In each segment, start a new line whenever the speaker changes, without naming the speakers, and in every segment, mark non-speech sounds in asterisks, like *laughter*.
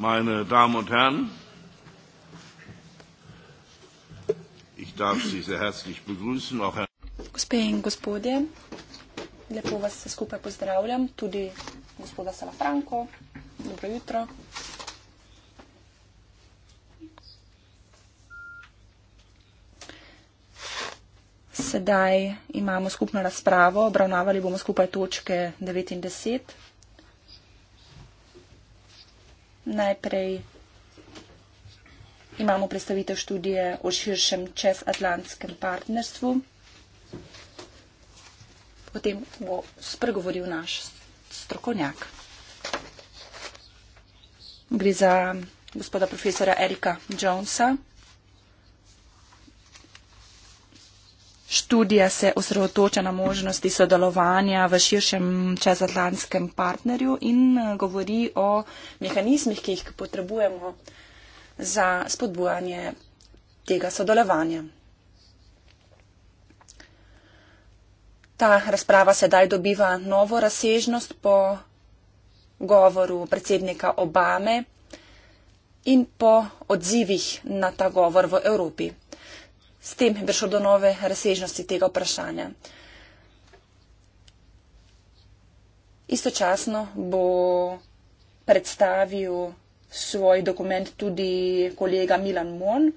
meine Damen und Herren, ich darf Sie sehr herzlich begrüßen, auch Herrn Gospe in gospodje, lepo vas se skupaj pozdravljam, tudi gospoda Salafranko, dobro jutro. Sedaj imamo skupno razpravo, obravnavali bomo skupaj točke 9 in 10. Najprej imamo predstavitev študije o širšem čezatlantskem partnerstvu, potem bo spregovoril naš strokovnjak. Gre za gospoda profesora Erika Jonesa. študija se osredotoča na možnosti sodelovanja v širšem čezatlantskem partnerju in eh, govori o mehanizmih, ki jih potrebujemo za spodbujanje tega sodelovanja. Ta razprava sedaj dobiva novo razsežnost po govoru predsednika Obame in po odzivih na ta govor v Evropi s tem bi prišlo do nove razsežnosti tega vprašanja. Istočasno bo predstavil svoj dokument tudi kolega Milan Mon.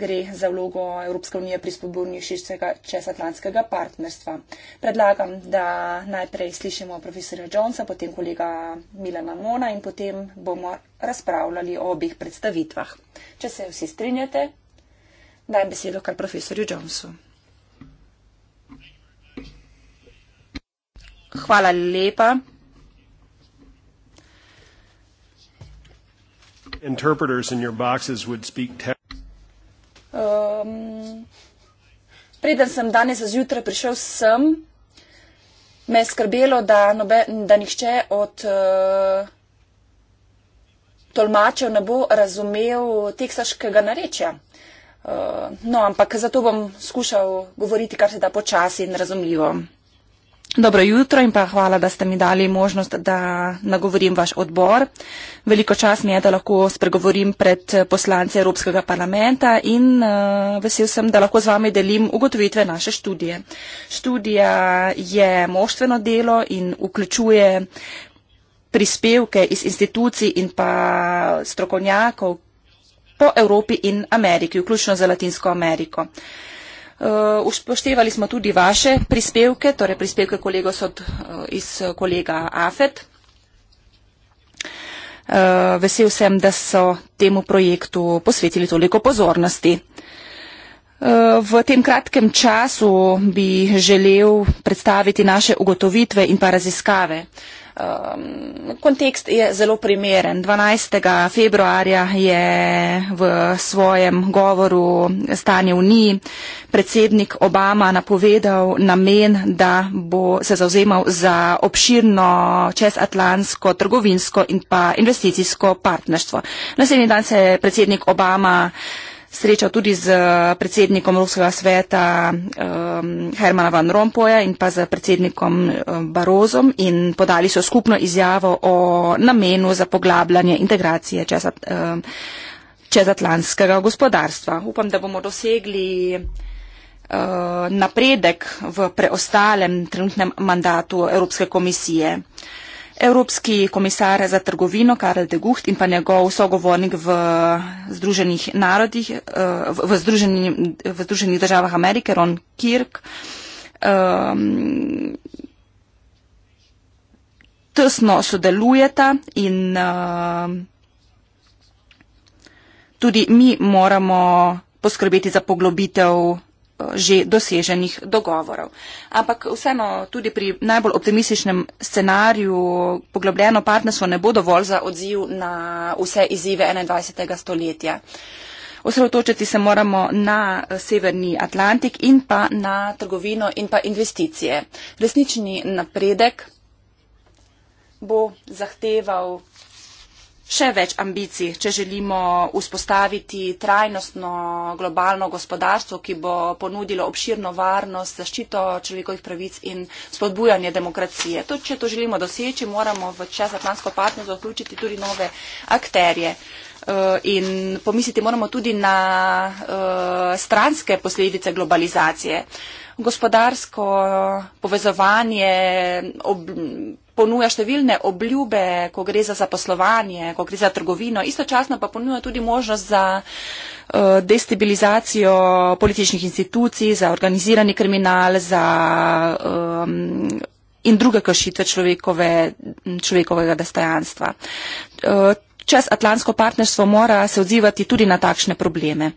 Gre za vlogo Evropske unije pri spodbudni širšega čezatlantskega partnerstva. Predlagam, da najprej slišimo profesora Jonesa, potem kolega Milana Mona in potem bomo razpravljali o obih predstavitvah. Če se vsi strinjate, Dajem besedo kar profesorju Jonesu. Hvala lepa.
Interpreters in your boxes would speak
um, preden sem danes zjutraj prišel sem, me je skrbelo, da, nobe, da nihče od uh, tolmačev ne bo razumel teksaškega narečja. Eh, no, ampak zato bom skušal govoriti kar se da počasi in razumljivo. Dobro jutro in pa hvala, da ste mi dali možnost, da nagovorim vaš odbor. Veliko čas mi je, da lahko spregovorim pred poslance Evropskega parlamenta in uh, vesel sem, da lahko z vami delim ugotovitve naše študije. Študija je moštveno delo in vključuje prispevke iz institucij in pa strokovnjakov, po Evropi in Ameriki, vključno za Latinsko Ameriko. Uh, upoštevali smo tudi vaše prispevke, torej prispevke kolegov so uh, iz kolega Afet. Uh, vesel sem, da so temu projektu posvetili toliko pozornosti. Uh, v tem kratkem času bi želel predstaviti naše ugotovitve in pa raziskave. Uh, um, kontekst je zelo primeren. 12. februarja je v svojem govoru stanje v Uniji predsednik Obama napovedal namen, da bo se zauzemal za obširno čezatlansko trgovinsko in pa investicijsko partnerstvo. Naslednji dan se je predsednik Obama uh, srečal tudi z eh, predsednikom Evropskega sveta um, ehm, Hermana Van Rompoja in pa z predsednikom um, Barozom in podali so skupno izjavo o namenu za poglabljanje integracije čez, um, ehm, čezatlantskega gospodarstva. Upam, da bomo dosegli uh, napredek v preostalem trenutnem mandatu Evropske komisije. Uh, Evropski komisar za trgovino Karel de Gucht in pa njegov sogovornik v Združenih narodih, eh, v, v, Združeni, v Združenih državah Amerike, Ron Kirk. Um, tesno sodelujeta in uh, tudi mi moramo poskrbeti za poglobitev že doseženih dogovorov. Ampak vseeno tudi pri najbolj optimističnem scenariju poglobljeno partnerstvo ne bo dovolj za odziv na vse izzive 21. stoletja. Osredotočiti se moramo na Severni Atlantik in pa na trgovino in pa investicije. Resnični napredek bo zahteval še več ambicij, če želimo vzpostaviti trajnostno globalno gospodarstvo, ki bo ponudilo obširno varnost, zaščito človekovih pravic in spodbujanje demokracije. To, če to želimo doseči, moramo v čas atlantsko partnerstvo vključiti tudi nove akterje. Eh, in pomisliti moramo tudi na eh, stranske posledice globalizacije. Gospodarsko povezovanje, ob, ponuja številne obljube, ko gre za zaposlovanje, ko gre za trgovino, istočasno pa ponuja tudi možnost za eh, destabilizacijo političnih institucij, za organizirani kriminal za, um, in druge kršitve človekove, človekovega dostojanstva. Eh, čez Atlantsko partnerstvo mora se odzivati tudi na takšne probleme.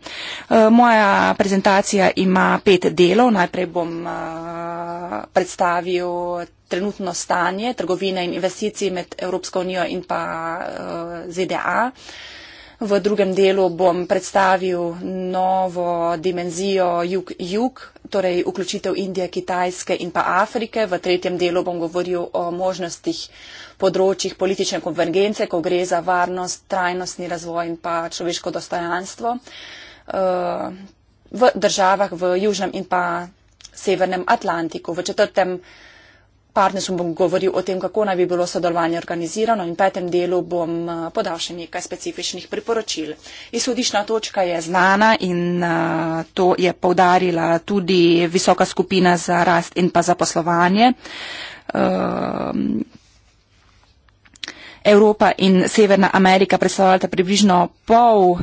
Eh, moja prezentacija ima pet delov. Najprej bom eh, predstavil trenutno stanje trgovine in investicij med Evropsko unijo in pa eh, ZDA. V drugem delu bom predstavil novo dimenzijo jug-jug, torej vključitev Indije, Kitajske in pa Afrike. V tretjem delu bom govoril o možnostih uh, področjih politične konvergence, ko gre za varnost, trajnostni razvoj in pa človeško dostojanstvo eh, v državah v Južnem in pa Severnem Atlantiku. V četrtem partnerstvu bom govoril o tem, kako naj bi bilo sodelovanje organizirano in v petem delu bom eh, podal še nekaj specifičnih priporočil. Izhodišna točka je znana in eh, to je povdarila tudi visoka skupina za rast in pa zaposlovanje, Evropa in Severna Amerika predstavljata približno pol uh,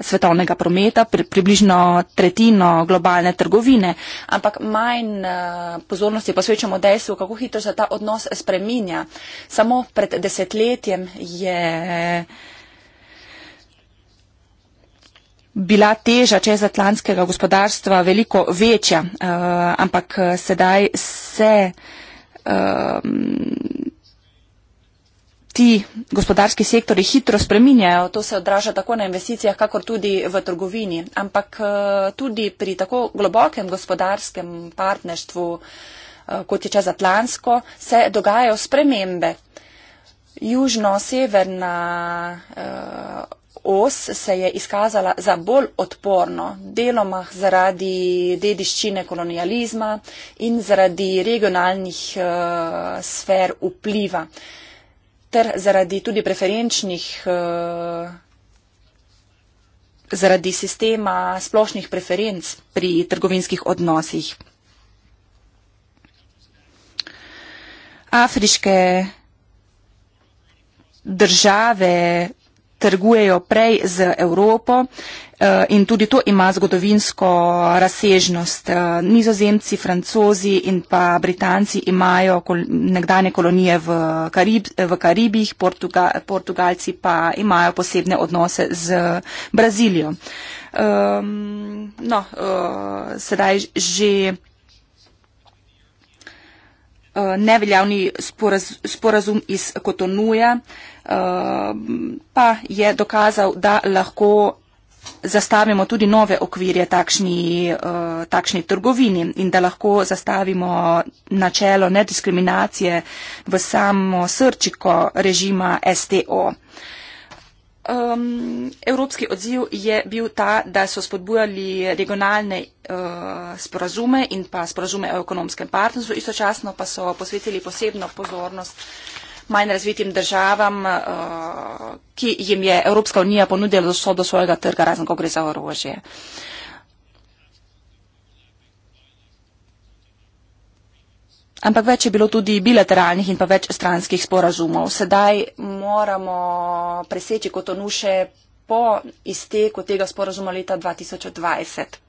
svetovnega prometa, pri, približno tretjino globalne trgovine, ampak manj uh, pozornosti posvečamo dejstvu, kako hitro se ta odnos spreminja. Samo pred desetletjem je bila teža čezatlantskega gospodarstva veliko večja, uh, ampak sedaj se. Uh, ti gospodarski sektori hitro spreminjajo, to se odraža tako na investicijah, kakor tudi v trgovini. Ampak eh, tudi pri tako globokem gospodarskem partnerstvu, eh, kot je čez Atlantsko, se dogajajo spremembe. Južno-severna eh, os se je izkazala za bolj odporno, deloma zaradi dediščine kolonializma in zaradi regionalnih sfer vpliva ter zaradi tudi preferenčnih, uh, zaradi sistema splošnih preferenc pri trgovinskih odnosih. Afriške države trgujejo prej z Evropo, Eh, in tudi to ima zgodovinsko eh, razsežnost. Eh, Nizozemci, francozi in pa britanci imajo nekdanje kolonije v, Karib v Karibih, Portuga portugalci pa imajo posebne odnose z Brazilijo. Um, no, uh, sedaj že uh, neveljavni sporaz sporazum iz Kotonuja uh, pa je dokazal, da lahko zastavimo tudi nove okvirje takšni, uh, takšni trgovini in da lahko zastavimo načelo nediskriminacije v samo srčiko režima STO. Um, evropski odziv je bil ta, da so spodbujali regionalne uh, sporazume in pa sporazume o ekonomskem partnerstvu, istočasno pa so posvetili posebno pozornost uh, manj razvitim državam, eh, ki jim je Evropska unija ponudila dostop do svojega trga, razen ko gre za orožje. Ampak več je bilo tudi bilateralnih in pa več stranskih sporazumov. Sedaj moramo preseči kot onuše po izteku tega sporazuma leta 2020.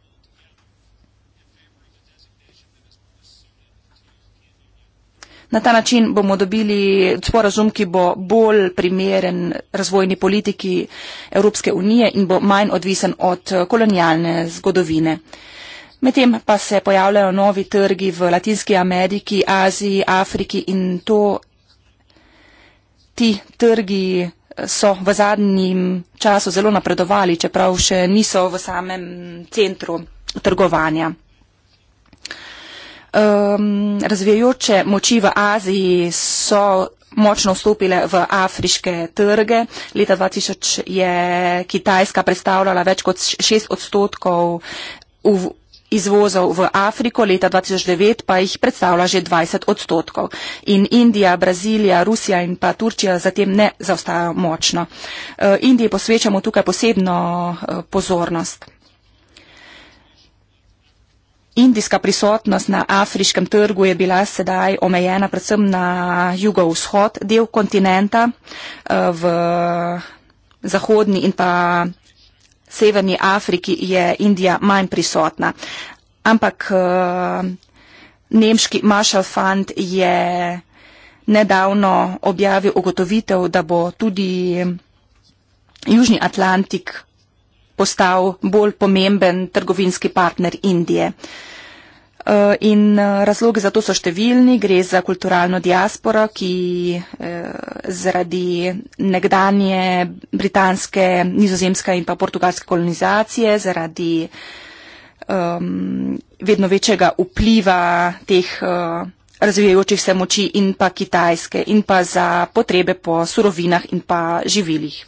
Na ta način bomo dobili sporazum, ki bo bolj primeren razvojni politiki Evropske unije in bo manj odvisen od eh, kolonialne zgodovine. Medtem pa se pojavljajo novi trgi v Latinski Ameriki, Aziji, Afriki in to ti trgi eh, so v zadnjem času zelo napredovali, čeprav še niso v samem centru trgovanja um, razvijajoče moči v Aziji so močno vstopile v afriške trge. Leta 2000 je Kitajska predstavljala več kot 6 odstotkov izvozov v Afriko, leta 2009 pa jih predstavlja že 20 odstotkov. In Indija, Brazilija, Rusija in pa Turčija zatem ne zaostajajo močno. Ehm, Indiji posvečamo tukaj posebno eh, pozornost. Indijska prisotnost na afriškem trgu je bila sedaj omejena predvsem na jugovzhod del kontinenta, eh, v zahodni in pa severni Afriki je Indija manj prisotna. Ampak eh, nemški Marshall Fund je nedavno objavil ugotovitev, da bo tudi Južni Atlantik postal bolj pomemben trgovinski partner Indije. Eh, in eh, razlogi za to so številni, gre za kulturalno diasporo, ki eh, zaradi nekdanje britanske, nizozemske in pa portugalske kolonizacije, zaradi um, vedno večjega vpliva teh uh, razvijajočih se moči in pa kitajske in pa za potrebe po surovinah in pa živilih.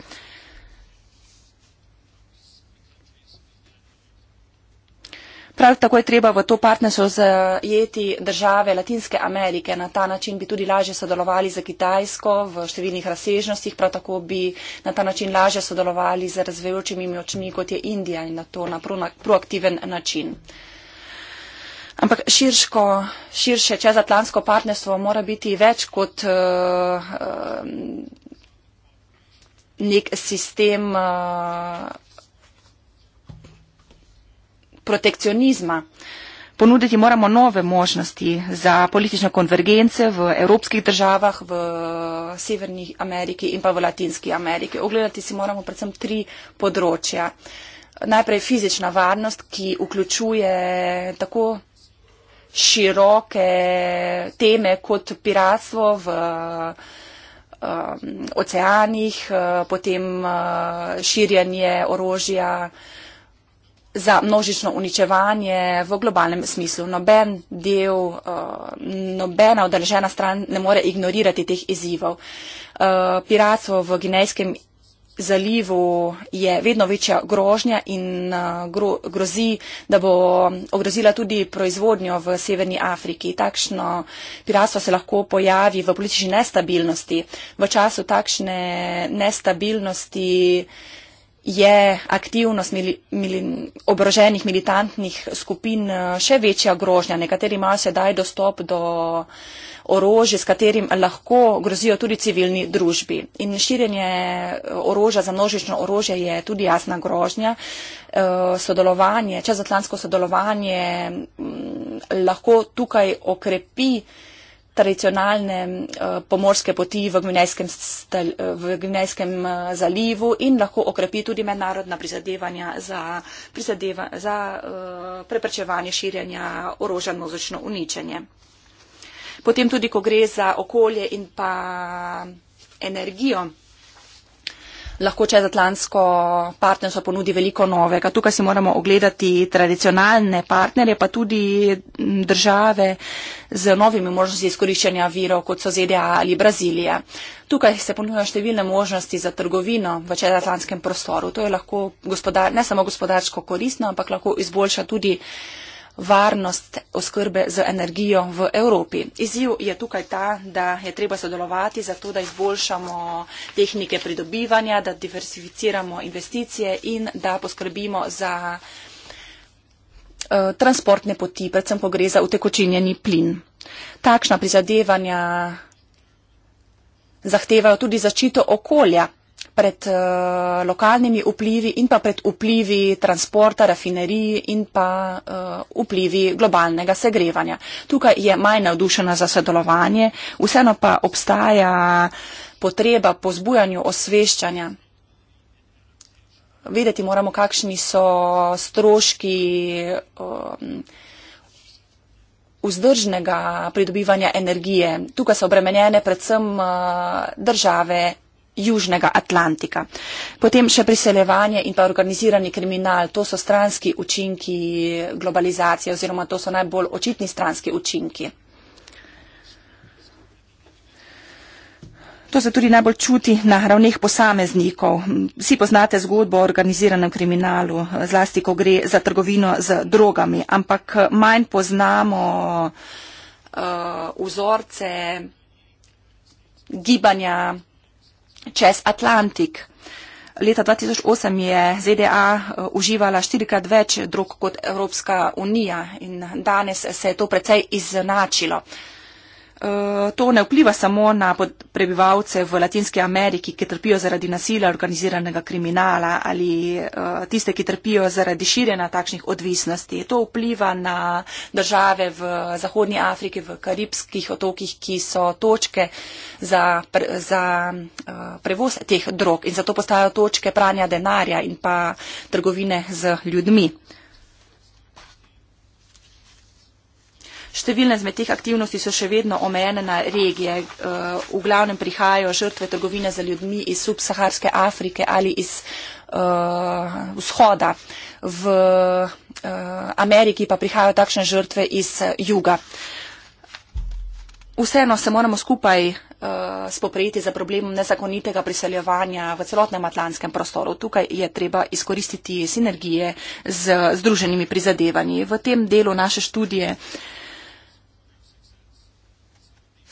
Prav tako je treba v to partnerstvo zajeti države Latinske Amerike. Na ta način bi tudi lažje sodelovali z Kitajsko v številnih razsežnostih, prav tako bi na ta način lažje sodelovali z razvejočimi močmi, kot je Indija in na to na proaktiven način. Ampak širško, širše čezatlansko partnerstvo mora biti več kot uh, uh, nek sistem. Uh, protekcionizma. Ponuditi moramo nove možnosti za politične konvergence v evropskih državah, v Severni Ameriki in pa v Latinski Ameriki. Ogledati si moramo predvsem tri področja. Najprej fizična varnost, ki vključuje tako široke teme kot piratstvo v um, oceanih, uh, potem uh, širjanje orožja za množično uničevanje v globalnem smislu. Noben del, eh, nobena odrežena stran ne more ignorirati teh izzivov. Eh, piratstvo v Ginejskem zalivu je vedno večja grožnja in eh, gro, grozi, da bo ogrozila tudi proizvodnjo v Severni Afriki. Takšno piratstvo se lahko pojavi v politični nestabilnosti. V času takšne nestabilnosti je aktivnost mili, mili, oboroženih militantnih skupin eh, še večja grožnja. Nekateri imajo sedaj dostop do orožja, s katerim lahko grozijo tudi civilni družbi. In širjenje eh, orožja za množično orožje je tudi jasna grožnja. Eh, sodelovanje, čezatlantsko sodelovanje mm, lahko tukaj okrepi tradicionalne eh, pomorske poti v Gvinejskem, stel, v Gvinejskem eh, zalivu in lahko okrepi tudi mednarodna prizadevanja za, prizadeva, za uh, preprečevanje širjanja orožja na mozočno uničenje. Potem tudi, ko gre za okolje in pa energijo lahko čezatlantsko partnerstvo ponudi veliko novega. Tukaj si moramo ogledati tradicionalne partnerje, pa tudi države z novimi možnosti izkoriščanja virov, kot so ZDA ali Brazilija. Tukaj se ponujajo številne možnosti za trgovino v čezatlantskem prostoru. To je lahko gospodar, ne samo gospodarsko koristno, ampak lahko izboljša tudi varnost oskrbe z energijo v Evropi. Izjiv je tukaj ta, da je treba sodelovati za to, da izboljšamo tehnike pridobivanja, da diversificiramo investicije in da poskrbimo za eh, transportne poti, predvsem ko gre za utekočinjeni plin. Takšna prizadevanja zahtevajo tudi zaščito okolja, pred uh, lokalnimi vplivi in pa pred vplivi transporta, rafinerij in pa uh, vplivi globalnega segrevanja. Tukaj je manj navdušena za sodelovanje, vseeno pa obstaja potreba po zbujanju osveščanja. Vedeti moramo, kakšni so stroški eh, vzdržnega pridobivanja energije. Tukaj so obremenjene predvsem države Južnega Atlantika. Potem še priseljevanje in pa organizirani kriminal, to so stranski učinki globalizacije oziroma to so najbolj očitni stranski učinki. To se tudi najbolj čuti na ravneh posameznikov. Vsi poznate zgodbo o organiziranem kriminalu, zlasti ko gre za trgovino z drogami, ampak manj poznamo uh, vzorce gibanja čez Atlantik. Leta 2008 je ZDA eh, uživala štirikrat več drog kot Evropska unija in danes se je to precej izenačilo. Eh, to ne vpliva samo na prebivalce v Latinski Ameriki, ki trpijo zaradi nasilja, organiziranega kriminala ali eh, tiste, ki trpijo zaradi širjena takšnih odvisnosti. To vpliva na države v Zahodnji Afriki, v Karibskih otokih, ki so točke za, za eh, prevoz teh drog in zato postajajo točke pranja denarja in pa trgovine z ljudmi. Številne zmed teh aktivnosti so še vedno omejene na regije. Eh, v glavnem prihajajo žrtve trgovine za ljudmi iz subsaharske Afrike ali iz uh, vzhoda. V uh, Ameriki pa prihajajo takšne žrtve iz juga. Vseeno se moramo skupaj spoprijeti za problem nezakonitega priseljevanja v celotnem atlantskem prostoru. Tukaj je treba izkoristiti sinergije z združenimi prizadevanji. V tem delu naše študije uh,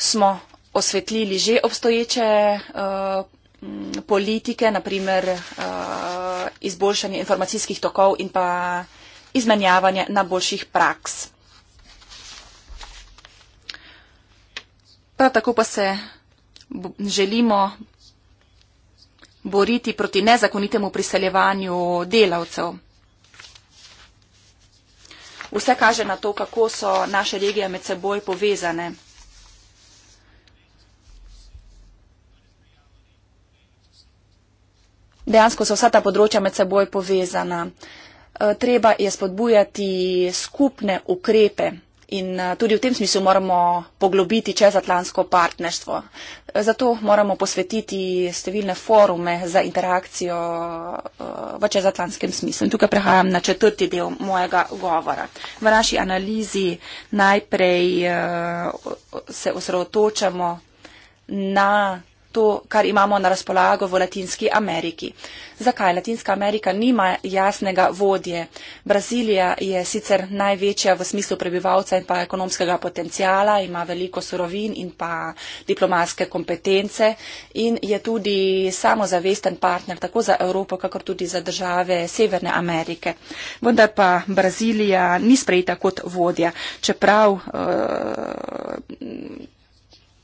smo osvetlili že obstoječe uh, politike, naprimer uh, eh, izboljšanje informacijskih tokov in pa izmenjavanje na boljših praks. Prav tako pa se želimo boriti proti nezakonitemu priseljevanju delavcev. Vse kaže na to, kako so naše regije med seboj povezane. dejansko so vsa ta področja med seboj povezana. Eh, treba je spodbujati skupne ukrepe in eh, tudi v tem smislu moramo poglobiti čezatlansko partnerstvo. Eh, zato moramo posvetiti številne forume za interakcijo v čezatlanskem smislu. In tukaj prehajam na četrti del mojega govora. V naši analizi najprej se osredotočamo na to, kar imamo na razpolago v Latinski Ameriki. Zakaj Latinska Amerika nima jasnega vodje? Brazilija je sicer največja v smislu prebivalca in pa ekonomskega potencijala, ima veliko surovin in pa diplomatske kompetence in je tudi samozavesten partner tako za Evropo, kakor tudi za države Severne Amerike. Vendar pa Brazilija ni sprejeta kot vodja, čeprav. Uh,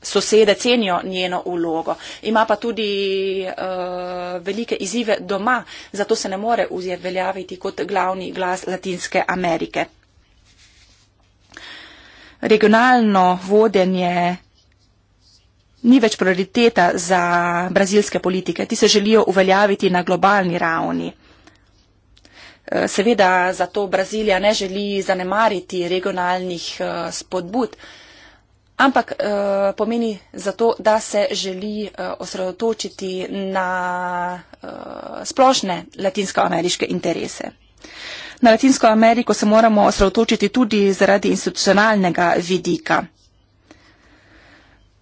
sosede cenijo njeno vlogo. Ima pa tudi uh, velike izzive doma, zato se ne more uzjeveljaviti kot glavni glas Latinske Amerike. Regionalno vodenje ni več prioriteta za brazilske politike. Ti se želijo uveljaviti na globalni ravni. Eh, seveda zato Brazilija ne želi zanemariti regionalnih eh, spodbud ampak eh, pomeni zato, da se želi eh, osredotočiti na eh, splošne latinskoameriške interese. Na Latinsko Ameriko se moramo osredotočiti tudi zaradi institucionalnega vidika.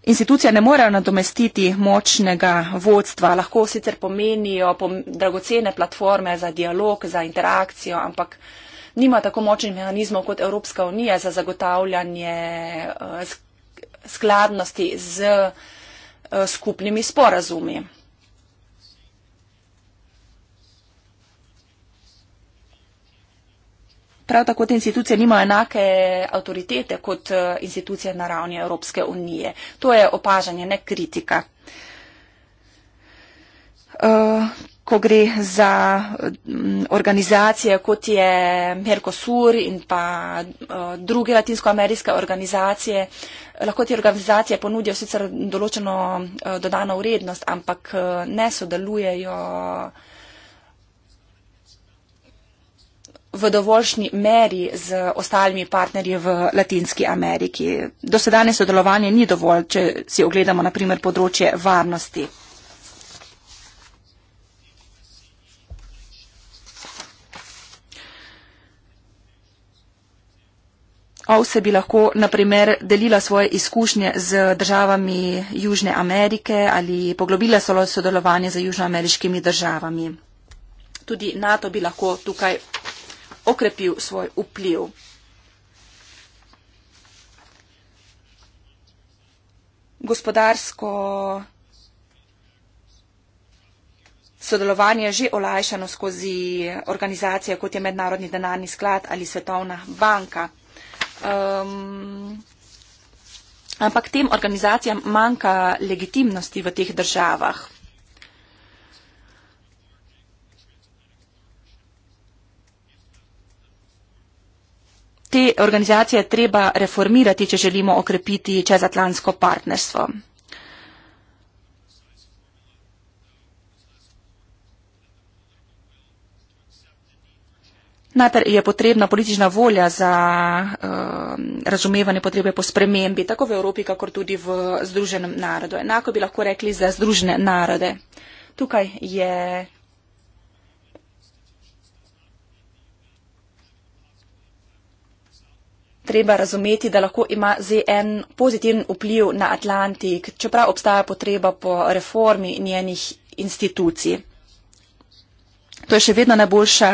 Institucije ne morejo nadomestiti močnega vodstva, lahko sicer pomenijo dragocene platforme za dialog, za interakcijo, ampak nima tako močnih mehanizmov kot Evropska unija za zagotavljanje skladnosti z eh, skupnimi sporazumi. Prav tako te institucije nimajo enake avtoritete kot eh, institucije na ravni Evropske unije. To je opažanje, ne kritika. Eh, ko gre za mm, organizacije, kot je Mercosur in pa eh, druge latinskoamerijske organizacije, lahko ti organizacije ponudijo sicer določeno eh, dodano vrednost, ampak eh, ne sodelujejo v dovoljšni meri z ostalimi partnerji v Latinski Ameriki. Dosedanje sodelovanje ni dovolj, če si ogledamo naprimer področje varnosti. Ovse bi lahko, na primer, delila svoje izkušnje z državami Južne Amerike ali poglobila solo sodelovanje z južnoameriškimi državami. Tudi NATO bi lahko tukaj okrepil svoj vpliv. Gospodarsko sodelovanje je že olajšano skozi organizacije, kot je Mednarodni denarni sklad ali Svetovna banka. Um, ampak tem organizacijam manjka legitimnosti v teh državah. Te organizacije treba reformirati, če želimo okrepiti čezatlansko partnerstvo. Najprej je potrebna politična volja za uh, razumevanje potrebe po spremembi, tako v Evropi, kakor tudi v Združenem narodu. Enako bi lahko rekli za Združene narode. Tukaj je. Treba razumeti, da lahko ima ZN pozitiven vpliv na Atlantik, čeprav obstaja potreba po reformi njenih institucij to je še vedno najboljša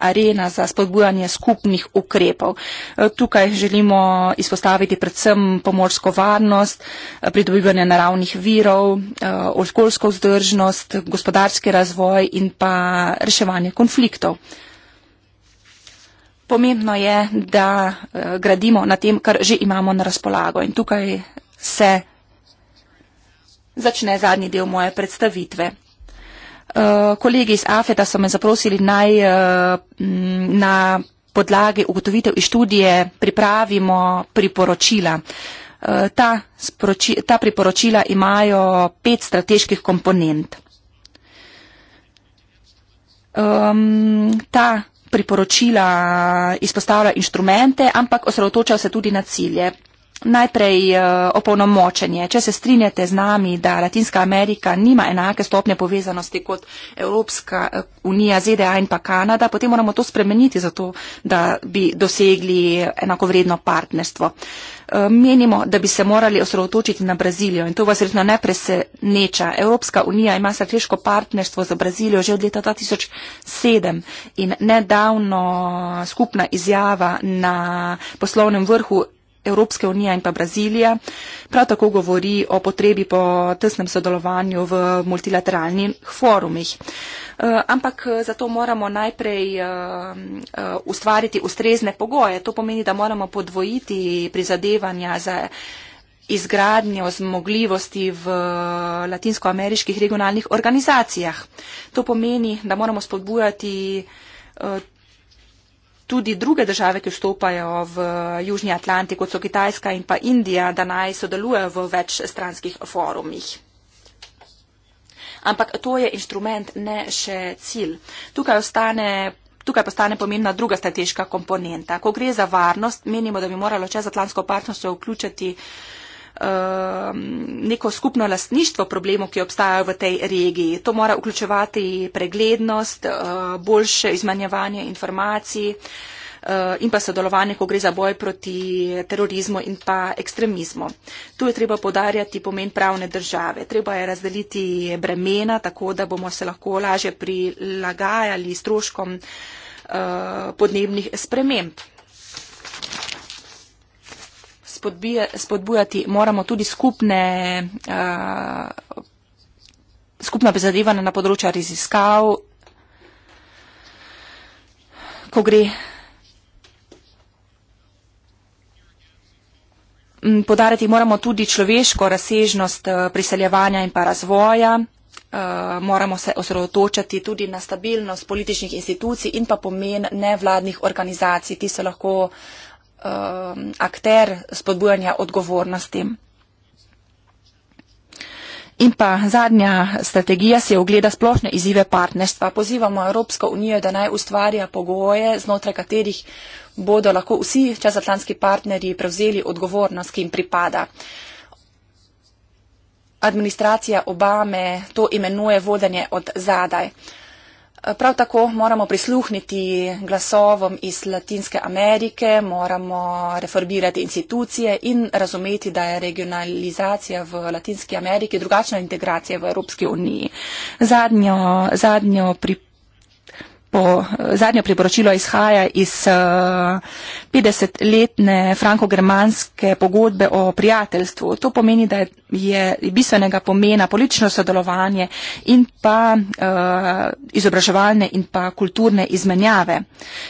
arena za spodbujanje skupnih ukrepov. E, tukaj želimo izpostaviti predvsem pomorsko varnost, e, pridobivanje naravnih virov, e, okoljsko vzdržnost, gospodarski razvoj in pa reševanje konfliktov. Pomembno je, da gradimo na tem, kar že imamo na razpolago. In tukaj se začne zadnji del moje predstavitve. Eh, kolegi iz AFEDA so me zaprosili naj uh, na podlagi ugotovitev iz študije pripravimo priporočila. Eh, ta, ta priporočila imajo pet strateških komponent. Um, ta priporočila izpostavlja inštrumente, ampak osredotočajo se tudi na cilje. Najprej uh, opolnomočenje. Če se strinjate z nami, da Latinska Amerika nima enake stopnje povezanosti kot Evropska eh, unija, ZDA in pa Kanada, potem moramo to spremeniti, zato da bi dosegli enako vredno partnerstvo. Uh, menimo, da bi se morali osredotočiti na Brazilijo in to vas resno ne preseneča. Evropska unija ima strateško partnerstvo za Brazilijo že od leta 2007 in nedavno skupna izjava na poslovnem vrhu Evropske unije in pa Brazilije. Prav tako govori o potrebi po tesnem sodelovanju v multilateralnih forumih. Eh, ampak eh, zato moramo najprej eh, ustvariti ustrezne pogoje. To pomeni, da moramo podvojiti prizadevanja za izgradnjo zmogljivosti v latinskoameriških regionalnih organizacijah. To pomeni, da moramo spodbujati tudi druge države, ki vstopajo v Južni Atlantik, kot so Kitajska in pa Indija, da naj sodelujejo v večstranskih forumih. Ampak to je instrument, ne še cilj. Tukaj ostane. Tukaj postane pomembna druga strateška komponenta. Ko gre za varnost, menimo, da bi moralo čezatlantsko partnerstvo vključiti uh, Um, neko skupno lastništvo problemov, ki obstajajo v tej regiji. To mora vključevati preglednost, uh, boljše izmanjevanje informacij uh, in pa sodelovanje, ko gre za boj proti terorizmu in pa ekstremizmu. Tu je treba podarjati pomen pravne države. Treba je razdeliti bremena, tako da bomo se lahko lažje prilagajali stroškom uh, podnebnih sprememb spodbija, spodbujati, moramo tudi skupne, uh, skupna prizadevanja na področju raziskav, ko gre podariti, moramo tudi človeško razsežnost eh, priseljevanja in pa razvoja. Eh, moramo se osredotočati tudi na stabilnost političnih institucij in pa pomen nevladnih organizacij. Ti so lahko uh, um, akter spodbujanja odgovornosti. In pa zadnja strategija se ogleda splošne izzive partnerstva. Pozivamo Evropsko unijo, da naj ustvarja pogoje, znotraj katerih bodo lahko vsi časatlanski partnerji prevzeli odgovornost, ki jim pripada. Administracija Obame to imenuje vodanje od zadaj. Uh, prav tako moramo prisluhniti glasovom iz Latinske Amerike, moramo reformirati institucije in razumeti, da je regionalizacija v Latinski Ameriki drugačna integracija v Evropski uniji. Zadnjo, zadnjo pripravljanje po, zadnjo priporočilo izhaja iz uh, eh, 50-letne franko-germanske pogodbe o prijateljstvu. To pomeni, da je bistvenega pomena politično sodelovanje in pa uh, izobraževalne in pa kulturne izmenjave.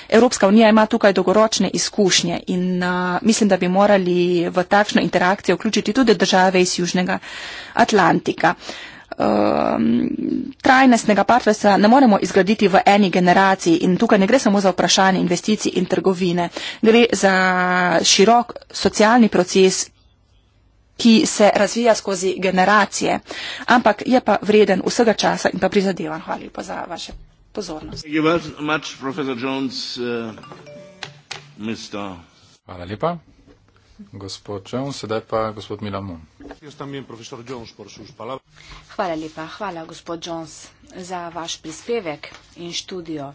Evropska unija ima tukaj dolgoročne izkušnje in uh, mislim, da bi morali v takšno interakcijo vključiti tudi države iz Južnega Atlantika. Uh, um, trajnostnega partnerstva ne moremo izgraditi v eni generaciji in tukaj ne gre samo za vprašanje investicij in trgovine, gre za širok socialni proces, ki se razvija skozi generacije, ampak je pa vreden vsega časa in pa prizadevan. Hvala lepa za vaše
pozornost. Much, Jones, uh, Hvala lepa gospod Jones,
sedaj pa gospod Milamon.
Hvala lepa, hvala gospod Jones za vaš prispevek in študijo.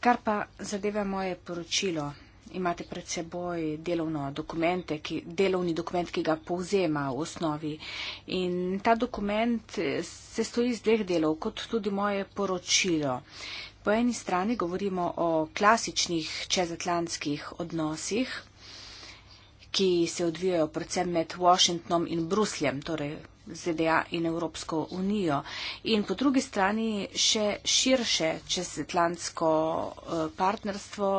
Kar pa zadeva moje poročilo, imate pred seboj dokumente, ki, delovni dokument, ki ga povzema v osnovi. In ta dokument eh, se stoji iz dveh delov, kot tudi moje poročilo. Uh, Po eni strani govorimo o klasičnih čezatlantskih odnosih, ki se odvijajo predvsem med Washingtonom in Brusljem, torej ZDA in Evropsko unijo. In po drugi strani še širše čezatlantsko eh, partnerstvo,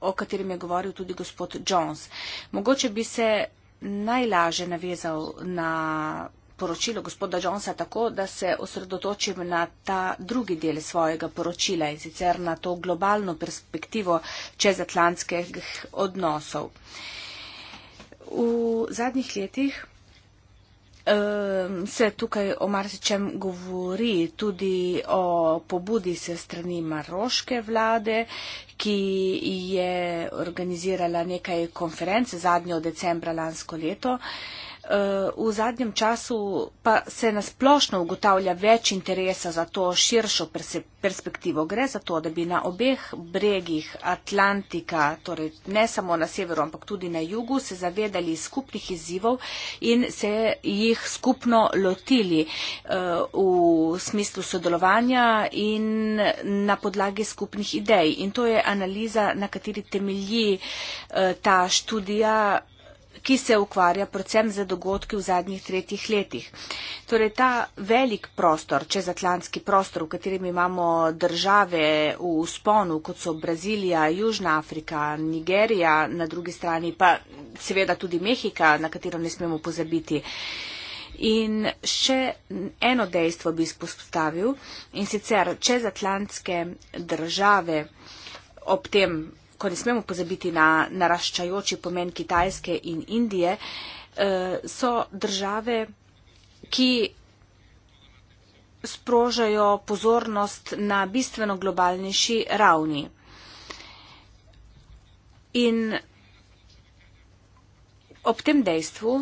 o katerem je govoril tudi gospod Jones. Mogoče bi se najlaže navezal na poročilo gospoda Jonesa tako, da se osredotočim na ta drugi del svojega poročila in sicer na to globalno perspektivo čezatlantskih odnosov. V zadnjih letih ehm, se tukaj o marsičem govori tudi o pobudi se strani maroške vlade, ki je organizirala nekaj konference zadnjo decembra lansko leto v zadnjem času pa se nasplošno ugotavlja več interesa za to širšo perspektivo. Gre za to, da bi na obeh bregih Atlantika, torej ne samo na severu, ampak tudi na jugu, se zavedali skupnih izzivov in se jih skupno lotili eh, v smislu sodelovanja in na podlagi skupnih idej. In to je analiza, na kateri temelji eh, ta študija ki se ukvarja predvsem z dogodki v zadnjih tretjih letih. Torej ta velik prostor, čezatlantski prostor, v katerem imamo države v sponu, kot so Brazilija, Južna Afrika, Nigerija, na drugi strani pa seveda tudi Mehika, na katero ne smemo pozabiti. In še eno dejstvo bi izpostavil in sicer čezatlantske države ob tem ko ne smemo pozabiti na naraščajoči pomen Kitajske in Indije, eh, so države, ki sprožajo pozornost na bistveno globalnejši ravni. In ob tem dejstvu,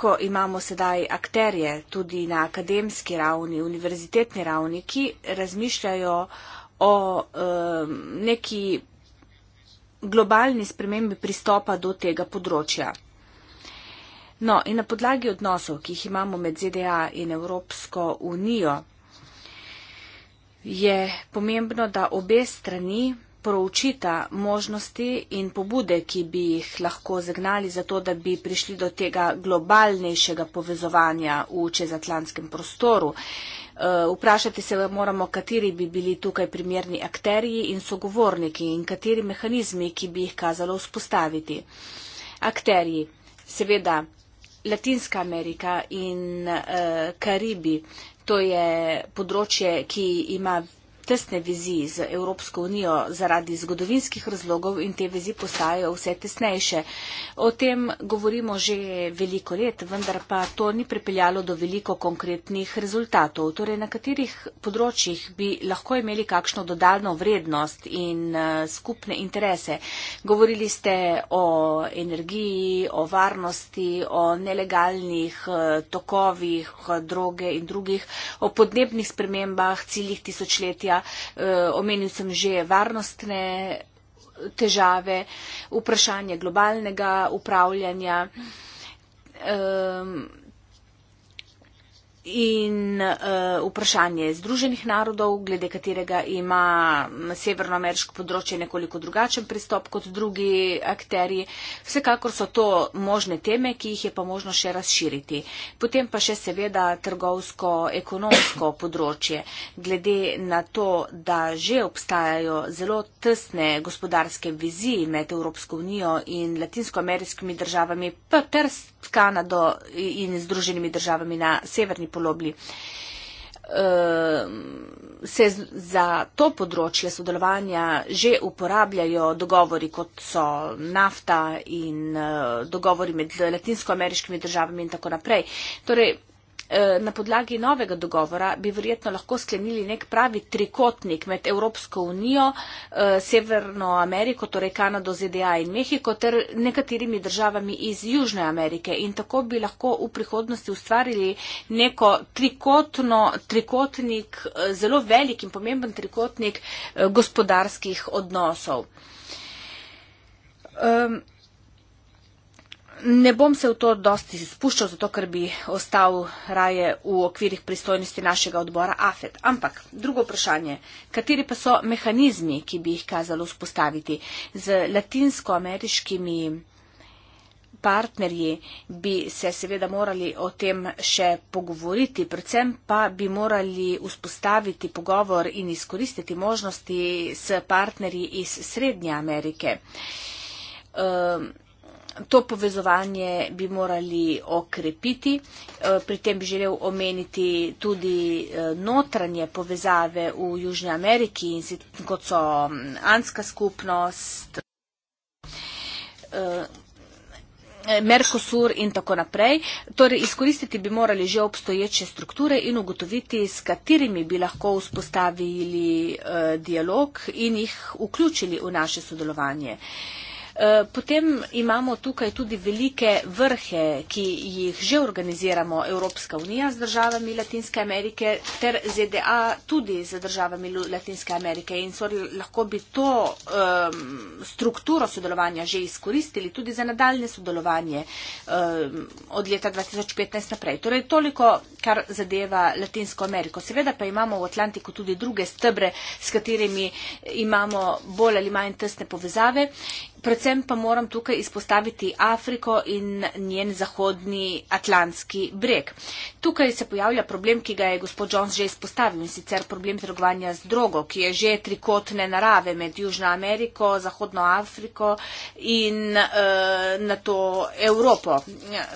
ko imamo sedaj akterje tudi na akademski ravni, univerzitetni ravni, ki razmišljajo o o um, neki globalni spremembi pristopa do tega področja. No, in na podlagi odnosov, ki jih imamo med ZDA in Evropsko unijo, je pomembno, da obe strani proučita možnosti in pobude, ki bi jih lahko zagnali za to, da bi prišli do tega globalnejšega povezovanja v čezatlantskem prostoru. Uh, Eh, vprašati se moramo, kateri bi bili tukaj primerni akterji in sogovorniki in kateri mehanizmi, ki bi jih kazalo vzpostaviti. Akterji, seveda Latinska Amerika in uh, Karibi, to je področje, ki ima tesne vizi z Evropsko unijo zaradi zgodovinskih razlogov in te vizi postajajo vse tesnejše. O tem govorimo že veliko let, vendar pa to ni pripeljalo do veliko konkretnih rezultatov. Torej, na katerih področjih bi lahko imeli kakšno dodano vrednost in eh, skupne interese? Govorili ste o energiji, o varnosti, o nelegalnih eh, tokovih, droge in drugih, o podnebnih spremembah, ciljih tisočletja. Eh, omenil sem že varnostne težave, vprašanje globalnega upravljanja. Um, in uh, vprašanje Združenih narodov, glede katerega ima severnoameriško področje nekoliko drugačen pristop kot drugi akteri. Vsekakor so to možne teme, ki jih je pa možno še razširiti. Potem pa še seveda trgovsko-ekonomsko *coughs* področje. Glede na to, da že obstajajo zelo tesne gospodarske vizije med Evropsko unijo in latinskoameriškimi državami, pa ter Kanado in Združenimi državami na severni polobli. Ehm, se za to področje sodelovanja že uporabljajo dogovori, kot so nafta in eh, dogovori med latinskoameriškimi državami in tako naprej. Torej, Eh, na podlagi novega dogovora bi verjetno lahko sklenili nek pravi trikotnik med Evropsko unijo, eh, Severno Ameriko, torej Kanado, ZDA in Mehiko ter nekaterimi državami iz Južne Amerike. In tako bi lahko v prihodnosti ustvarili neko trikotno, trikotnik, eh, zelo velik in pomemben trikotnik gospodarskih odnosov. Um, ne bom se v to dosti spuščal, zato ker bi ostal raje v okvirih pristojnosti našega odbora AFED. Ampak drugo vprašanje, kateri pa so mehanizmi, ki bi jih kazalo vzpostaviti z latinskoameriškimi partnerji bi se seveda morali o tem še pogovoriti, predvsem pa bi morali vzpostaviti pogovor in izkoristiti možnosti s partnerji iz Srednje Amerike. Uh, To povezovanje bi morali okrepiti. Eh, pri tem bi želel omeniti tudi eh, notranje povezave v Južni Ameriki, kot so mm, Anska skupnost, eh, Mercosur in tako naprej. Torej, izkoristiti bi morali že obstoječe strukture in ugotoviti, s katerimi bi lahko vzpostavili dialog in jih vključili v naše sodelovanje. Eh, potem imamo tukaj tudi velike vrhe, ki jih že organiziramo Evropska unija z državami Latinske Amerike ter ZDA tudi z državami Latinske Amerike in so lahko bi to um, strukturo sodelovanja že izkoristili tudi za nadaljne sodelovanje um, od leta 2015 naprej. Torej toliko, kar zadeva Latinsko Ameriko. Seveda pa imamo v Atlantiku tudi druge stebre, s katerimi imamo bolj ali manj tesne povezave. Predvsem pa moram tukaj izpostaviti Afriko in njen zahodni atlantski breg. Tukaj se pojavlja problem, ki ga je gospod Jones že izpostavil, in sicer problem trgovanja z drogo, ki je že trikotne narave med Južno Ameriko, Zahodno Afriko in e, na to Evropo,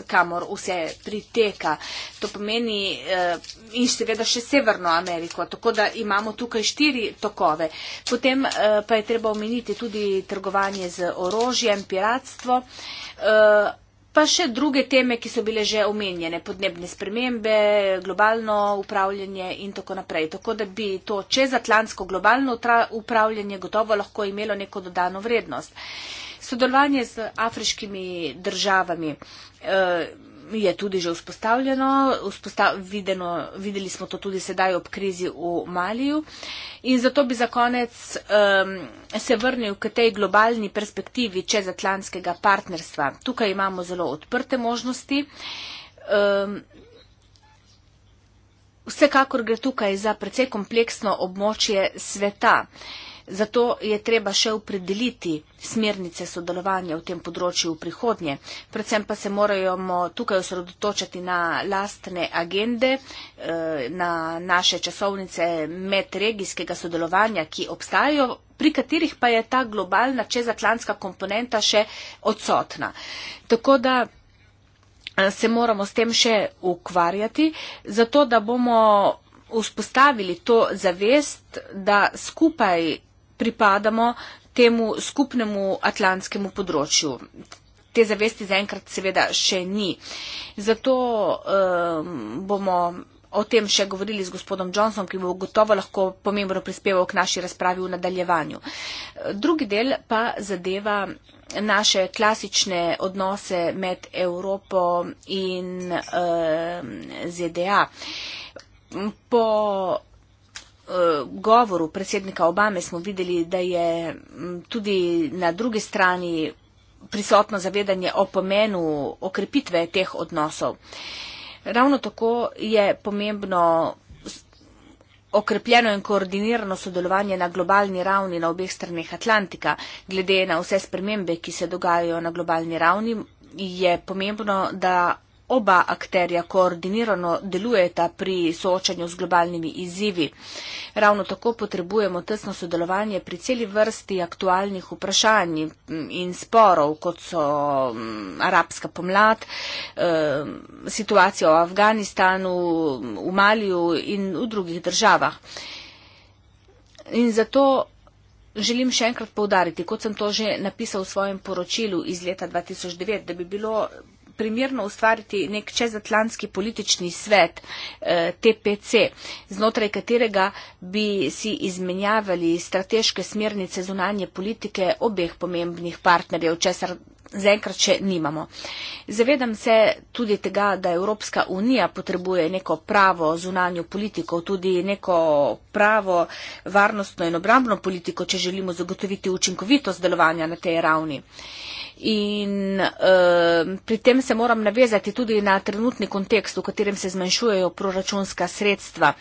kamor vse priteka. To pomeni e, in seveda še Severno Ameriko, tako da imamo tukaj štiri tokove. Potem e, pa je treba omeniti tudi trgovanje z orožjem, piratstvo. Pa še druge teme, ki so bile že omenjene, podnebne spremembe, globalno upravljanje in tako naprej. Tako da bi to čezatlantsko globalno upravljanje gotovo lahko imelo neko dodano vrednost. Sodelovanje z afriškimi državami. Eh, je tudi že vzpostavljeno, vzpostav, videno, videli smo to tudi sedaj ob krizi v Maliju. In zato bi za konec um, se vrnil k tej globalni perspektivi čezatlantskega partnerstva. Tukaj imamo zelo odprte možnosti. Um, vsekakor gre tukaj za precej kompleksno območje sveta. Um, Zato je treba še opredeliti smernice sodelovanja v tem področju v prihodnje. Predvsem pa se moramo tukaj osredotočati na lastne agende, eh, na naše časovnice medregijskega sodelovanja, ki obstajajo, pri katerih pa je ta globalna čezatlantska komponenta še odsotna. Tako da eh, se moramo s tem še ukvarjati, zato da bomo vzpostavili to zavest, da skupaj pripadamo temu skupnemu atlantskemu področju. Te zavesti zaenkrat seveda še ni. Zato um, bomo o tem še govorili z gospodom Johnsonom, ki bo gotovo lahko pomembno prispeval k naši razpravi v nadaljevanju. Drugi del pa zadeva naše klasične odnose med Evropo in um, ehm, ZDA. Po Eh, govoru predsednika Obame smo videli, da je mm, tudi na drugi strani prisotno zavedanje o pomenu okrepitve teh odnosov. Ravno tako je pomembno okrepljeno in koordinirano sodelovanje na globalni ravni na obeh stranih Atlantika. Glede na vse spremembe, ki se dogajajo na globalni ravni, je pomembno, da oba akterja koordinirano delujeta pri soočanju z globalnimi izzivi. Ravno tako potrebujemo tesno sodelovanje pri celi vrsti aktualnih vprašanj in sporov, kot so mm, arabska pomlad, situacija v Afganistanu, v Maliju in v drugih državah. In zato želim še enkrat povdariti, kot sem to že napisal v svojem poročilu iz leta 2009, da bi bilo primerno ustvariti nek čezatlantski politični svet eh, TPC, znotraj katerega bi si izmenjavali strateške smernice zunanje politike obeh pomembnih partnerjev, česar zaenkrat še nimamo. Zavedam se tudi tega, da Evropska unija potrebuje neko pravo zunanjo politiko, tudi neko pravo varnostno in obrambno politiko, če želimo zagotoviti učinkovitost delovanja na tej ravni. In e, pri tem se moram navezati tudi na trenutni kontekst, v katerem se zmanjšujejo proračunska sredstva.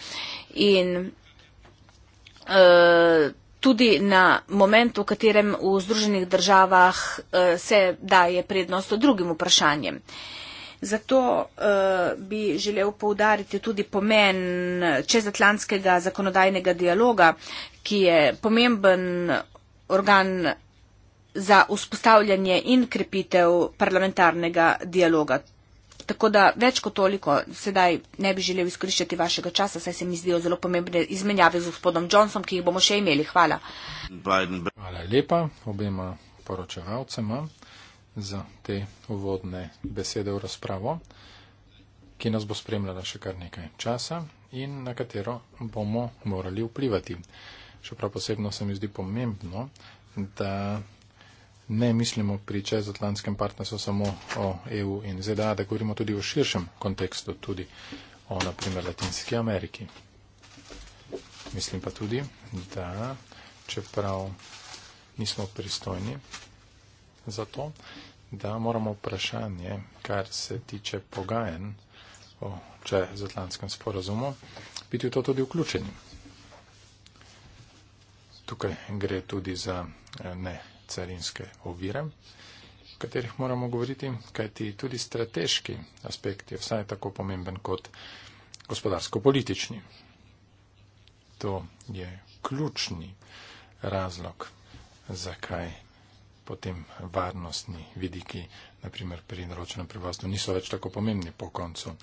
In, e, tudi na moment, v katerem v Združenih državah eh, se daje prednost drugim vprašanjem. Zato uh, bi želel poudariti tudi pomen čezatlantskega zakonodajnega dialoga, ki je pomemben organ za vzpostavljanje in krepitev parlamentarnega dialoga. Tako da več kot toliko sedaj ne bi želel izkoriščati vašega časa, saj se mi zdijo zelo pomembne izmenjave z gospodom Johnsonom, ki jih bomo še imeli. Hvala.
Hvala lepa obema poročevalcema za te uvodne besede v razpravo, ki nas bo spremljala še kar nekaj časa in na katero bomo morali vplivati. Še prav posebno se mi zdi pomembno, da ne mislimo pri čezatlantskem partnerstvu samo o EU in ZDA, da govorimo tudi o širšem kontekstu, tudi o naprimer Latinski Ameriki. Mislim pa tudi, da čeprav nismo pristojni za to, da moramo vprašanje, kar se tiče pogajen o čezatlantskem sporazumu, biti v to tudi vključeni. Tukaj gre tudi za ne carinske ovire, o katerih moramo govoriti, kajti tudi strateški aspekt je vsaj tako pomemben kot gospodarsko-politični. To je ključni razlog, zakaj potem varnostni vidiki, naprimer pri naročenem prebivalstvu, niso več tako pomembni po koncu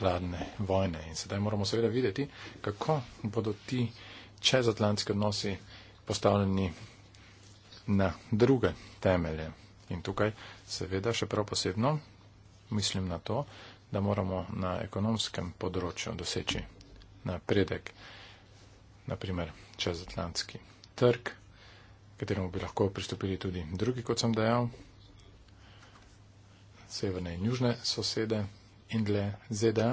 hladne vojne. In sedaj moramo seveda videti, kako bodo ti čezatlantski odnosi postavljeni na druge temelje. In tukaj seveda še prav posebno mislim na to, da moramo na ekonomskem področju doseči napredek, naprimer čezatlantski trg, kateremu bi lahko pristopili tudi drugi, kot sem dejal, severne in južne sosede in dle ZDA.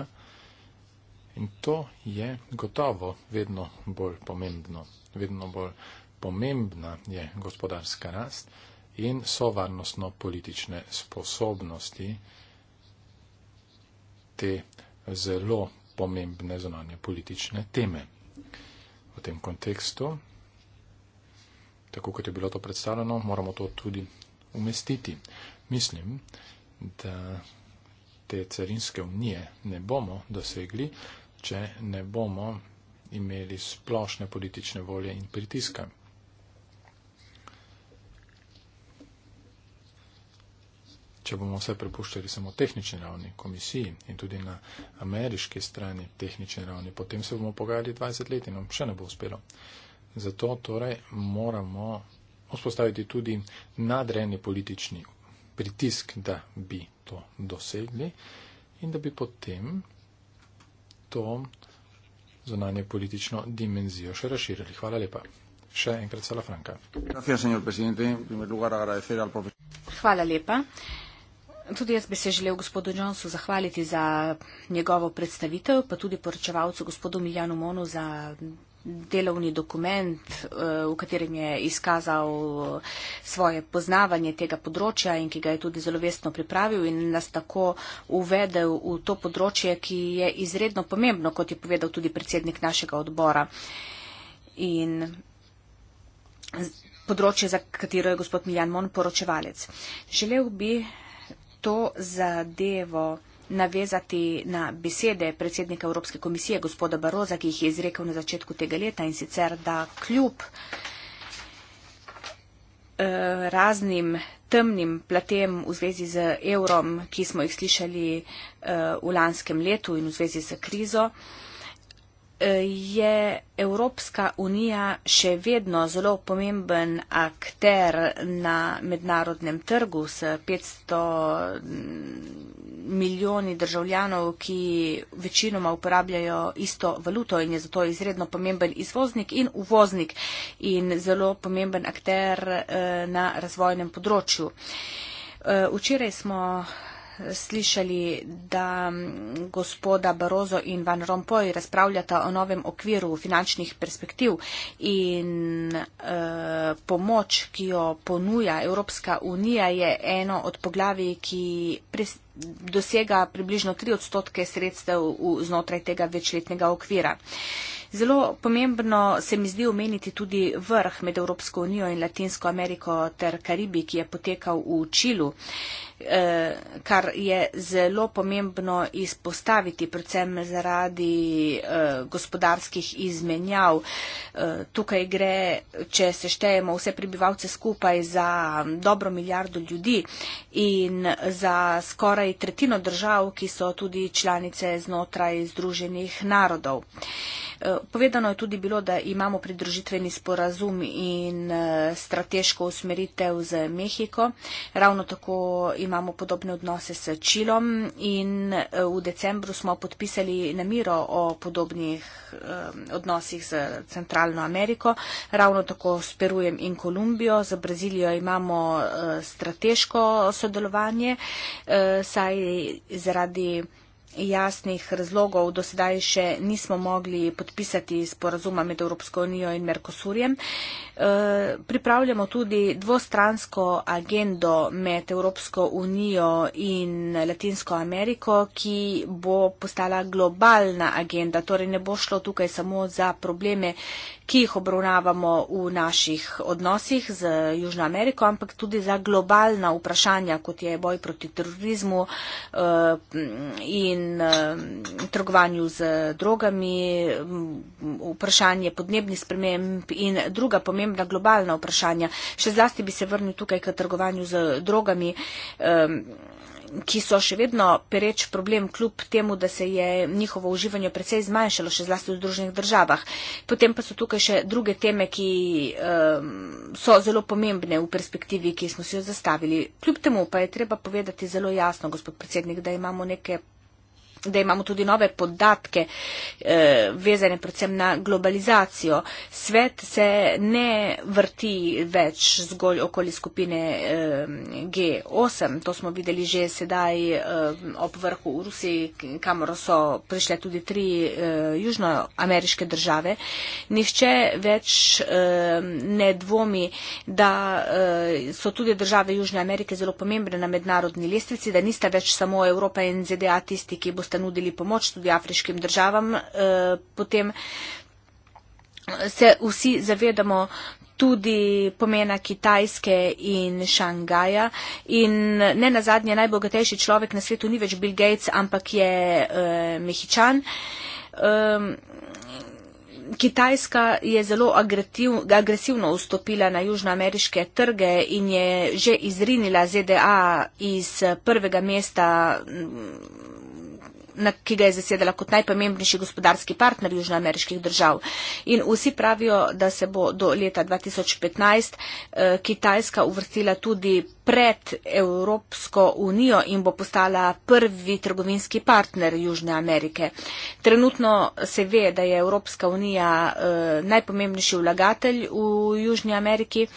In to je gotovo vedno bolj pomembno, vedno bolj pomembna je gospodarska rast in so varnostno-politične sposobnosti te zelo pomembne zonanje politične teme. V tem kontekstu, tako kot je bilo to predstavljeno, moramo to tudi umestiti. Mislim, da te carinske unije ne bomo dosegli, če ne bomo imeli splošne politične volje in pritiska. če bomo vse prepuščali samo tehnični ravni komisiji in tudi na ameriški strani tehnični ravni, potem se bomo pogajali 20 let in nam še ne bo uspelo. Zato torej moramo vzpostaviti tudi nadrejeni politični pritisk, da bi to dosegli in da bi potem to zonanje politično dimenzijo še razširili. Hvala lepa. Še enkrat Salafranka.
Hvala lepa. Tudi jaz bi se želel gospodu Johnsu zahvaliti za njegovo predstavitev, pa tudi poročevalcu gospodu Miljanu Monu za delovni dokument, eh, v katerem je izkazal eh, svoje poznavanje tega področja in ki ga je tudi zelo vestno pripravil in nas tako uvedel v to področje, ki je izredno pomembno, kot je povedal tudi predsednik našega odbora. In področje, za katero je gospod Miljan Mon poročevalec. Želel bi to zadevo navezati na besede predsednika Evropske komisije gospoda Baroza, ki jih je izrekel na začetku tega leta in sicer, da kljub eh, raznim temnim platem v zvezi z evrom, ki smo jih slišali eh, v lanskem letu in v zvezi z krizo, je Evropska unija še vedno zelo pomemben akter na mednarodnem trgu s 500 milijoni državljanov, ki večinoma uporabljajo isto valuto in je zato izredno pomemben izvoznik in uvoznik in zelo pomemben akter eh, na razvojnem področju. Eh, včeraj smo slišali, da mm, gospoda Barozo in Van Rompuy razpravljata o novem okviru finančnih perspektiv in e, pomoč, ki jo ponuja Evropska unija, je eno od poglavij, ki pres, dosega približno 3 odstotke sredstev v, znotraj tega večletnega okvira. E, Zelo pomembno se mi zdi omeniti tudi vrh med Evropsko unijo in Latinsko Ameriko ter Karibi, ki je potekal v Čilu, eh, kar je zelo pomembno izpostaviti, predvsem zaradi eh, gospodarskih izmenjav. Eh, tukaj gre, če se štejemo vse prebivalce skupaj, za dobro milijardo ljudi in za skoraj tretjino držav, ki so tudi članice znotraj Združenih narodov. Eh, povedano je tudi bilo, da imamo pridružitveni sporazum in eh, strateško usmeritev z Mehiko. Ravno tako imamo podobne odnose s Čilom in eh, v decembru smo podpisali namiro o podobnih odnosih z Centralno Ameriko. Ravno tako s Perujem in Kolumbijo. Z Brazilijo imamo strateško sodelovanje, saj zaradi jasnih razlogov do sedaj še nismo mogli podpisati sporazuma med Evropsko unijo in Merkosurjem. E, pripravljamo tudi dvostransko agendo med Evropsko unijo in Latinsko Ameriko, ki bo postala globalna agenda. Torej ne bo šlo tukaj samo za probleme ki jih obravnavamo v naših odnosih z Južno Ameriko, ampak tudi za globalna vprašanja, kot je boj proti terorizmu eh, in eh, trgovanju z drogami, mm, vprašanje podnebnih sprememb in druga pomembna globalna vprašanja. Še zlasti bi se vrnil tukaj k trgovanju z drogami. Eh, ki so še vedno pereč problem, kljub temu, da se je njihovo uživanje precej zmanjšalo, še zlasti v združenih državah. Potem pa so tukaj še druge teme, ki um, so zelo pomembne v perspektivi, ki smo si jo zastavili. Kljub temu pa je treba povedati zelo jasno, gospod predsednik, da imamo neke da imamo tudi nove podatke eh, vezane predvsem na globalizacijo. Svet se ne vrti več zgolj okoli skupine eh, G8, to smo videli že sedaj eh, ob vrhu v Rusiji, kamor so prišle tudi tri eh, južnoameriške države. Nihče več eh, ne dvomi, da eh, so tudi države Južne Amerike zelo pomembne na mednarodni lestvici, da nista več samo Evropa in ZDA tisti, ki boste Egipta nudili pomoč tudi afriškim državam, eh, potem eh, se vsi zavedamo tudi pomena Kitajske in Šangaja. In eh, ne nazadnje, najbogatejši človek na svetu ni več Bill Gates, ampak je Mehičan. Ehm, Kitajska je zelo agresivno vstopila na južnoameriške trge in je že izrinila ZDA iz prvega mesta na, ki ga je zasedala kot najpomembnejši gospodarski partner južnoameriških držav. In vsi pravijo, da se bo do leta 2015 eh, Kitajska uvrstila tudi pred Evropsko unijo in bo postala prvi trgovinski partner Južne Amerike. Trenutno se ve, da je Evropska unija eh, najpomembnejši vlagatelj v Južni Ameriki,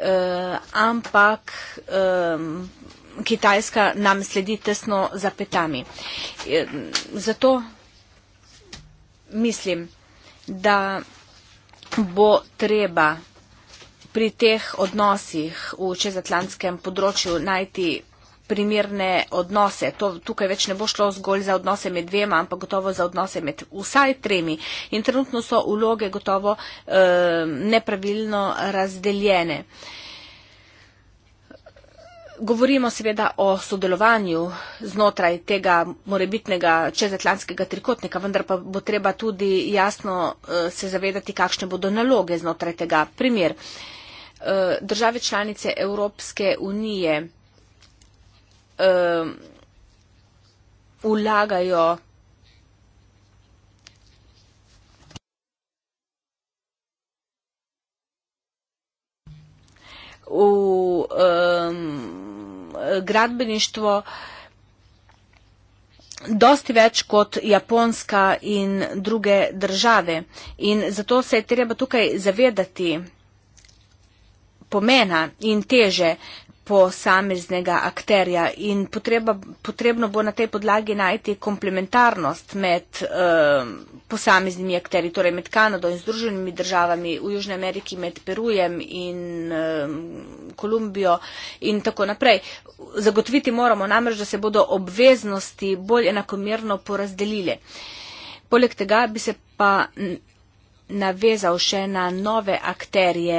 eh, ampak. Eh, Kitajska nam sledi tesno za petami. E, zato mislim, da bo treba pri teh odnosih v čezatlantskem področju najti primerne odnose. To, tukaj več ne bo šlo zgolj za odnose med dvema, ampak gotovo za odnose med vsaj tremi. In trenutno so vloge gotovo eh, nepravilno razdeljene. Eh, Govorimo seveda o sodelovanju znotraj tega morebitnega čezatlantskega trikotnika, vendar pa bo treba tudi jasno eh, se zavedati, kakšne bodo naloge znotraj tega. Primer, eh, države članice Evropske unije ulagajo. Eh, v, um, gradbeništvo dosti več kot Japonska in druge države. In zato se je treba tukaj zavedati pomena in teže posameznega akterja in potreba, potrebno bo na tej podlagi najti komplementarnost med. Uh, posameznimi akteri, torej med Kanado in Združenimi državami, v Južni Ameriki med Perujem in Kolumbijo in tako naprej. Zagotoviti moramo namreč, da se bodo obveznosti bolj enakomerno porazdelile. Poleg tega bi se pa navezal še na nove akterje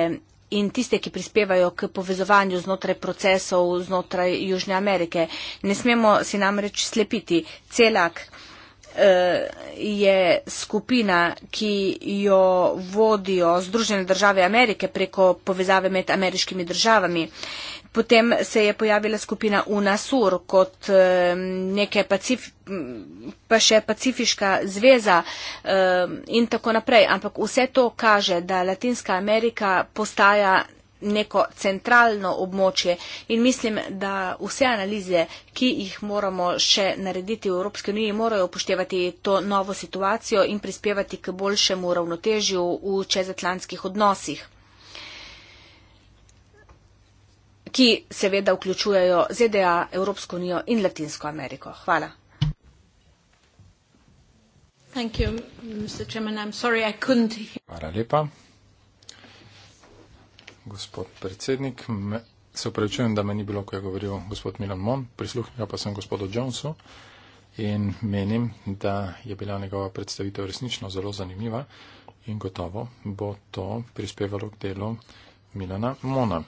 in tiste, ki prispevajo k povezovanju znotraj procesov znotraj Južne Amerike. Ne smemo si namreč slepiti celak je skupina, ki jo vodijo Združene države Amerike preko povezave med ameriškimi državami. Potem se je pojavila skupina UNASUR kot neke pacif, pa še pacifiška zveza in tako naprej. Ampak vse to kaže, da Latinska Amerika postaja neko centralno območje in mislim, da vse analize, ki jih moramo še narediti v Evropski uniji, morajo upoštevati to novo situacijo in prispevati k boljšemu ravnotežju v čezatlantskih odnosih ki seveda vključujejo ZDA, Evropsko unijo in Latinsko Ameriko. Hvala. Hvala
lepa gospod predsednik. Me, se upravičujem, da me ni bilo, ko je govoril gospod Milan Mon, prisluhnila pa sem gospodu Jonesu in menim, da je bila njegova predstavitev resnično zelo zanimiva in gotovo bo to prispevalo k delu Milana Mona.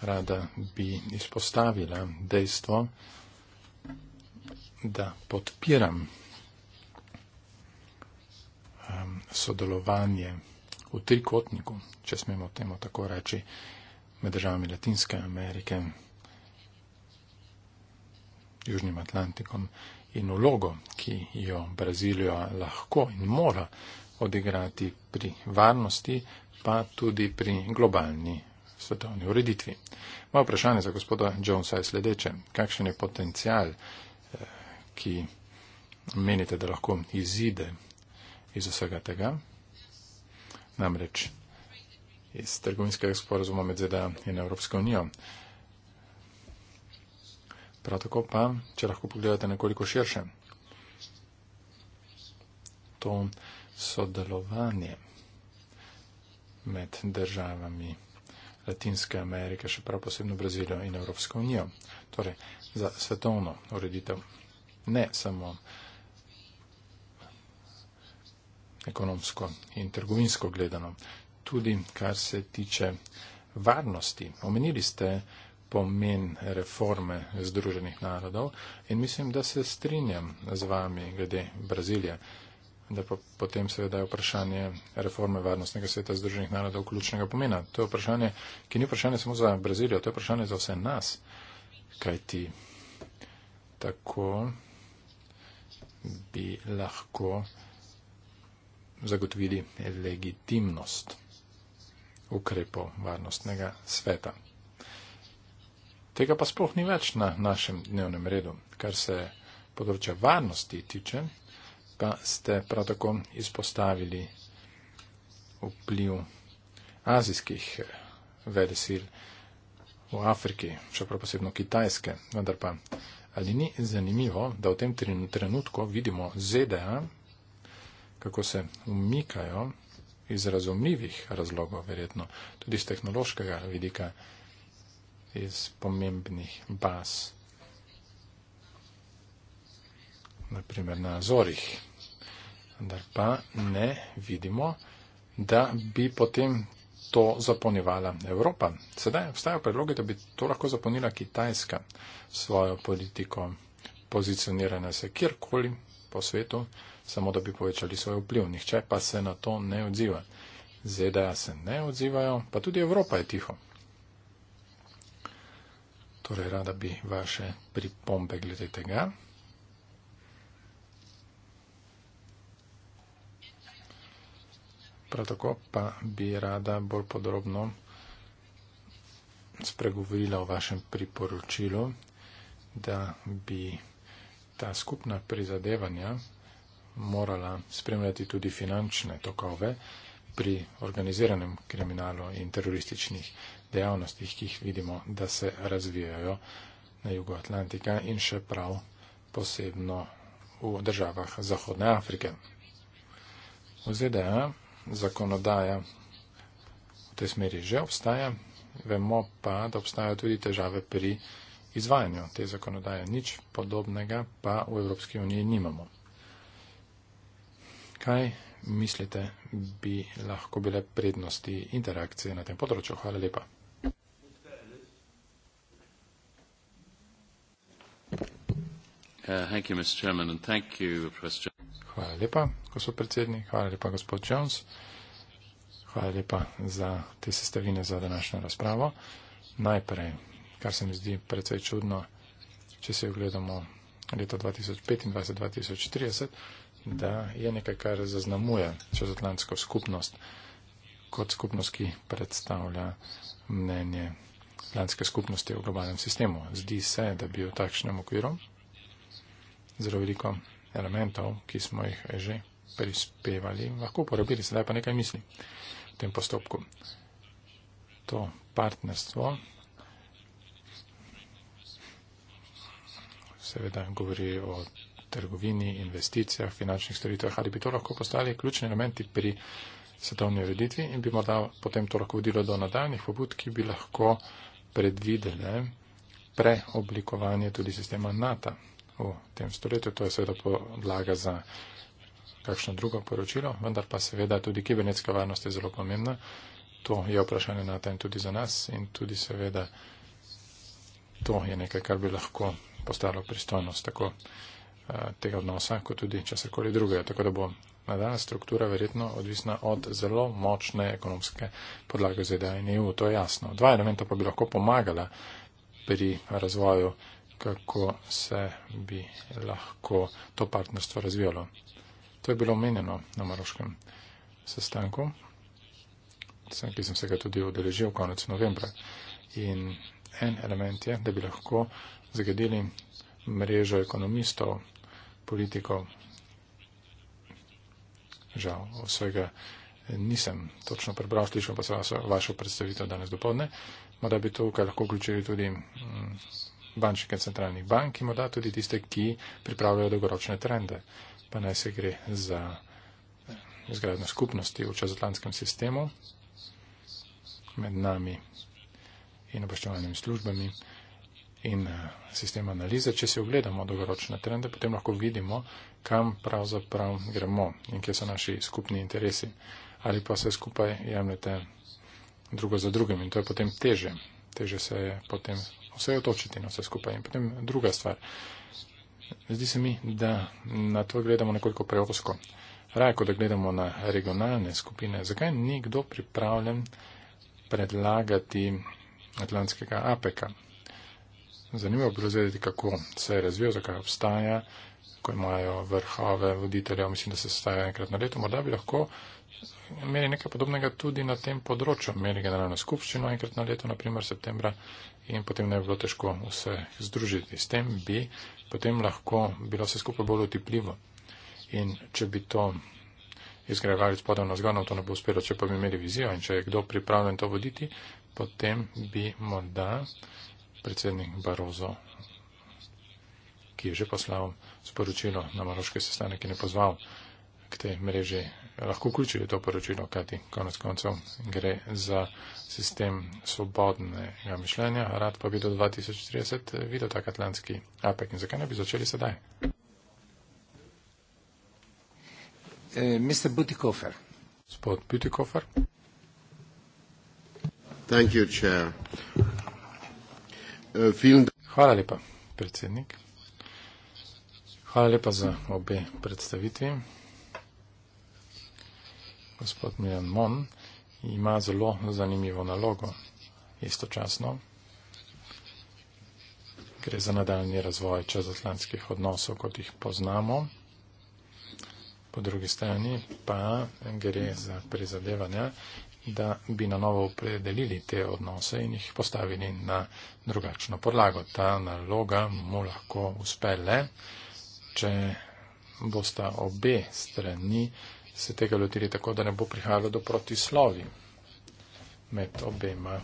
Rada bi izpostavila dejstvo, da podpiram um, sodelovanje v trikotniku, če smemo temu tako reči, med državami Latinske Amerike, Južnim Atlantikom in vlogo, ki jo Brazilija lahko in mora odigrati pri varnosti, pa tudi pri globalni svetovni ureditvi. Moje vprašanje za gospoda Jonesa je sledeče. Kakšen je potencial, eh, ki menite, da lahko izide iz vsega tega? namreč iz trgovinskega sporozuma med ZDA in Evropsko unijo. Prav tako pa, če lahko pogledate nekoliko širše, to sodelovanje med državami Latinske Amerike, še prav posebno Brazilijo in Evropsko unijo. Torej, za svetovno ureditev, ne samo ekonomsko in trgovinsko gledano. Tudi kar se tiče varnosti. Omenili ste pomen reforme Združenih narodov in mislim, da se strinjam z vami glede Brazilije, da pa potem seveda je vprašanje reforme varnostnega sveta Združenih narodov ključnega pomena. To je vprašanje, ki ni vprašanje samo za Brazilijo, to je vprašanje za vse nas, kajti tako bi lahko zagotovili legitimnost ukrepov varnostnega sveta. Tega pa sploh ni več na našem dnevnem redu. Kar se področja varnosti tiče, pa ste prav tako izpostavili vpliv azijskih velesil v Afriki, še prav posebno kitajske. Vendar pa, ali ni zanimivo, da v tem trenutku vidimo ZDA, kako se umikajo iz razumljivih razlogov, verjetno tudi iz tehnološkega vidika, iz pomembnih baz, naprimer na Azorih. Vendar pa ne vidimo, da bi potem to zaponevala Evropa. Sedaj obstajajo predloge, da bi to lahko zaponila Kitajska svojo politiko pozicionirana se kjerkoli po svetu samo da bi povečali svoj vpliv. Nihče pa se na to ne odziva. ZDA se ne odzivajo, pa tudi Evropa je tiho. Torej, rada bi vaše pripombe glede tega. Prav tako pa bi rada bolj podrobno spregovorila o vašem priporočilu, da bi ta skupna prizadevanja morala spremljati tudi finančne tokove pri organiziranem kriminalu in terorističnih dejavnostih, ki jih vidimo, da se razvijajo na jugu Atlantika in še prav posebno v državah Zahodne Afrike. V ZDA zakonodaja v tej smeri že obstaja, vemo pa, da obstajajo tudi težave pri izvajanju te zakonodaje. Nič podobnega pa v Evropski uniji nimamo. Kaj mislite, bi lahko bile prednosti interakcije na tem področju? Hvala lepa. Uh, you, Chairman, you, hvala lepa, gospod predsednik, hvala lepa, gospod Jones. Hvala lepa za te sestavine za današnjo razpravo. Najprej, kar se mi zdi predvsej čudno, če se ogledamo leto 2025-2030 da je nekaj, kar zaznamuje čezatlantsko skupnost kot skupnost, ki predstavlja mnenje atlantske skupnosti v globalnem sistemu. Zdi se, da bi v takšnem okviru zelo veliko elementov, ki smo jih že prispevali, lahko uporabili, sedaj pa nekaj misli v tem postopku. To partnerstvo seveda govori o trgovini, investicijah, finančnih storitvah, ali bi to lahko postali ključni elementi pri svetovni ureditvi in bi morda potem to lahko vodilo do nadaljnih pobud, ki bi lahko predvidele preoblikovanje tudi sistema NATO v tem stoletju. To je seveda podlaga za kakšno drugo poročilo, vendar pa seveda tudi kibernetska varnost je zelo pomembna. To je vprašanje NATO in tudi za nas in tudi seveda to je nekaj, kar bi lahko postalo pristojnost tako Eh, tega odnosa, kot tudi česar koli drugega. Tako da bo nadaljna struktura verjetno odvisna od zelo močne ekonomske podlage ZDA in EU. To je jasno. Dva elementa pa bi lahko pomagala pri razvoju, kako se bi lahko to partnerstvo razvijalo. To je bilo omenjeno na Maroškem sestanku, ki sem se ga tudi odeležil konec novembra. In en element je, da bi lahko zagadili mrežo ekonomistov politiko. Žal, vsega nisem točno prebral, slišal pa sem vašo predstavitev danes dopoledne. Morda bi to lahko vključili tudi mm, bančnike centralnih bank in morda tudi tiste, ki pripravljajo dolgoročne trende. Pa naj se gre za izgradno eh, skupnosti v čezatlantskem sistemu med nami in obaščevalnimi službami in eh, sistem analize, če si ogledamo dolgoročne trende, potem lahko vidimo, kam pravzaprav gremo in kje so naši skupni interesi. Ali pa se skupaj jemljete drugo za drugim in to je potem teže. Teže se je potem vse otočiti na vse skupaj. In potem druga stvar. Zdi se mi, da na to gledamo nekoliko preosko. Raje, kot da gledamo na regionalne skupine, zakaj ni kdo pripravljen predlagati Atlantskega APEKA? zanimivo bilo zvedeti, kako se je razvijal, zakaj obstaja, ko imajo vrhove voditeljev, mislim, da se stajajo enkrat na leto. Morda bi lahko imeli nekaj podobnega tudi na tem področju, imeli generalno skupščino enkrat na leto, naprimer septembra, in potem ne bi bilo težko vse združiti. S tem bi potem lahko bilo vse skupaj bolj utipljivo. In če bi to izgrajevali spodaj na zgornjo, to ne bo uspelo, če pa bi imeli vizijo in če je kdo pripravljen to voditi, potem bi morda predsednik Barozo, ki je že poslal sporočilo na maroške sestanek in je pozval k tej mreži, lahko vključili to poročilo, kajti konec koncev gre za sistem svobodnega mišljenja. Rad pa bi do 2030 eh, videl tak atlantski apek in zakaj ne bi začeli sedaj? Eh, Mr. Butikofer. Gospod Butikofer. Thank you, chair film. Hvala lepa, predsednik. Hvala lepa za obe predstavitvi. Gospod Mijan Mon ima zelo zanimivo nalogo. Istočasno gre za nadaljni razvoj čezatlantskih odnosov, kot jih poznamo. Po drugi strani pa gre za prizadevanja da bi na novo opredelili te odnose in jih postavili na drugačno podlago. Ta naloga mu lahko uspe le, če bosta obe strani se tega lotili tako, da ne bo prihajalo do protislovi med obema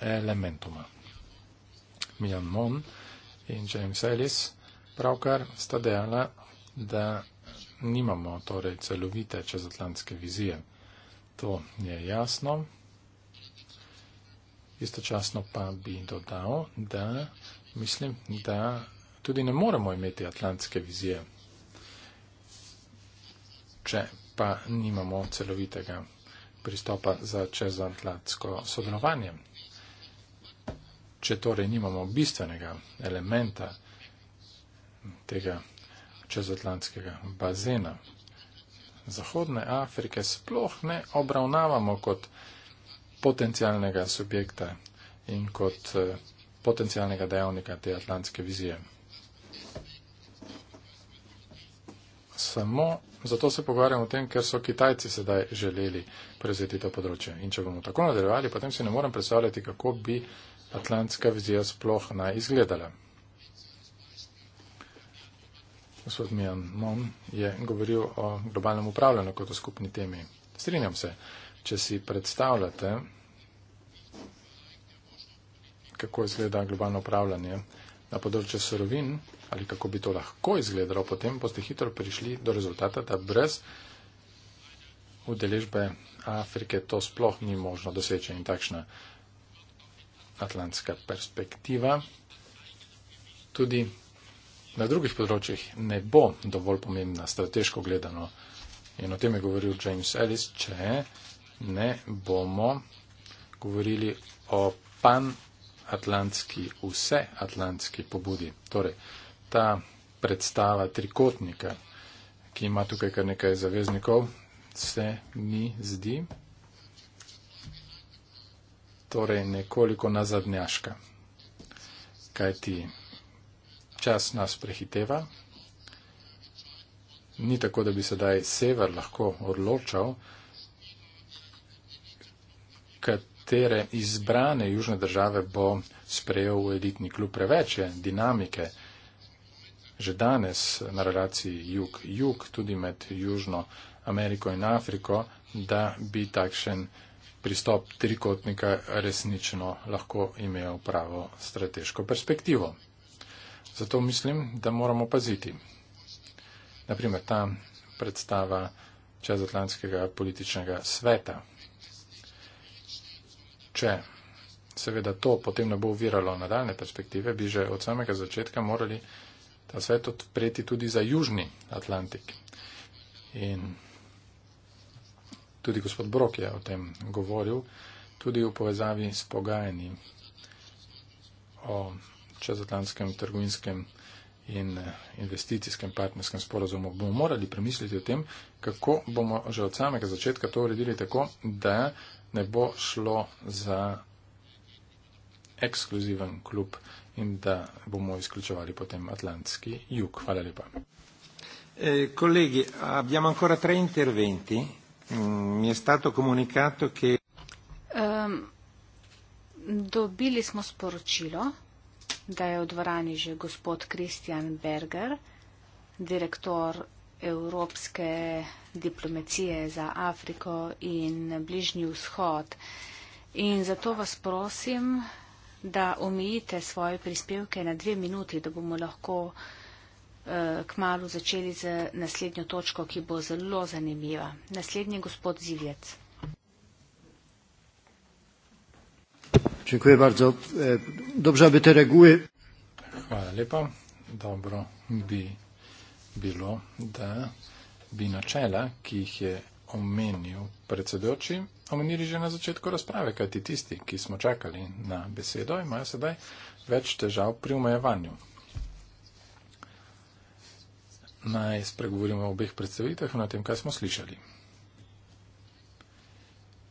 elementoma. Mian Mon in James Ellis pravkar sta dejala, da nimamo torej celovite čezatlantske vizije. To je jasno. Istočasno pa bi dodal, da mislim, da tudi ne moremo imeti atlantske vizije, če pa nimamo celovitega pristopa za čezatlantsko sodelovanje. Če torej nimamo bistvenega elementa tega čezatlantskega bazena, Zahodne Afrike sploh ne obravnavamo kot potencialnega subjekta in kot eh, potencialnega dejavnika te atlantske vizije. Samo zato se pogovarjamo o tem, ker so Kitajci sedaj želeli prevzeti to področje. In če bomo tako nadaljevali, potem si ne morem predstavljati, kako bi atlantska vizija sploh naj izgledala gospod Mijan Mon je govoril o globalnem upravljanju kot o skupni temi. Strinjam se, če si predstavljate, kako izgleda globalno upravljanje na področju sorovin ali kako bi to lahko izgledalo, potem boste hitro prišli do rezultata, da brez udeležbe Afrike to sploh ni možno doseči in takšna atlantska perspektiva tudi na drugih področjih ne bo dovolj pomembna, strateško gledano. In o tem je govoril James Ellis, če ne bomo govorili o panatlantski, vseatlantski pobudi. Torej, ta predstava trikotnika, ki ima tukaj kar nekaj zaveznikov, se mi zdi torej nekoliko nazadnjaška. Kaj ti? čas nas prehiteva. Ni tako, da bi sedaj sever lahko odločal, katere izbrane južne države bo sprejel v elitni klub. Preveč je dinamike že danes na relaciji jug-jug, tudi med Južno Ameriko in Afriko, da bi takšen pristop trikotnika resnično lahko imel pravo strateško perspektivo. Zato mislim, da moramo paziti. Naprimer, ta predstava Čezatlantskega političnega sveta. Če seveda to potem ne bo uviralo nadaljne perspektive, bi že od samega začetka morali ta svet odpreti tudi za Južni Atlantik. In tudi gospod Brok je o tem govoril, tudi v povezavi s pogajanji o čezatlantskem trgovinskem in eh, investicijskem partnerskem sporozumu, bomo morali premisliti o tem, kako bomo že od samega začetka to uredili tako, da ne bo šlo za ekskluziven klub in da bomo izključevali potem Atlantski jug. Hvala lepa. Eh, mm,
ehm, dobili smo sporočilo, ga je v dvorani že gospod Kristjan Berger, direktor Evropske diplomacije za Afriko in Bližnji vzhod. In zato vas prosim, da omejite svoje prispevke na dve minuti, da bomo lahko eh, k malu začeli z naslednjo točko, ki bo zelo zanimiva. Naslednji gospod Zivjec.
Dziękuję bardzo. E, dobrze, aby te reguły. Hvala lepa. Dobro bi bilo, da bi načela, ki jih je omenil predsedoči, omenili že na začetku razprave, kajti tisti, ki smo čakali na besedo, imajo sedaj več težav pri omejevanju. Naj spregovorimo o obeh predstavitev in o tem, kaj smo slišali.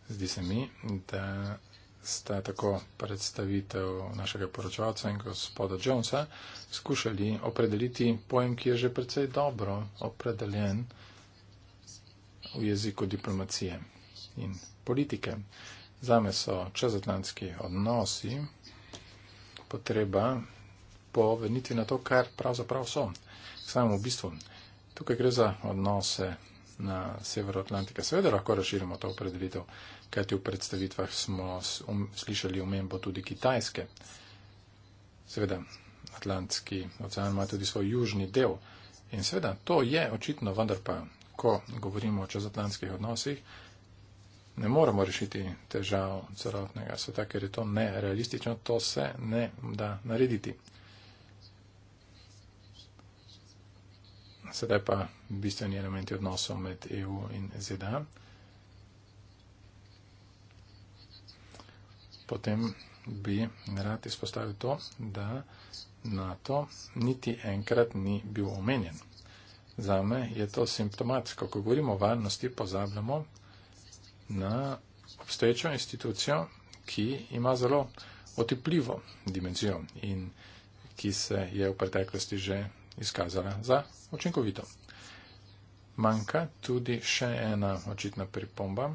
Zdi se mi, da ste tako predstavitev našega poročavca in gospoda Jonesa skušali opredeliti pojem, ki je že precej dobro opredeljen v jeziku diplomacije in politike. Zame so čezatlantski odnosi potreba po vrniti na to, kar pravzaprav so. Samo v bistvu. Tukaj gre za odnose na severu Atlantika. Seveda lahko razširimo to opredelitev kajti v predstavitvah smo um, slišali omembo tudi Kitajske. Seveda, Atlantski ocean ima tudi svoj južni del. In seveda, to je očitno, vendar pa, ko govorimo o čezatlantskih odnosih, ne moremo rešiti težav celotnega sveta, ker je to nerealistično, to se ne da narediti. Sedaj pa bistveni elementi odnosov med EU in ZDA. potem bi rad izpostavil to, da NATO niti enkrat ni bil omenjen. Za me je to simptomatsko. Ko govorimo o varnosti, pozabljamo na obstoječo institucijo, ki ima zelo otipljivo dimenzijo in ki se je v preteklosti že izkazala za učinkovito. Manjka tudi še ena očitna pripomba,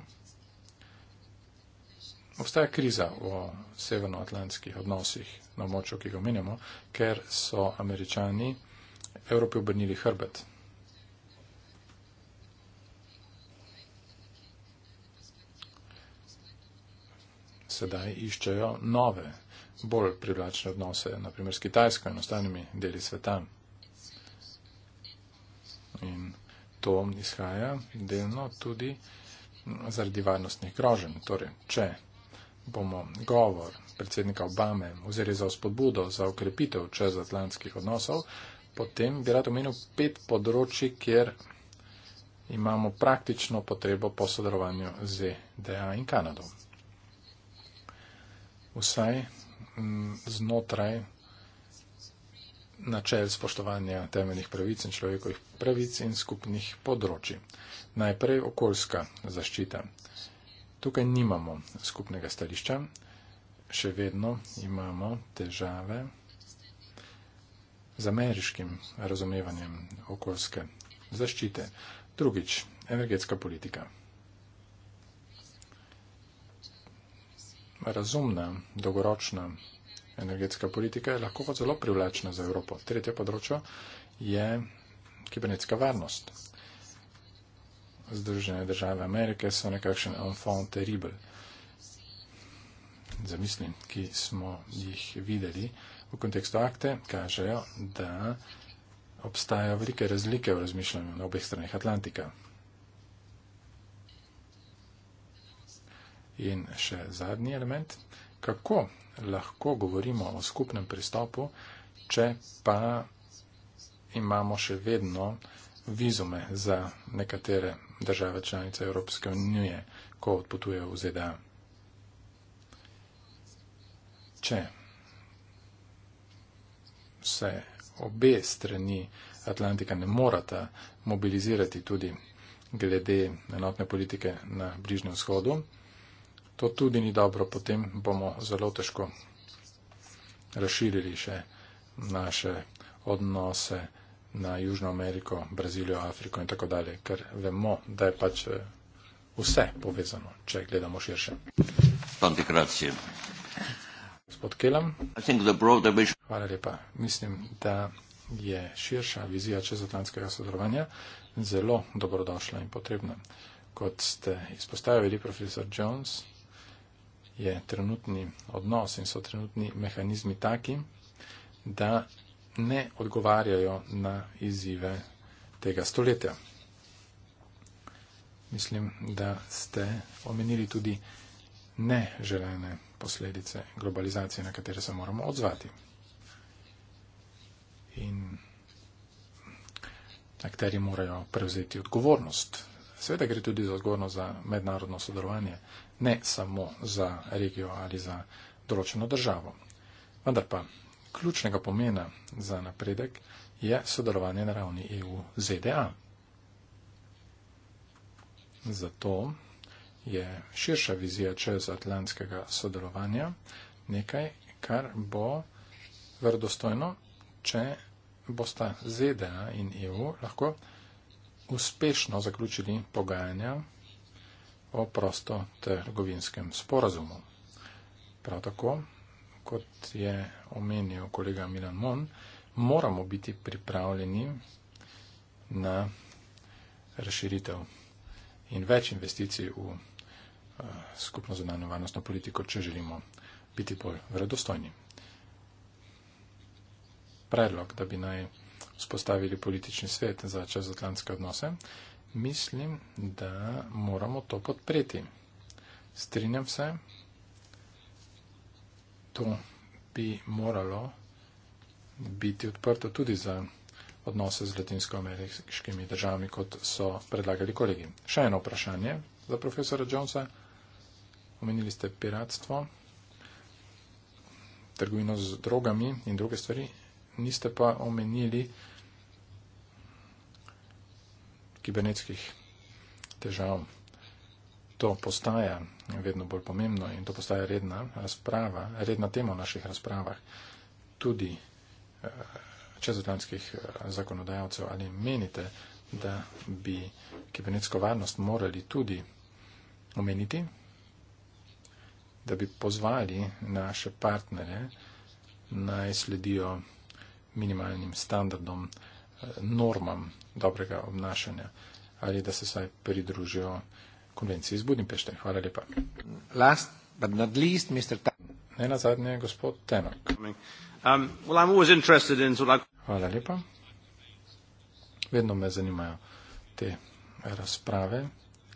obstaja kriza v severnoatlantskih odnosih na območju, ki ga omenjamo, ker so američani Evropi obrnili hrbet. Sedaj iščejo nove, bolj privlačne odnose, naprimer s Kitajsko in ostalimi deli sveta. In to izhaja delno tudi zaradi varnostnih groženj. Torej, če bomo govor predsednika Obame vzrezal spodbudo za ukrepitev čezatlantskih odnosov, potem bi rad omenil pet področji, kjer imamo praktično potrebo po sodelovanju z ZDA in Kanado. Vsaj mm, znotraj načel spoštovanja temeljnih pravic in človekovih pravic in skupnih področji. Najprej okoljska zaščita. Tukaj nimamo skupnega stališča, še vedno imamo težave z ameriškim razumevanjem okoljske zaščite. Drugič, energetska politika. Razumna, dolgoročna energetska politika je lahko zelo privlačna za Evropo. Tretje področje je kibernetska varnost. Združene države Amerike so nekakšen enfant terrible. Zamisli, ki smo jih videli v kontekstu akte, kažejo, da obstajajo velike razlike v razmišljanju na obeh stranih Atlantika. In še zadnji element, kako lahko govorimo o skupnem pristopu, če pa imamo še vedno vizume za nekatere države članice Evropske unije, ko odpotuje v ZDA. Če se obe strani Atlantika ne morata mobilizirati tudi glede enotne politike na Bližnjem vzhodu, to tudi ni dobro, potem bomo zelo težko razširili še naše odnose na Južno Ameriko, Brazilijo, Afriko in tako dalje, ker vemo, da je pač eh, vse povezano, če gledamo širše. Gospod Kelem, hvala lepa. Mislim, da je širša vizija čezatlantskega sodelovanja zelo dobrodošla in potrebna. Kot ste izpostavili, profesor Jones, je trenutni odnos in so trenutni mehanizmi taki, da ne odgovarjajo na izzive tega stoletja. Mislim, da ste omenili tudi neželene posledice globalizacije, na katere se moramo odzvati. In akteri morajo prevzeti odgovornost. Sveda gre tudi za odgovornost za mednarodno sodelovanje, ne samo za regijo ali za določeno državo. Vendar pa ključnega pomena za napredek je sodelovanje na ravni EU-ZDA. Zato je širša vizija čezatlantskega sodelovanja nekaj, kar bo verodostojno, če bosta ZDA in EU lahko uspešno zaključili pogajanja o prosto trgovinskem sporazumu. Prav tako kot je omenil kolega Milan Mon, moramo biti pripravljeni na razširitev in več investicij v eh, skupno zunanjo varnostno politiko, če želimo biti bolj vredostojni. Predlog, da bi naj spostavili politični svet za čezatlantske odnose, mislim, da moramo to podpreti. Strinjam se, to bi moralo biti odprto tudi za odnose z latinskoameriškimi državami, kot so predlagali kolegi. Še eno vprašanje za profesora Jonesa. Omenili ste piratstvo, trgovino z drogami in druge stvari. Niste pa omenili kibernetskih težav to postaja vedno bolj pomembno in to postaja redna razprava, redna tema v naših razpravah, tudi eh, čezatlantskih eh, zakonodajalcev, ali menite, da bi kibernetsko varnost morali tudi omeniti, da bi pozvali naše partnerje naj sledijo minimalnim standardom, eh, normam dobrega obnašanja ali da se saj pridružijo konvenciji iz Budimpešte. Hvala lepa. Last, but not least, Mr. Ne na zadnje, gospod Tenok.
Um, well, I'm always interested in sort of... Hvala lepa.
Vedno me zanimajo te razprave,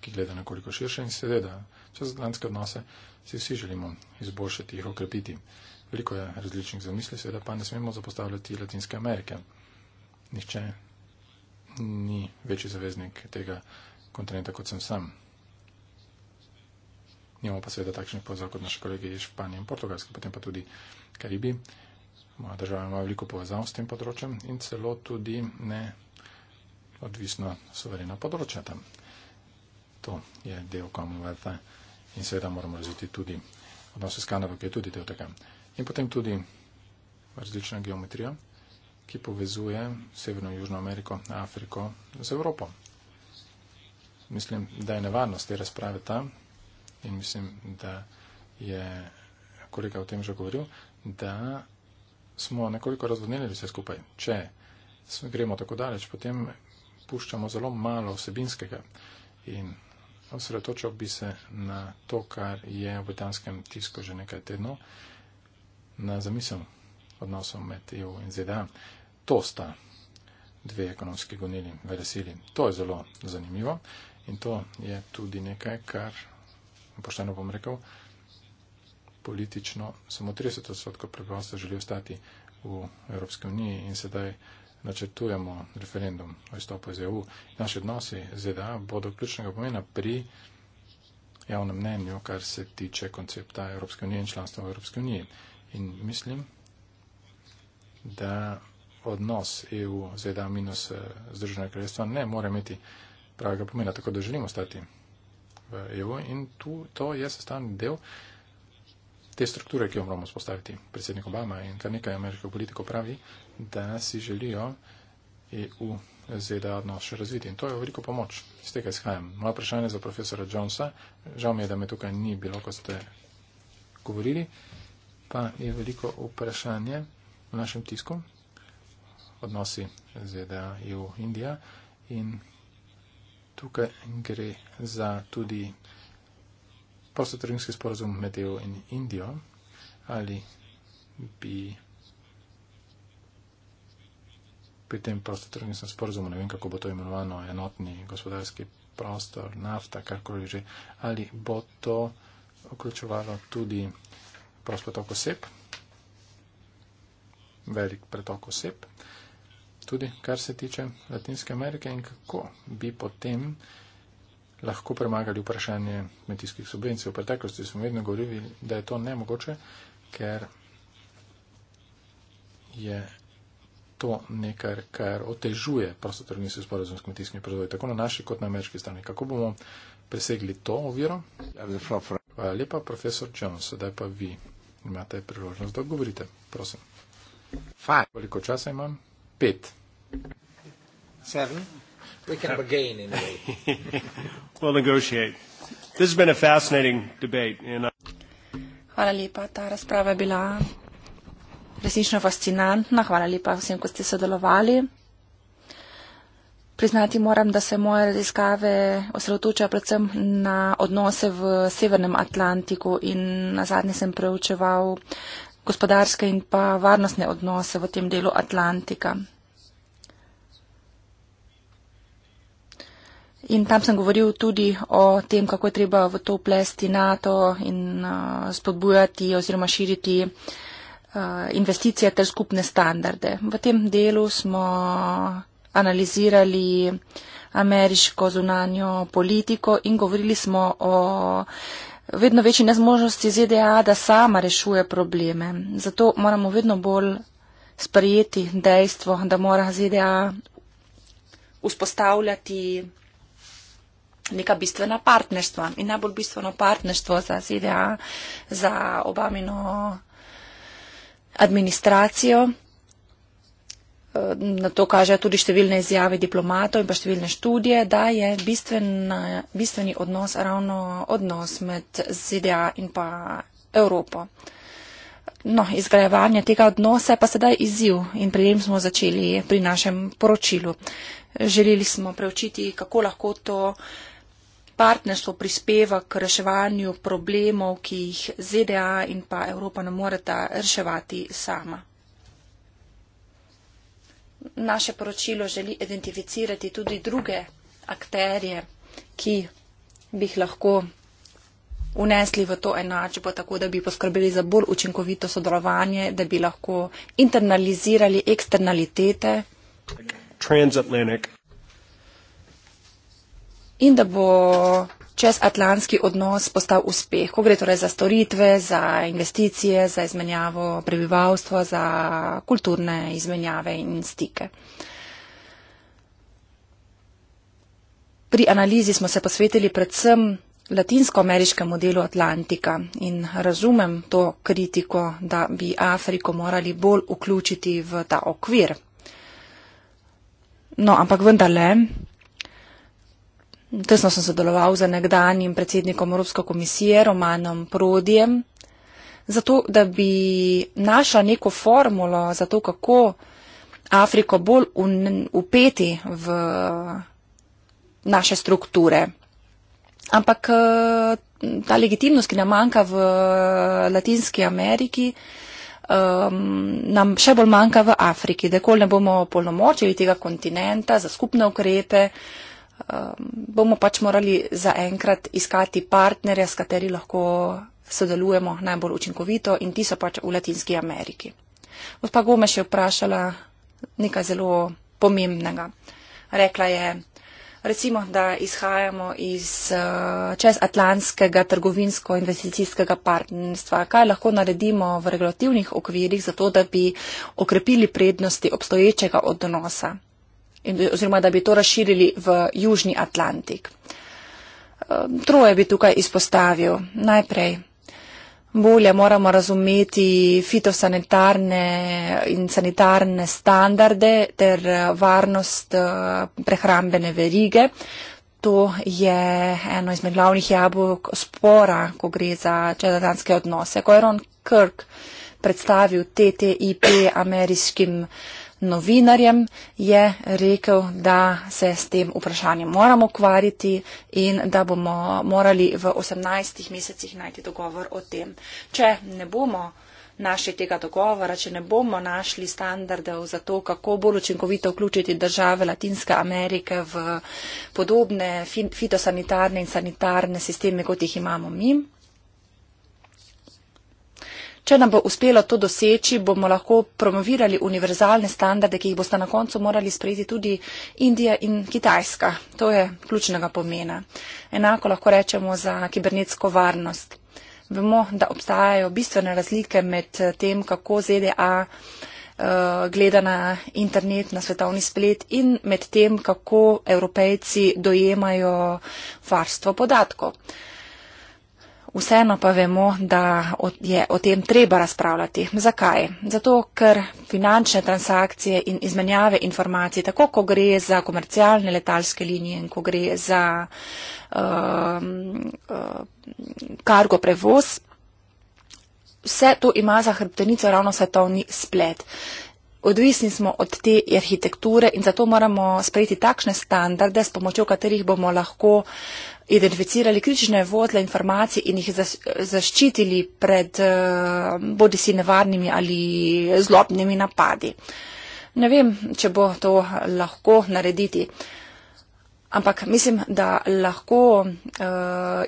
ki gledajo nekoliko širše in seveda čez atlantske odnose si vsi želimo izboljšati, jih okrepiti. Veliko je različnih zamisli, seveda pa ne smemo zapostavljati Latinske Amerike. Nihče ni večji zaveznik tega kontinenta kot sem sam. Nimamo pa seveda takšnih povezav kot naše kolege iz Španije in Portugalske, potem pa tudi Karibi. Moja država ima veliko povezav s tem področjem in celo tudi ne odvisno suverena področja tam. To je del Commonwealtha in seveda moramo razviti tudi odnose s Kanado, ki je tudi del tega. In potem tudi različna geometrija, ki povezuje Severno in Južno Ameriko, Afriko z Evropo. Mislim, da je nevarnost te razprave tam, in mislim, da je kolega o tem že govoril, da smo nekoliko razvodnili vse skupaj. Če gremo tako daleč, potem puščamo zelo malo vsebinskega in osredotočal bi se na to, kar je v britanskem tisku že nekaj tednov, na zamisel odnosov med EU in ZDA. To sta dve ekonomski gonili, veresili. To je zelo zanimivo in to je tudi nekaj, kar pošteno bom rekel, politično samo 30 odstotkov prebivalstva želi ostati v Evropski uniji in sedaj načrtujemo referendum o izstopu iz EU. Naši odnosi z EDA bodo ključnega pomena pri javnem mnenju, kar se tiče koncepta Evropske unije in članstva v Evropski uniji. In mislim, da odnos EU z EDA minus eh, Združenega kraljestva ne more imeti pravega pomena, tako da želimo ostati Eh, EU in tu, to je sestavni del te strukture, ki jo moramo spostaviti. Predsednik Obama in kar nekaj ameriškega politika pravi, da si želijo EU ZDA odnos še razviti in to je veliko pomoč. Z tega izhajam. Moje vprašanje za profesora Jonesa, žal mi je, da me tukaj ni bilo, ko ste govorili, pa je veliko vprašanje v našem tisku odnosi ZDA EU-Indija in tukaj gre za tudi prostotrgovinski sporozum med EU in Indijo ali bi pri tem prostotrgovinskem sporozumu, ne vem kako bo to imenovano, enotni gospodarski prostor, nafta, karkoli že, ali bo to vključevalo tudi prost pretok oseb, velik pretok oseb tudi kar se tiče Latinske Amerike in kako bi potem lahko premagali vprašanje kmetijskih subvencij. V preteklosti smo vedno govorili, da je to nemogoče, ker je to nekaj, kar otežuje prostotrgnjski sporozum s kmetijskimi proizvodi, tako na naši kot na ameriški strani. Kako bomo presegli to oviro? Hvala lepa, profesor Jones, sedaj pa vi imate priložnost, da govorite. Prosim. Koliko časa imam? pet. Seven. We can have a gain in
*laughs* we'll negotiate. This has been a fascinating debate. And
Hvala lepa, ta razprava je bila resnično fascinantna. Hvala lepa vsem, ko ste sodelovali. Priznati moram, da se moje raziskave osredotočajo predvsem na odnose v Severnem Atlantiku in na zadnje sem preučeval gospodarske in pa varnostne odnose v tem delu Atlantika. In tam sem govoril tudi o tem, kako je treba v to plesti NATO in uh, spodbujati oziroma širiti uh, investicije ter skupne standarde. V tem delu smo analizirali ameriško zunanjo politiko in govorili smo o uh, vedno večji nezmožnosti ZDA, da sama rešuje probleme. Zato moramo vedno bolj sprejeti dejstvo, da mora ZDA vzpostavljati neka bistvena partnerstva. In najbolj bistveno partnerstvo za ZDA, za obamino administracijo na to kažejo tudi številne izjave diplomatov in pa številne študije, da je bistvena, bistveni odnos ravno odnos med ZDA in pa Evropo. No, izgrajevanje tega odnosa je pa sedaj izziv in pri njem smo začeli pri našem poročilu. Želeli smo preučiti, kako lahko to partnerstvo prispeva k reševanju problemov, ki jih ZDA in pa Evropa ne moreta reševati sama naše poročilo želi identificirati tudi druge akterje, ki bi jih lahko unesli v to enačbo, tako da bi poskrbeli za bolj učinkovito sodelovanje, da bi lahko internalizirali eksternalitete. In da bo čezatlantski odnos postal uspeh, ko gre torej za storitve, za investicije, za izmenjavo prebivalstva, za kulturne izmenjave in stike. Pri analizi smo se posvetili predvsem latinsko-ameriškemu delu Atlantika in razumem to kritiko, da bi Afriko morali bolj vključiti v ta okvir. No, ampak vendarle, Tesno sem sodeloval z nekdanjim predsednikom Evropske komisije Romanom Prodijem, zato da bi našla neko formulo za to, kako Afriko bolj upeti v naše strukture. Ampak eh, ta legitimnost, ki nam manjka v Latinski Ameriki, um, nam še bolj manjka v Afriki, da kol ne bomo polnomočili tega kontinenta za skupne ukrepe. Uh, um, bomo pač morali zaenkrat iskati partnerja, s kateri lahko sodelujemo najbolj učinkovito in ti so pač v Latinski Ameriki. Gospa Gomeš je vprašala nekaj zelo pomembnega. Rekla je, recimo, da izhajamo iz eh, čezatlantskega trgovinsko-investicijskega partnerstva. Kaj lahko naredimo v regulativnih okvirih, zato da bi okrepili prednosti obstoječega odnosa? in, oziroma da bi to razširili v Južni Atlantik. Ehm, troje bi tukaj izpostavil. Najprej. Bolje moramo razumeti fitosanitarne in sanitarne standarde ter eh, varnost eh, prehrambene verige. To je eno izmed glavnih jabolk spora, ko gre za čezatlantske odnose. Ko je Ron Kirk predstavil TTIP ameriškim uh, novinarjem je rekel, da se s tem vprašanjem moramo ukvariti in da bomo morali v 18 mesecih najti dogovor o tem. Če ne bomo našli tega dogovora, če ne bomo našli standardov za to, kako bolj učinkovito vključiti države Latinske Amerike v podobne fitosanitarne in sanitarne sisteme, kot jih imamo mi, Če nam bo uspelo to doseči, bomo lahko promovirali univerzalne standarde, ki jih boste na koncu morali sprejeti tudi Indija in Kitajska. To je ključnega pomena. Enako lahko rečemo za kibernetsko varnost. Vemo, da obstajajo bistvene razlike med eh, tem, kako ZDA eh, gleda na internet, na svetovni splet in med tem, kako evropejci dojemajo varstvo podatkov. Vseeno pa vemo, da je o tem treba razpravljati. Zakaj? Zato, ker finančne transakcije in izmenjave informacij, tako ko gre za komercialne letalske linije in ko gre za kargo um, uh, uh, prevoz, vse to ima za hrbtenico ravno svetovni splet. Odvisni smo od te arhitekture in zato moramo sprejeti takšne standarde, s pomočjo katerih bomo lahko uh, identificirali ključne vodle informacij in jih zaščitili pred eh, bodi si nevarnimi ali zlobnimi napadi. Ne vem, če bo to lahko narediti. Ampak mislim, da lahko uh,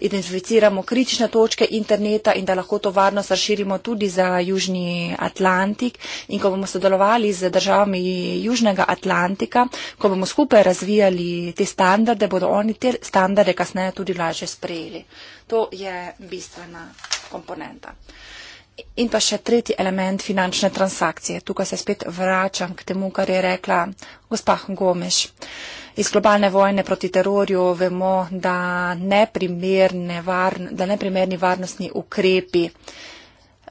identificiramo kritične točke interneta in da lahko to varnost razširimo tudi za Južni Atlantik. In ko bomo sodelovali z državami Južnega Atlantika, ko bomo skupaj razvijali te standarde, bodo oni te standarde kasneje tudi lažje sprejeli. To je bistvena komponenta. In pa še tretji element finančne transakcije. Tukaj se spet vračam k temu, kar je rekla gospa Gomeš. Uh, iz globalne vojne proti terorju vemo, da neprimerni, varn, da neprimerni varnostni ukrepi,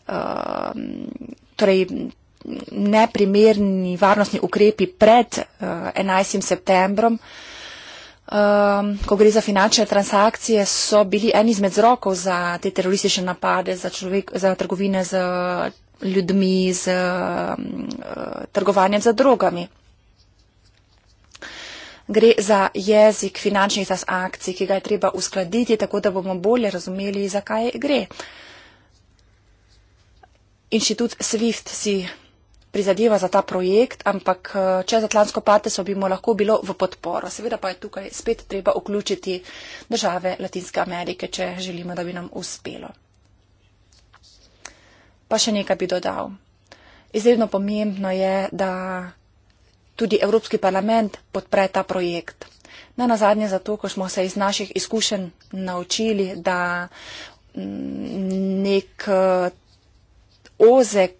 um, torej neprimerni varnostni ukrepi pred 11. Uh, septembrom, Um, ko gre za finančne transakcije, so bili en izmed zrokov za te teroristične napade, za, človek, za trgovine z ljudmi, z um, uh, trgovanjem za drogami gre za jezik finančnih transakcij, ki ga je treba uskladiti, tako da bomo bolje razumeli, zakaj gre. Inštitut SWIFT si prizadeva za ta projekt, ampak eh, čez Atlantsko partnerstvo bi mu lahko bilo v podporo. Seveda pa je tukaj spet treba vključiti države Latinske Amerike, če želimo, da bi nam uspelo. Pa še nekaj bi dodal. Izredno pomembno je, da tudi Evropski parlament podpre ta projekt. Na nazadnje zato, ko smo se iz naših izkušenj naučili, da mm, nek ozek,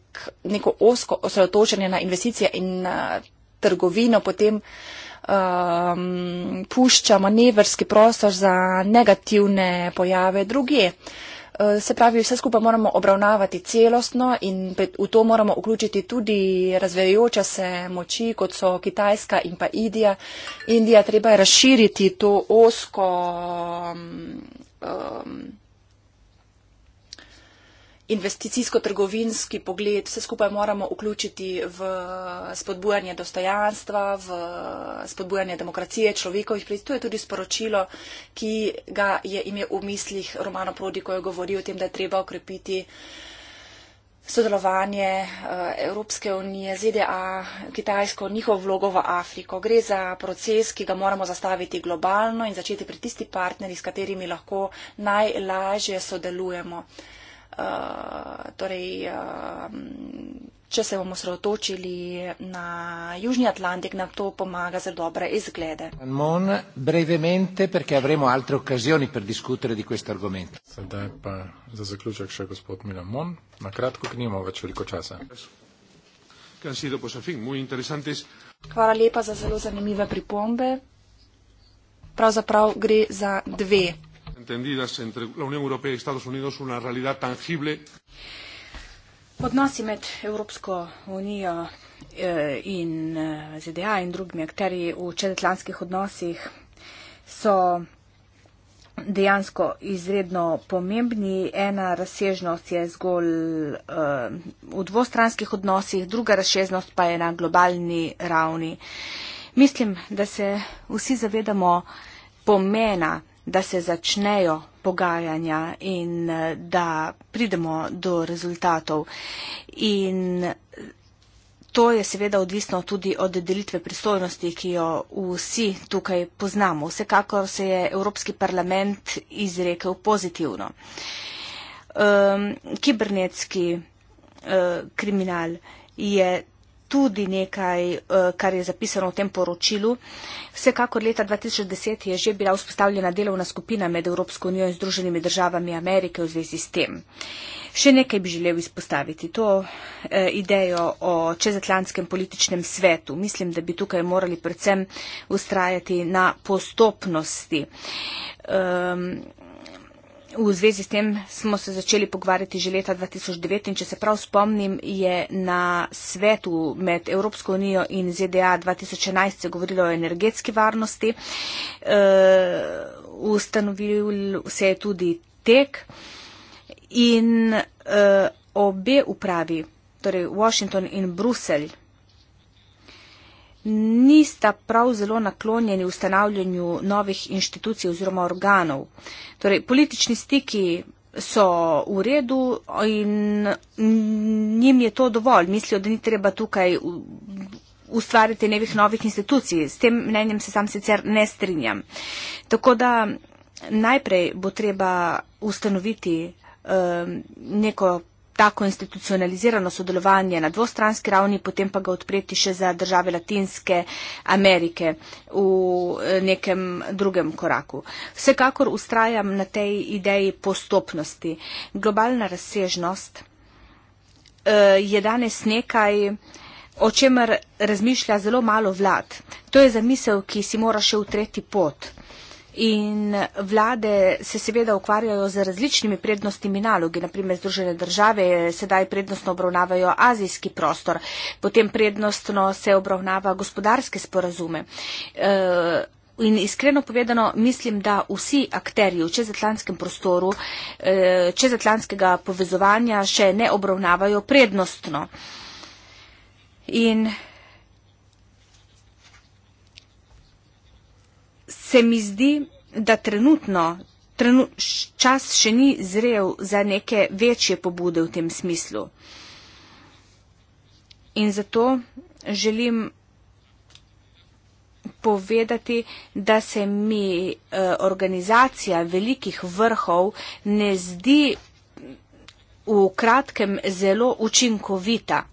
neko osko osredotočenje na investicije in trgovino potem um, pušča manevrski prostor za negativne pojave drugih. Eh, se pravi, vse skupaj moramo obravnavati celostno in v to moramo vključiti tudi razvejoča se moči, kot so Kitajska in pa Indija. Indija treba razširiti to osko. Um, mm, investicijsko-trgovinski pogled, vse skupaj moramo vključiti v spodbujanje dostojanstva, v spodbujanje demokracije, človekovih pravic. To je tudi sporočilo, ki ga je imel v mislih Romano Prodi, ko je govoril o tem, da je treba okrepiti sodelovanje eh, Evropske unije, ZDA, Kitajsko, njihov vlogo v Afriko. Gre za proces, ki ga moramo zastaviti globalno in začeti pri tisti partneri, s katerimi lahko najlažje sodelujemo. Eh, torej, če se bomo sredotočili na Južni Atlantik, nam to pomaga za dobre izglede.
Mon, brevemente, perché avremo altre occasioni per discutere di questo argomento. Sedaj pa za zaključek še gospod Milan Mon, na kratko, ker nimamo več veliko časa.
Hvala lepa za zelo zanimive pripombe. Pravzaprav gre za dve
entendidas entre la Unión Europea y Estados Unidos una realidad tangible.
Odnosi med Evropsko unijo eh, in eh, ZDA in drugimi akterji v čedatlanskih odnosih so dejansko izredno pomembni. Ena razsežnost je zgolj eh, v dvostranskih odnosih, druga razsežnost pa je na globalni ravni. Mislim, da se vsi zavedamo pomena da se začnejo pogajanja in eh, da pridemo do rezultatov. In to je seveda odvisno tudi od delitve pristojnosti, ki jo vsi tukaj poznamo. Vsekakor se je Evropski parlament izrekel pozitivno. Um, kibernetski uh, kriminal je tudi nekaj, eh, kar je zapisano v tem poročilu. Vsekakor leta 2010 je že bila vzpostavljena delovna skupina med Evropsko unijo in Združenimi državami Amerike v zvezi s tem. Še nekaj bi želel izpostaviti. To eh, idejo o čezatlantskem političnem svetu. Mislim, da bi tukaj morali predvsem ustrajati na postopnosti. Ehm, V zvezi s tem smo se začeli pogovarjati že leta 2009 in če se prav spomnim, je na svetu med Evropsko unijo in ZDA 2011 se govorilo o energetski varnosti. E, ustanovil se je tudi tek in e, obe upravi, torej Washington in Bruselj, nista prav zelo naklonjeni ustanavljanju novih inštitucij oziroma organov. Torej, politični stiki so v redu in njim je to dovolj. Mislijo, da ni treba tukaj ustvariti nevih novih institucij. S tem mnenjem se sam sicer ne strinjam. Tako da najprej bo treba ustanoviti um, neko tako institucionalizirano sodelovanje na dvostranski ravni, potem pa ga odpreti še za države Latinske Amerike v eh, nekem drugem koraku. Vsekakor ustrajam na tej ideji postopnosti. Globalna razsežnost eh, je danes nekaj, o čemer razmišlja zelo malo vlad. To je zamisel, ki si mora še utreti pot. In vlade se seveda ukvarjajo z različnimi prednostimi nalogi. Naprimer, Združene države sedaj prednostno obravnavajo azijski prostor, potem prednostno se obravnava gospodarske sporazume. E, in iskreno povedano, mislim, da vsi akteri v čezatlantskem prostoru, e, čezatlantskega povezovanja še ne obravnavajo prednostno. In se mi zdi, da trenutno trenu, čas še ni zrel za neke večje pobude v tem smislu. In zato želim povedati, da se mi eh, organizacija velikih vrhov ne zdi v kratkem zelo učinkovita.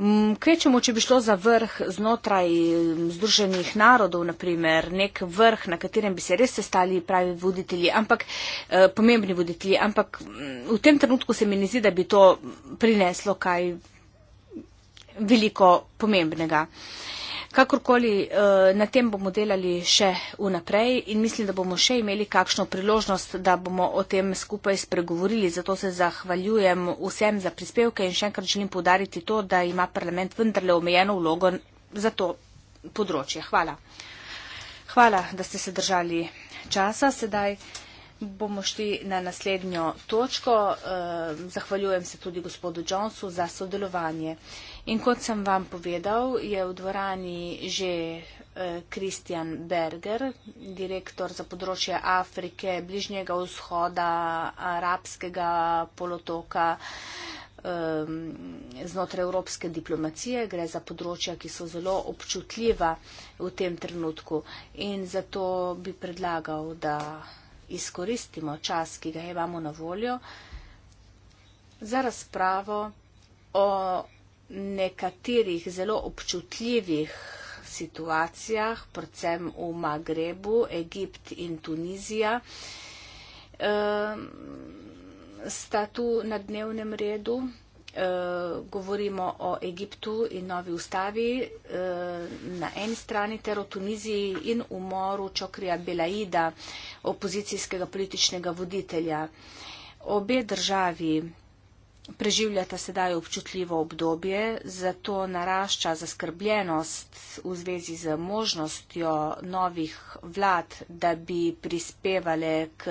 Mm, Kvečemo, če bi šlo za vrh znotraj mm, Združenih narodov, naprimer, nek vrh, na katerem bi se res sestali pravi voditelji, ampak eh, pomembni voditelji, ampak mm, v tem trenutku se mi ne zdi, da bi to prineslo kaj veliko pomembnega. Uh, Kakorkoli, eh, na tem bomo delali še vnaprej in mislim, da bomo še imeli kakšno priložnost, da bomo o tem skupaj spregovorili. Zato se zahvaljujem vsem za prispevke in še enkrat želim podariti to, da ima parlament vendarle omejeno vlogo za to področje. Hvala. Hvala, da ste se držali časa. Sedaj bomo šli na naslednjo točko. Eh, zahvaljujem se tudi gospodu Johnsu za sodelovanje. In kot sem vam povedal, je v dvorani že Kristjan eh, Berger, direktor za področje Afrike, Bližnjega vzhoda, arabskega polotoka ehm, znotraj evropske diplomacije. Gre za področja, ki so zelo občutljiva v tem trenutku. In zato bi predlagal, da izkoristimo čas, ki ga imamo na voljo, za razpravo o nekaterih zelo občutljivih situacijah, predvsem v Magrebu, Egipt in Tunizija, ehm, sta tu na dnevnem redu. Ehm, govorimo o Egiptu in novi ustavi ehm, na eni strani ter o Tuniziji in umoru Čokrija Belaida, opozicijskega političnega voditelja. Obe državi preživljata sedaj občutljivo obdobje, zato narašča zaskrbljenost v zvezi z možnostjo novih vlad, da bi prispevale k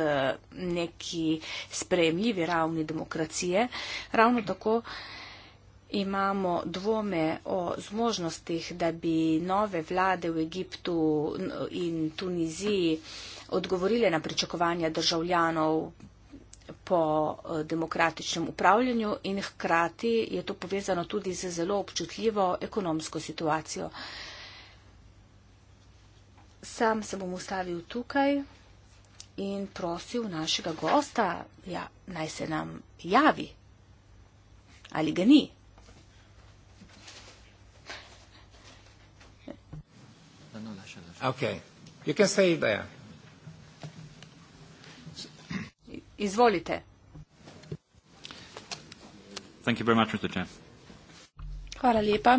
neki sprejemljivi ravni demokracije. Ravno tako imamo dvome o zmožnostih, da bi nove vlade v Egiptu in Tuniziji odgovorile na pričakovanja državljanov po eh, demokratičnem upravljanju in hkrati je to povezano tudi z zelo občutljivo ekonomsko situacijo. Sam se bom ustavil tukaj in prosil našega gosta, ja, naj se nam javi. Ali ga ni?
Okay. You can say there.
Izvolite.
Hvala lepa.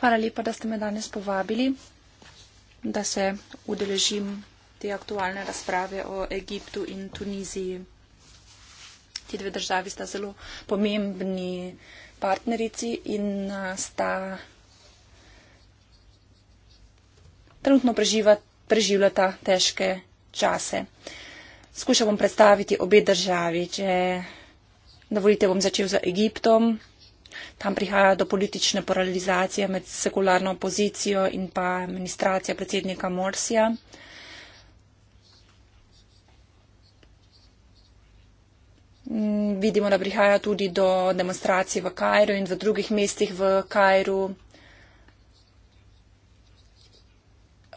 Hvala lepa, da ste me danes povabili, da se udeležim te aktualne razprave o Egiptu in Tuniziji. Ti dve državi sta zelo pomembni partnerici in sta trenutno preživljata težke čase. Uh, skušal bom predstaviti obe državi. Če dovolite, bom začel z Egiptom. Tam prihaja do politične paralizacije med sekularno opozicijo in pa administracijo predsednika Morsija. Mm, vidimo, da prihaja tudi do demonstracij v Kajru in v drugih mestih v Kajru.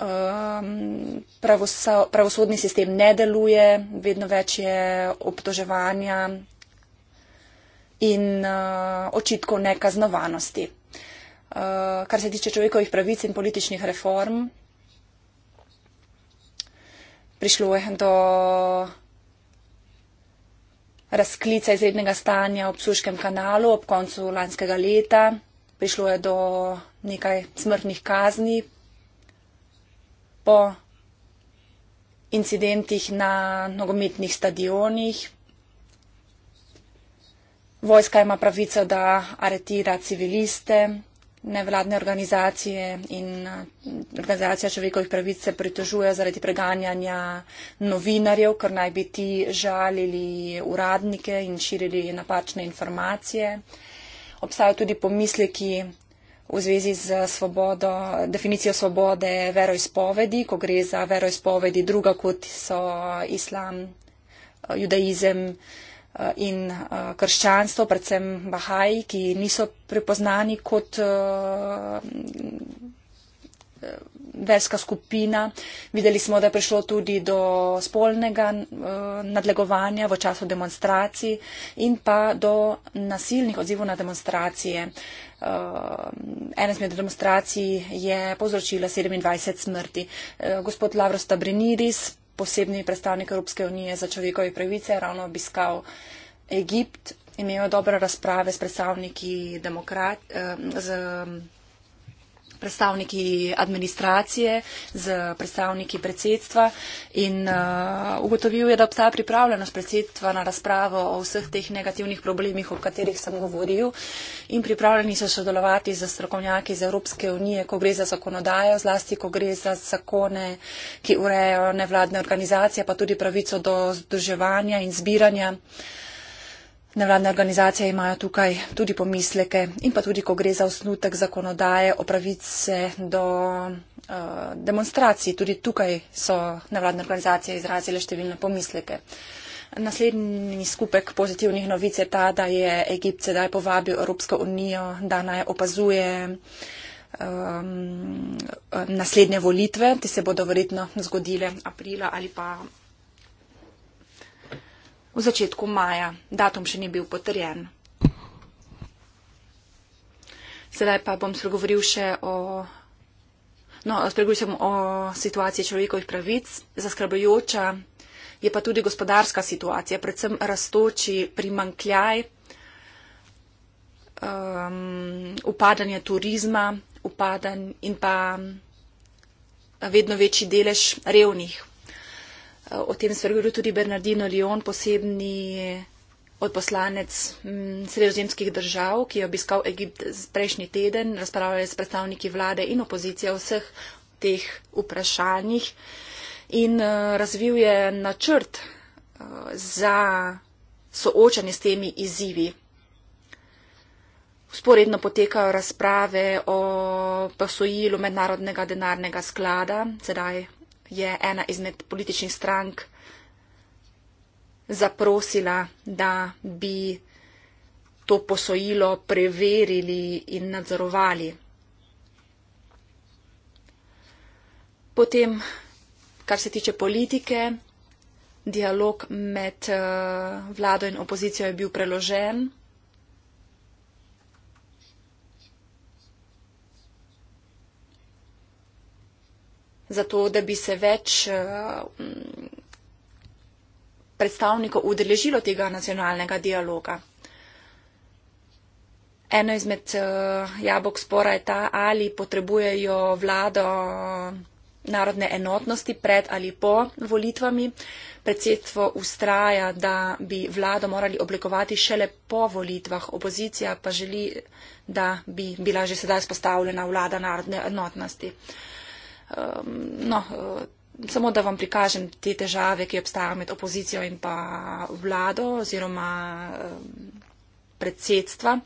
um, ehm, pravoso, pravosodni sistem ne deluje, vedno več je obtoževanja in uh, očitkov nekaznovanosti. Uh, kar se tiče človekovih pravic in političnih reform, prišlo je do razklica izrednega stanja ob Suškem kanalu ob koncu lanskega leta, prišlo je do nekaj smrtnih kazni po incidentih na nogometnih stadionih. Vojska ima pravico, da aretira civiliste, nevladne organizacije in eh, organizacija človekovih pravic se pritožuje zaradi preganjanja novinarjev, ker naj bi ti žalili uradnike in širili napačne informacije. Obstajajo tudi pomisleki, v zvezi z svobodo, definicijo svobode veroizpovedi, ko gre za veroizpovedi druga kot so islam, judaizem eh, in eh, krščanstvo, predvsem bahaji, ki niso prepoznani kot eh, verska skupina. Videli smo, da je prišlo tudi do spolnega nadlegovanja v času demonstracij in pa do nasilnih odzivov na demonstracije. Eh, ene izmed demonstracij je povzročila 27 smrti. Eh, gospod Lavros Tabriniris, posebni predstavnik Evropske unije za človekove pravice, je ravno obiskal Egipt, imel dobre razprave s predstavniki demokrat, eh, z demokrati predstavniki administracije, z predstavniki predsedstva in uh, ugotovil je, da obstaja pripravljenost predsedstva na razpravo o vseh teh negativnih problemih, o katerih sem govoril in pripravljeni so sodelovati z strokovnjaki iz Evropske unije, ko gre za zakonodajo, zlasti ko gre za zakone, ki urejajo nevladne organizacije, pa tudi pravico do združevanja in zbiranja. Uh, Nevladne organizacije imajo tukaj tudi pomisleke in pa tudi, ko gre za osnutek zakonodaje o pravice do uh, demonstracij, tudi tukaj so nevladne organizacije izrazile številne pomisleke. Naslednji skupek pozitivnih novic je ta, da je Egipt sedaj povabil Evropsko unijo, da naj opazuje um, naslednje volitve, ki se bodo verjetno zgodile aprila ali pa v začetku maja. Datum še ni bil potrjen. Sedaj pa bom spregovoril še o. No, spregovoril sem o situaciji človekovih pravic. Zaskrbajoča je pa tudi gospodarska situacija, predvsem rastoči primankljaj, um, upadanje turizma upadan in pa vedno večji delež revnih o tem spregovoril tudi Bernardino Lion, posebni eh, odposlanec mm, sredozemskih držav, ki je obiskal Egipt prejšnji teden, razpravljal je s predstavniki vlade in opozicije o vseh teh vprašanjih in eh, razvil je načrt eh, za soočanje s temi izzivi. Sporedno potekajo razprave o posojilu mednarodnega denarnega sklada, sedaj je ena izmed političnih strank zaprosila, da bi to posojilo preverili in nadzorovali. Potem, kar se tiče politike, dialog med eh, vlado in opozicijo je bil preložen. zato, da bi se več eh, predstavnikov udeležilo tega nacionalnega dialoga. Eno izmed eh, jabolk spora je ta, ali potrebujejo vlado eh, narodne enotnosti pred ali po volitvami. Predsedstvo ustraja, da bi vlado morali oblikovati šele po volitvah. Opozicija pa želi, da bi bila že sedaj spostavljena vlada narodne enotnosti. Uh, um, no, eh, samo da vam prikažem te težave, ki obstajajo med opozicijo in pa vlado oziroma um, predsedstva.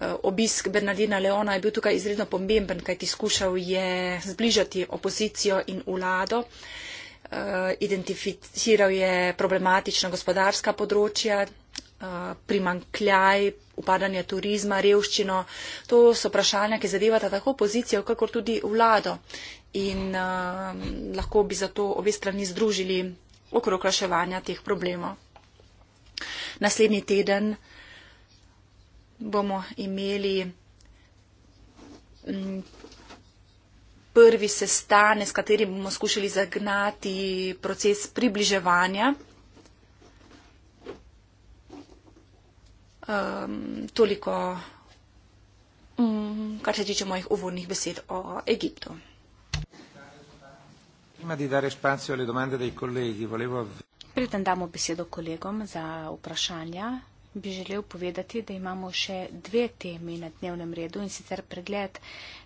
Eh, obisk Bernardina Leona je bil tukaj izredno pomemben, kajti skušal je zbližati opozicijo in vlado. Eh, identificiral je problematična gospodarska področja, primankljaj, upadanje turizma, revščino. To so vprašanja, ki zadevata tako opozicijo, kakor tudi vlado in uh, lahko bi zato obe strani združili okrog reševanja teh problemov. Naslednji teden bomo imeli mm, prvi sestane, s katerim bomo skušali zagnati proces približevanja. Um, toliko, um, kar se tiče mojih uvodnih besed
o Egiptu.
Prima di dare spazio alle domande dei colleghi, volevo.
Preden damo besedo kolegom za vprašanja, bi želel povedati, da imamo še dve temi na dnevnem redu in sicer pregled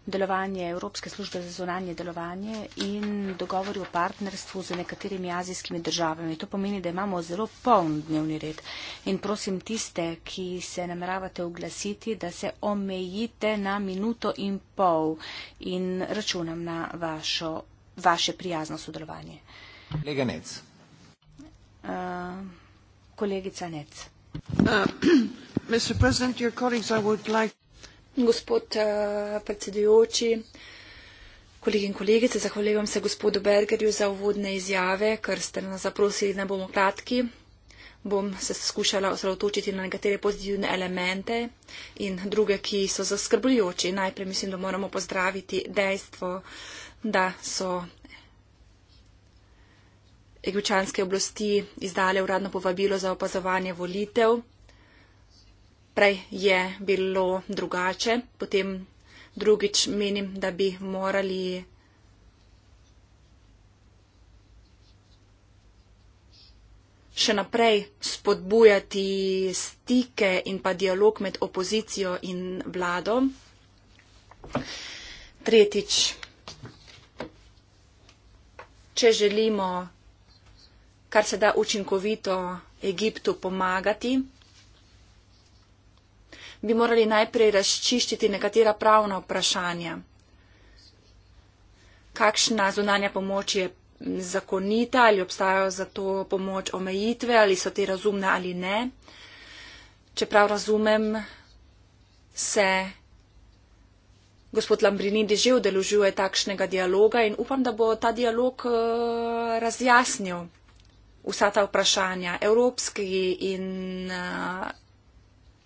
delovanja Evropske službe za zonanje delovanje in dogovori o partnerstvu z nekaterimi azijskimi državami. To pomeni, da imamo zelo poln dnevni red in prosim tiste, ki se nameravate oglasiti, da se omejite na minuto in pol in računam na vašo vaše prijazno sodelovanje. Kolega Nec. Uh, kolegica Nec.
Uh, *clears throat* like... Gospod uh, predsedujoči, kolegi in kolegice, zahvaljujem se gospodu Bergerju za uvodne izjave, ker ste nas zaprosili, da bomo kratki. Bom se skušala osredotočiti na nekatere pozitivne elemente in druge, ki so zaskrbljujoči. Najprej mislim, da moramo pozdraviti dejstvo, uh, da so egipčanske oblasti izdale uradno povabilo za opazovanje volitev. Prej je bilo drugače, potem drugič menim, da bi morali še naprej spodbujati stike in pa dialog med opozicijo in vlado. Tretjič, če želimo kar se da učinkovito Egiptu pomagati, bi morali najprej razčiščiti nekatera pravna vprašanja. Kakšna zunanja pomoč je zakonita, ali obstajajo za to pomoč omejitve, ali so te razumne ali ne. Čeprav razumem, se gospod Lambrinidi že udeležuje takšnega dialoga in upam, da bo ta dialog eh, razjasnil vsa ta vprašanja. Evropski in eh,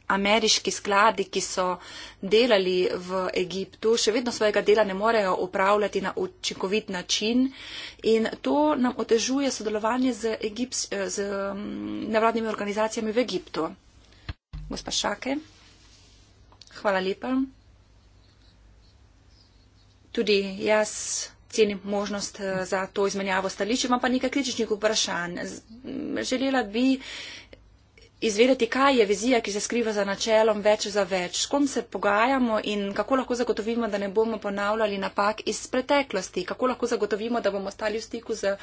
ameriški skladi, ki so delali v Egiptu, še vedno svojega dela ne morejo upravljati na učinkovit način in to nam otežuje sodelovanje z, Egipt, eh, z mm, nevladnimi organizacijami v Egiptu. Gospa Šake, hvala lepa tudi jaz cenim možnost eh, za to izmenjavo stališče, imam pa nekaj kritičnih vprašanj. Želela bi izvedeti, kaj je vizija, ki se skriva za načelom več za več, s kom se pogajamo in kako lahko zagotovimo, da ne bomo ponavljali napak iz preteklosti, kako lahko zagotovimo, da bomo stali v stiku z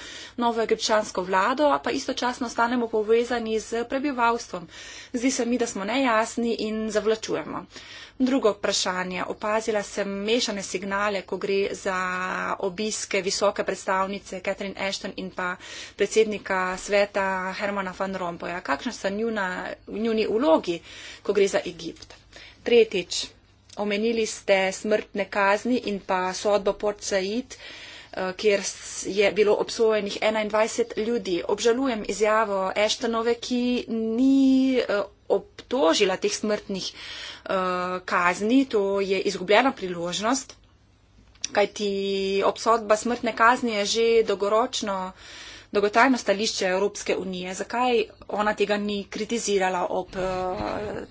novo egipčansko vlado, pa istočasno ostanemo povezani z prebivalstvom. Zdi se mi, da smo nejasni in zavlačujemo. Uh, Drugo vprašanje. Opazila sem mešane signale, ko gre za obiske visoke predstavnice Catherine Ashton in pa predsednika sveta Hermana van Rompoja. Kakšne so njuni ulogi, ko gre za Egipt? Tretjič. Omenili ste smrtne kazni in pa sodbo Port Said, eh, kjer je bilo obsojenih 21 ljudi. Obžalujem izjavo Eštanove, ki ni eh, obtožila teh smrtnih uh, kazni, to je izgubljena priložnost, kajti obsodba smrtne kazni je že dolgoročno dolgotrajno stališče Evropske unije. Zakaj ona tega ni kritizirala ob uh,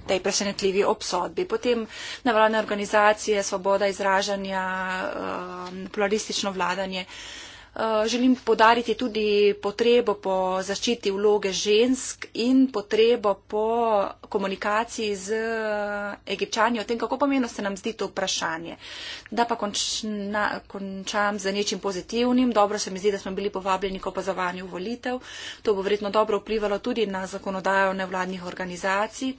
tej presenetljivi obsodbi? Potem nevladne organizacije, svoboda izražanja, uh, pluralistično vladanje. Uh, Eh, želim podariti tudi potrebo po zaščiti vloge žensk in potrebo po komunikaciji z eh, egipčani o tem, kako pomeno se nam zdi to vprašanje. Da pa končna, končam za nečim pozitivnim. Dobro se mi zdi, da smo bili povabljeni k opazovanju volitev. To bo verjetno dobro vplivalo tudi na zakonodajo nevladnih organizacij.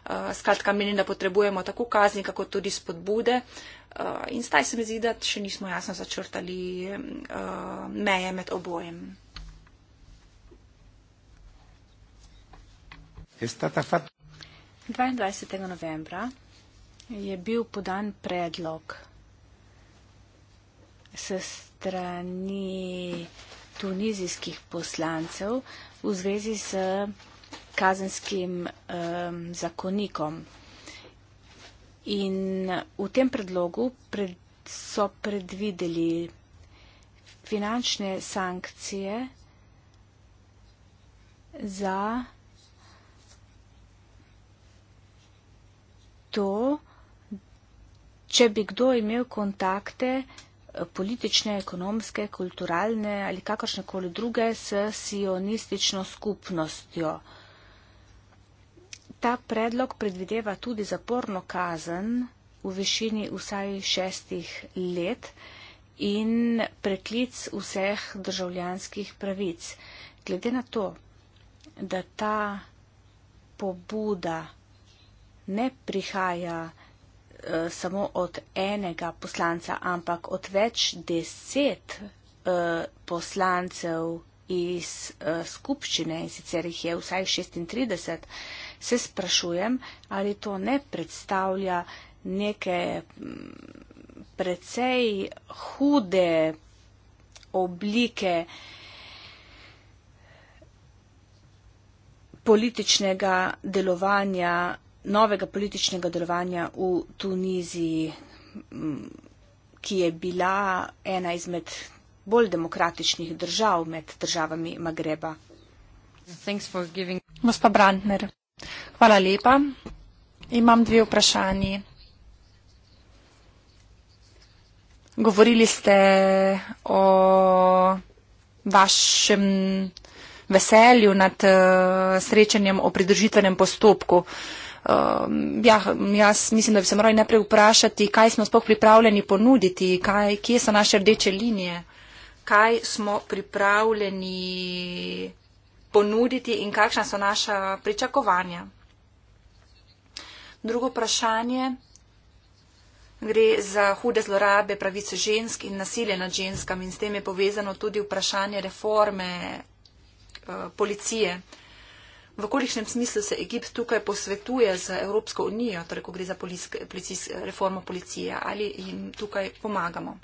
Eh, skratka, menim, da potrebujemo tako kazni, kako tudi spodbude. Eh, in zdaj se mi zdi, da še nismo jasno začrtali eh, meje med obojem.
Je stata fat?
22. novembra je bil podan predlog s strani tunizijskih poslancev v zvezi s kazenskim um, zakonikom. In v tem predlogu pred, so predvideli finančne sankcije za to, če bi kdo imel kontakte eh, politične, ekonomske, kulturalne ali kakršnekoli druge s sionistično skupnostjo. Ta predlog predvideva tudi zaporno kazen v višini vsaj šestih let in preklic vseh državljanskih pravic. Glede na to, da ta pobuda ne prihaja eh, samo od enega poslanca, ampak od več deset eh, poslancev iz eh, skupščine, in sicer jih je vsaj 36, se sprašujem, ali to ne predstavlja neke mm, precej hude oblike političnega delovanja, novega političnega delovanja v Tuniziji, mm, ki je bila ena izmed bolj demokratičnih držav med državami Magreba.
Gospa Brandner. Hvala lepa. Imam dve vprašanji. Govorili ste o vašem veselju nad eh, srečanjem o pridružitvenem postopku. Uh, ja, jaz mislim, da bi se morali najprej vprašati, kaj smo spoh pripravljeni ponuditi, kaj, kje so naše rdeče linije, kaj smo pripravljeni ponuditi in kakšna so naša pričakovanja. Drugo vprašanje gre za hude zlorabe pravice žensk in nasilje nad ženskami in s tem je povezano tudi vprašanje reforme eh, policije. V kolikšnem smislu se Egipt tukaj posvetuje z Evropsko unijo, torej ko gre za reformo policije, ali jim tukaj pomagamo?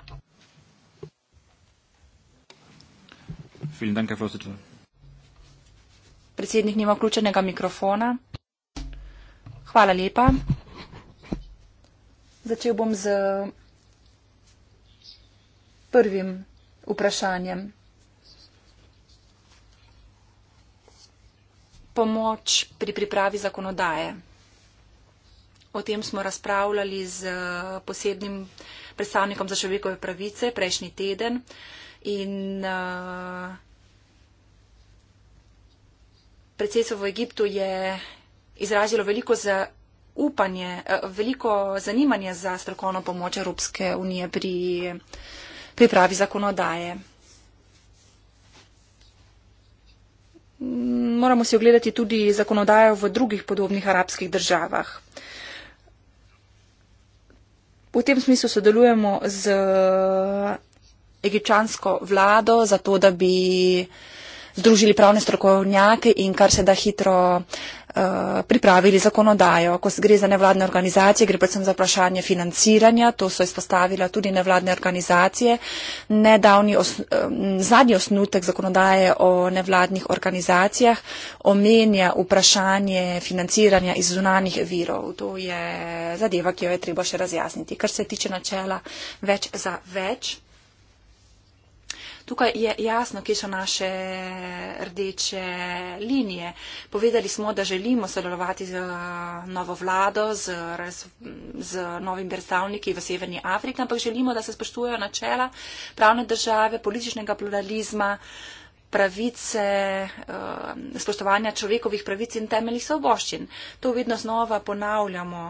Predsednik nima vključenega mikrofona. Hvala lepa. Začel bom z prvim vprašanjem. Pomoč pri pripravi zakonodaje. O tem smo razpravljali z posebnim predstavnikom za človekove pravice prejšnji teden in uh, predsedstvo v Egiptu je izrazilo veliko za upanje, eh, veliko zanimanje za strokovno pomoč Evropske unije pri pripravi zakonodaje. Moramo si ogledati tudi zakonodajo v drugih podobnih arabskih državah. V tem smislu sodelujemo z egipčansko vlado, zato da bi združili pravne strokovnjake in kar se da hitro uh, Eh, pripravili zakonodajo. Ko gre za nevladne organizacije, gre predvsem za vprašanje financiranja, to so izpostavila tudi nevladne organizacije. Nedavni os, eh, zadnji osnutek zakonodaje o nevladnih organizacijah omenja vprašanje financiranja iz zunanih virov. To je zadeva, ki jo je treba še razjasniti. Kar se tiče načela več za več. Tukaj je jasno, kje so naše rdeče linije. Povedali smo, da želimo sodelovati z uh, novo vlado, z, raz, z novimi predstavniki v Severni Afriki, ampak želimo, da se spoštujejo načela pravne države, političnega pluralizma pravice, um, spoštovanja človekovih pravic in temeljih soboščin. To vedno znova ponavljamo,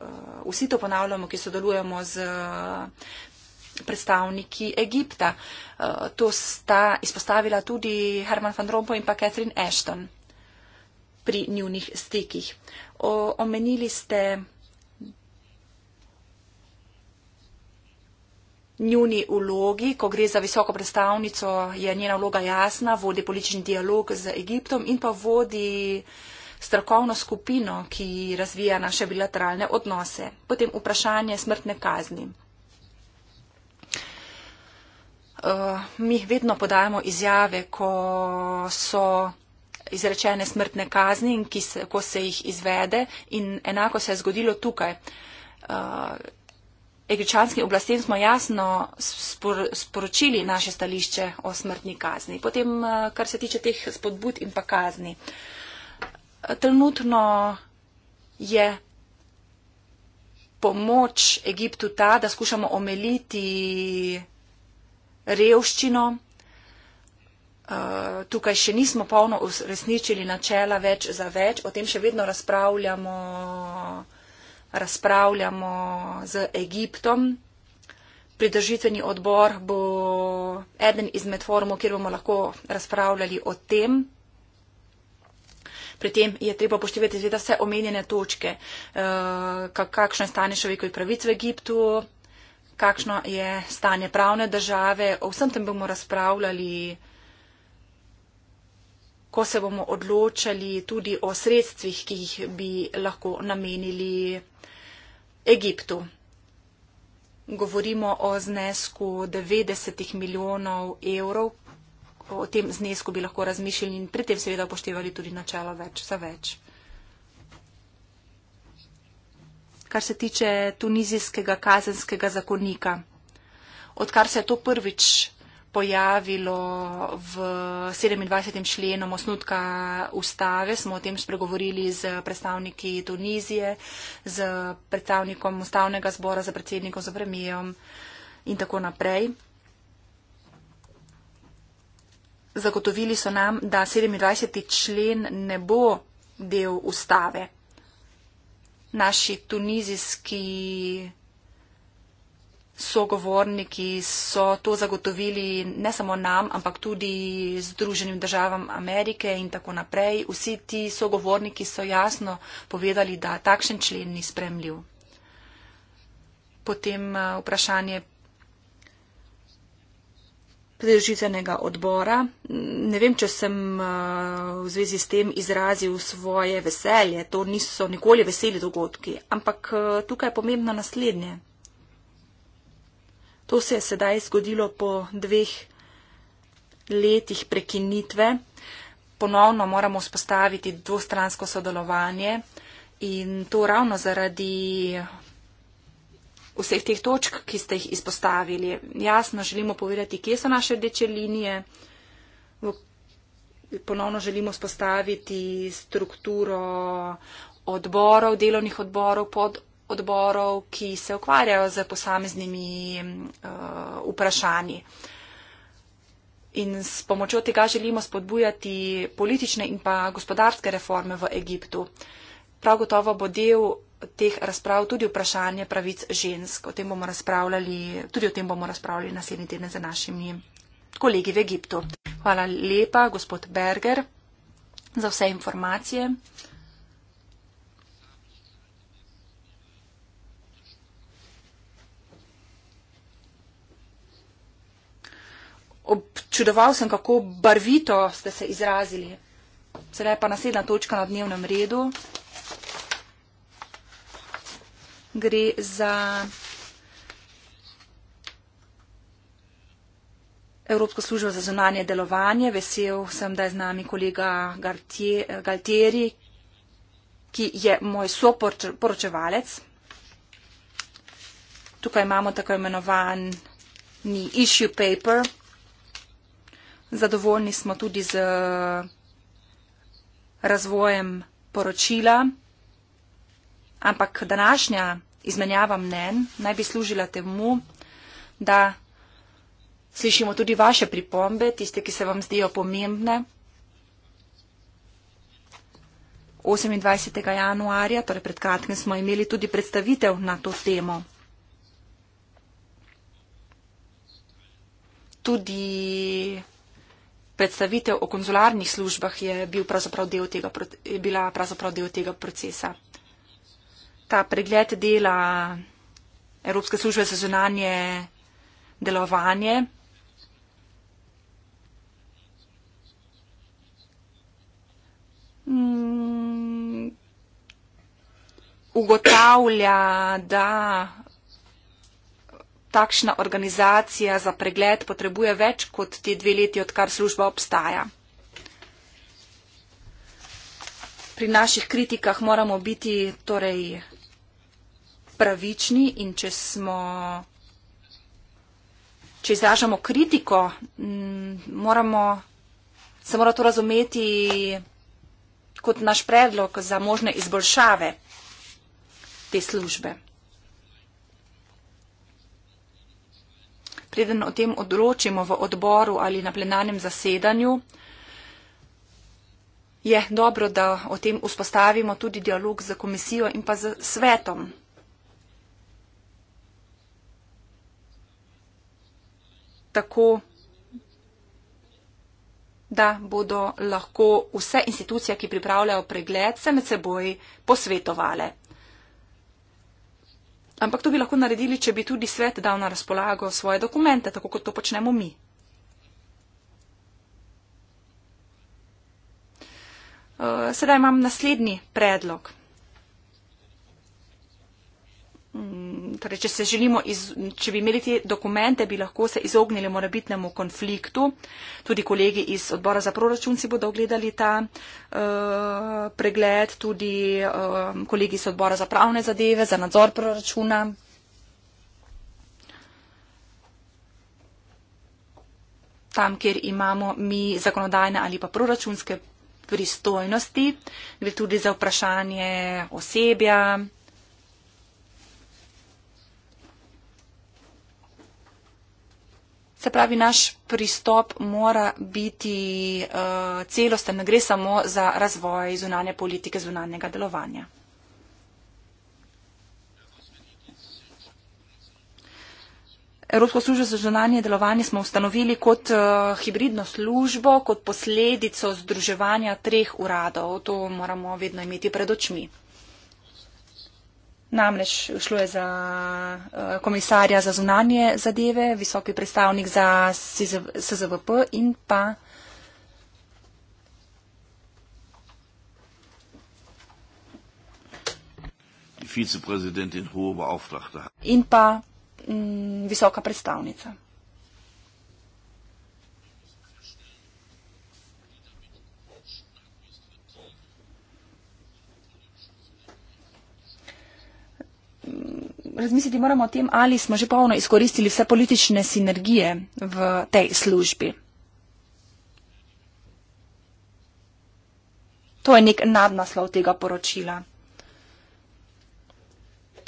uh, vsi to ponavljamo, ki sodelujemo z predstavniki Egipta. Eh, to sta izpostavila tudi Herman van Rompuy in pa Catherine Ashton pri njunih stikih. O, omenili ste njuni vlogi, ko gre za visoko predstavnico, je njena vloga jasna, vodi politični dialog z Egiptom in pa vodi strokovno skupino, ki razvija naše bilateralne odnose. Potem vprašanje smrtne kazni. Eh, mi vedno podajamo izjave, ko so izrečene smrtne kazni in se, ko se jih izvede in enako se je zgodilo tukaj. Eh, Egričanskim oblastem smo jasno spor, sporočili naše stališče o smrtni kazni. Potem, eh, kar se tiče teh spodbud in pa kazni. Trenutno je pomoč Egiptu ta, da skušamo omeliti revščino. Eh, tukaj še nismo polno uresničili načela več za več, o tem še vedno razpravljamo, razpravljamo z Egiptom. Pridržitveni odbor bo eden izmed forumov, kjer bomo lahko razpravljali o tem. Pri tem je treba poštevati vse omenjene točke, eh, kakšno je stanje človekovih pravic v Egiptu, kakšno je stanje pravne države. O vsem tem bomo razpravljali, ko se bomo odločali tudi o sredstvih, ki jih bi lahko namenili Egiptu. Govorimo o znesku 90 milijonov evrov. O tem znesku bi lahko razmišljali in pri tem seveda upoštevali tudi načelo več za več. kar se tiče tunizijskega kazenskega zakonika. Odkar se je to prvič pojavilo v 27. členom osnutka ustave, smo o tem spregovorili z predstavniki Tunizije, z predstavnikom ustavnega zbora, z predsednikom, z premijem in tako naprej. Zagotovili so nam, da 27. člen ne bo del ustave naši tunizijski sogovorniki so to zagotovili ne samo nam, ampak tudi Združenim državam Amerike in tako naprej. Vsi ti sogovorniki so jasno povedali, da takšen člen ni spremljiv. Potem eh, vprašanje pridružitvenega odbora. Ne vem, če sem eh, v zvezi s tem izrazil svoje veselje, to niso nikoli veseli dogodki, ampak eh, tukaj je pomembno naslednje. To se je sedaj zgodilo po dveh letih prekinitve. Ponovno moramo spostaviti dvostransko sodelovanje in to ravno zaradi vseh teh točk, ki ste jih izpostavili. Jasno želimo povedati, kje so naše rdeče linije. V, ponovno želimo spostaviti strukturo odborov, delovnih odborov, pod odborov, ki se ukvarjajo z posameznimi uh, vprašanji. In s pomočjo tega želimo spodbujati politične in pa gospodarske reforme v Egiptu. Prav gotovo bo del teh razprav tudi vprašanje pravic žensk. O tem bomo razpravljali, tudi o tem bomo razpravljali naslednji teden z našimi kolegi v Egiptu. Hvala lepa, gospod Berger, za vse informacije. Občudoval sem, kako barvito ste se izrazili. Sedaj pa naslednja točka na dnevnem redu gre za Evropsko službo za zunanje delovanje. Vesel sem, da je z nami kolega Galtieri, ki je moj soporočevalec. Tukaj imamo tako imenovani issue paper. Zadovoljni smo tudi z razvojem poročila, ampak današnja izmenjava mnen naj bi služila temu, da slišimo tudi vaše pripombe, tiste, ki se vam zdijo pomembne. 28. januarja, torej pred kratkim, smo imeli tudi predstavitev na to temo. Tudi predstavitev o konzularnih službah je, bil pravzaprav del tega, je bila pravzaprav del tega procesa ta pregled dela Evropske službe za zunanje delovanje. Mm, ugotavlja, da takšna organizacija za pregled potrebuje več kot te dve leti, odkar služba obstaja. Pri naših kritikah moramo biti torej pravični in če smo. Če izražamo kritiko, mm, moramo, se mora to razumeti kot naš predlog za možne izboljšave te službe. Preden o tem odločimo v odboru ali na plenarnem zasedanju, je dobro, da o tem vzpostavimo tudi dialog z komisijo in pa z svetom tako, da bodo lahko vse institucije, ki pripravljajo pregled, se med seboj posvetovale. Ampak to bi lahko naredili, če bi tudi svet dal na razpolago svoje dokumente, tako kot to počnemo mi. Uh, sedaj imam naslednji predlog. Mm, torej, če, iz, če bi imeli te dokumente, bi lahko se izognili morabitnemu konfliktu. Tudi kolegi iz odbora za proračun si bodo ogledali ta uh, pregled, tudi uh, kolegi iz odbora za pravne zadeve, za nadzor proračuna. Tam, kjer imamo mi zakonodajne ali pa proračunske pristojnosti, gre tudi za vprašanje osebja. Se pravi, naš pristop mora biti uh, celosten, ne gre samo za razvoj zunanje politike, zunanjega delovanja. Evropsko službo za zunanje delovanje smo ustanovili kot uh, hibridno službo, kot posledico združevanja treh uradov. To moramo vedno imeti pred očmi. Namreč šlo je za eh, komisarja za zunanje zadeve, visoki predstavnik za SZVP in pa in pa m, mm, visoka predstavnica. razmisliti moramo o tem, ali smo že polno izkoristili vse politične sinergije v tej službi. To je nek nadnaslov tega poročila.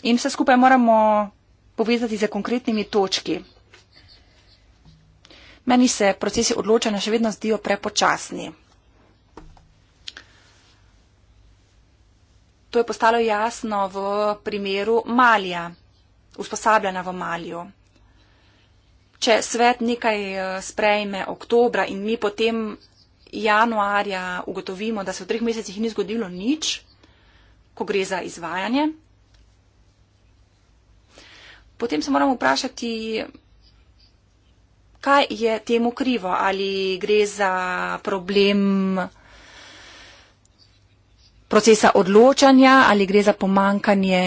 In vse skupaj moramo povezati z konkretnimi točki. Meni se procesi odločanja še vedno zdijo prepočasni. to je postalo jasno v primeru Malija, usposabljena v Malju. Če svet nekaj eh, sprejme oktobra in mi potem januarja ugotovimo, da se v treh mesecih ni zgodilo nič, ko gre za izvajanje, potem se moramo vprašati, kaj je temu krivo, ali gre za problem, procesa odločanja, ali gre za pomankanje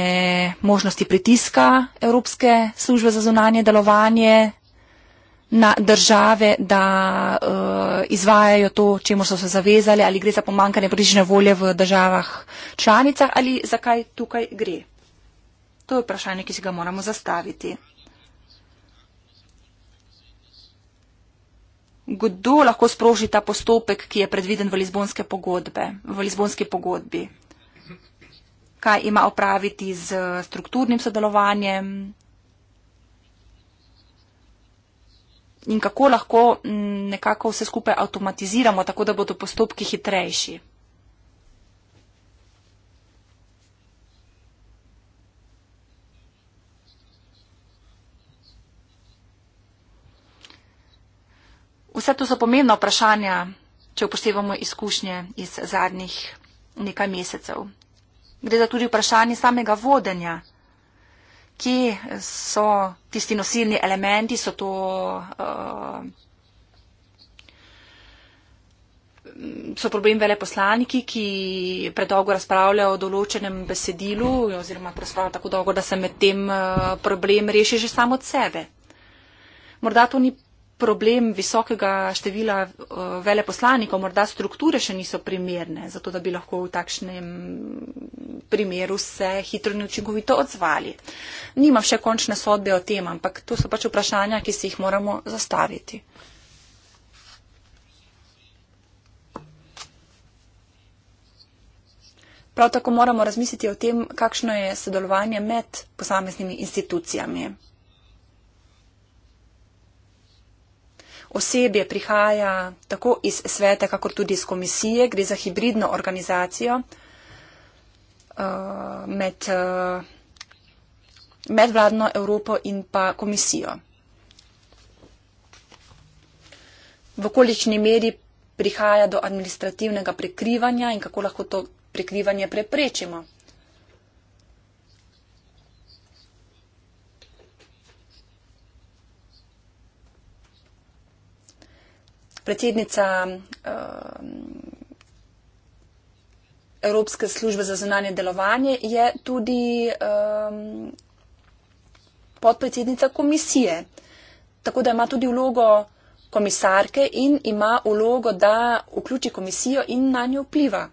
možnosti pritiska Evropske službe za zunanje delovanje na države, da uh, izvajajo to, čemu so se zavezali, ali gre za pomankanje politične volje v državah članicah, ali zakaj tukaj gre. To je vprašanje, ki si ga moramo zastaviti. kdo lahko sproži ta postopek, ki je predviden v, pogodbe, v Lizbonski pogodbi. Kaj ima opraviti z strukturnim sodelovanjem in kako lahko mm, nekako vse skupaj avtomatiziramo, tako da bodo postopki hitrejši. Vse to so pomembna vprašanja, če upoštevamo izkušnje iz zadnjih nekaj mesecev. Gre za tudi vprašanje samega vodenja. Kje so tisti nosilni elementi, so to uh, so problem vele poslaniki, ki predolgo razpravljajo o določenem besedilu oziroma razpravljajo tako dolgo, da se med tem eh, problem reši že samo od sebe. Morda to ni problem visokega števila eh, veleposlanikov, morda strukture še niso primerne, zato da bi lahko v takšnem primeru se hitro in učinkovito odzvali. Nimam še končne sodbe o tem, ampak to so pač vprašanja, ki si jih moramo zastaviti. Prav tako moramo razmisliti o tem, kakšno je sodelovanje med posameznimi institucijami. osebje prihaja tako iz sveta, kakor tudi iz komisije, gre za hibridno organizacijo eh, med eh, medvladno Evropo in pa komisijo. V količni meri prihaja do administrativnega prekrivanja in kako lahko to prekrivanje preprečimo. predsednica um, Evropske službe za zunanje delovanje, je tudi um, podpredsednica komisije. Tako da ima tudi vlogo komisarke in ima vlogo, da vključi komisijo in na njo vpliva.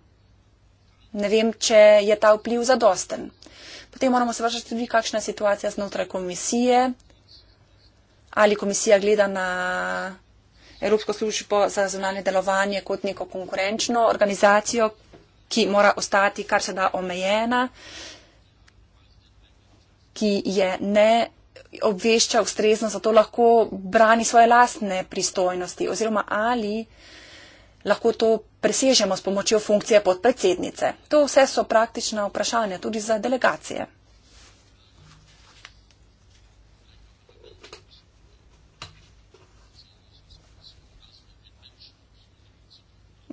Ne vem, če je ta vpliv zadosten. Potem moramo se vprašati tudi, kakšna je situacija znotraj komisije. Ali komisija gleda na Evropsko službo za zunanje delovanje kot neko konkurenčno organizacijo, ki mora ostati kar se da omejena, ki je ne obvešča ustrezno, zato lahko brani svoje lastne pristojnosti oziroma ali lahko to presežemo s pomočjo funkcije podpredsednice. To vse so praktična vprašanja tudi za delegacije.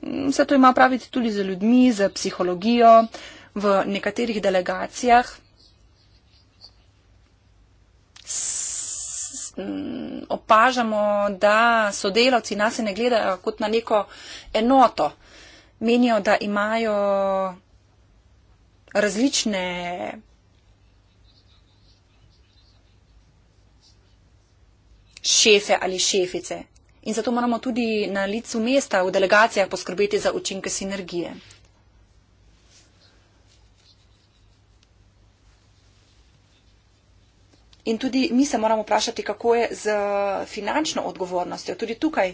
vse to ima praviti tudi z ljudmi, z psihologijo, v nekaterih delegacijah. opažamo, da sodelavci nas ne gledajo kot na neko enoto. Menijo, da imajo različne šefe ali šefice in zato moramo tudi na licu mesta v delegacijah poskrbeti za učinke sinergije. In tudi mi se moramo vprašati, kako je z finančno odgovornostjo. Tudi tukaj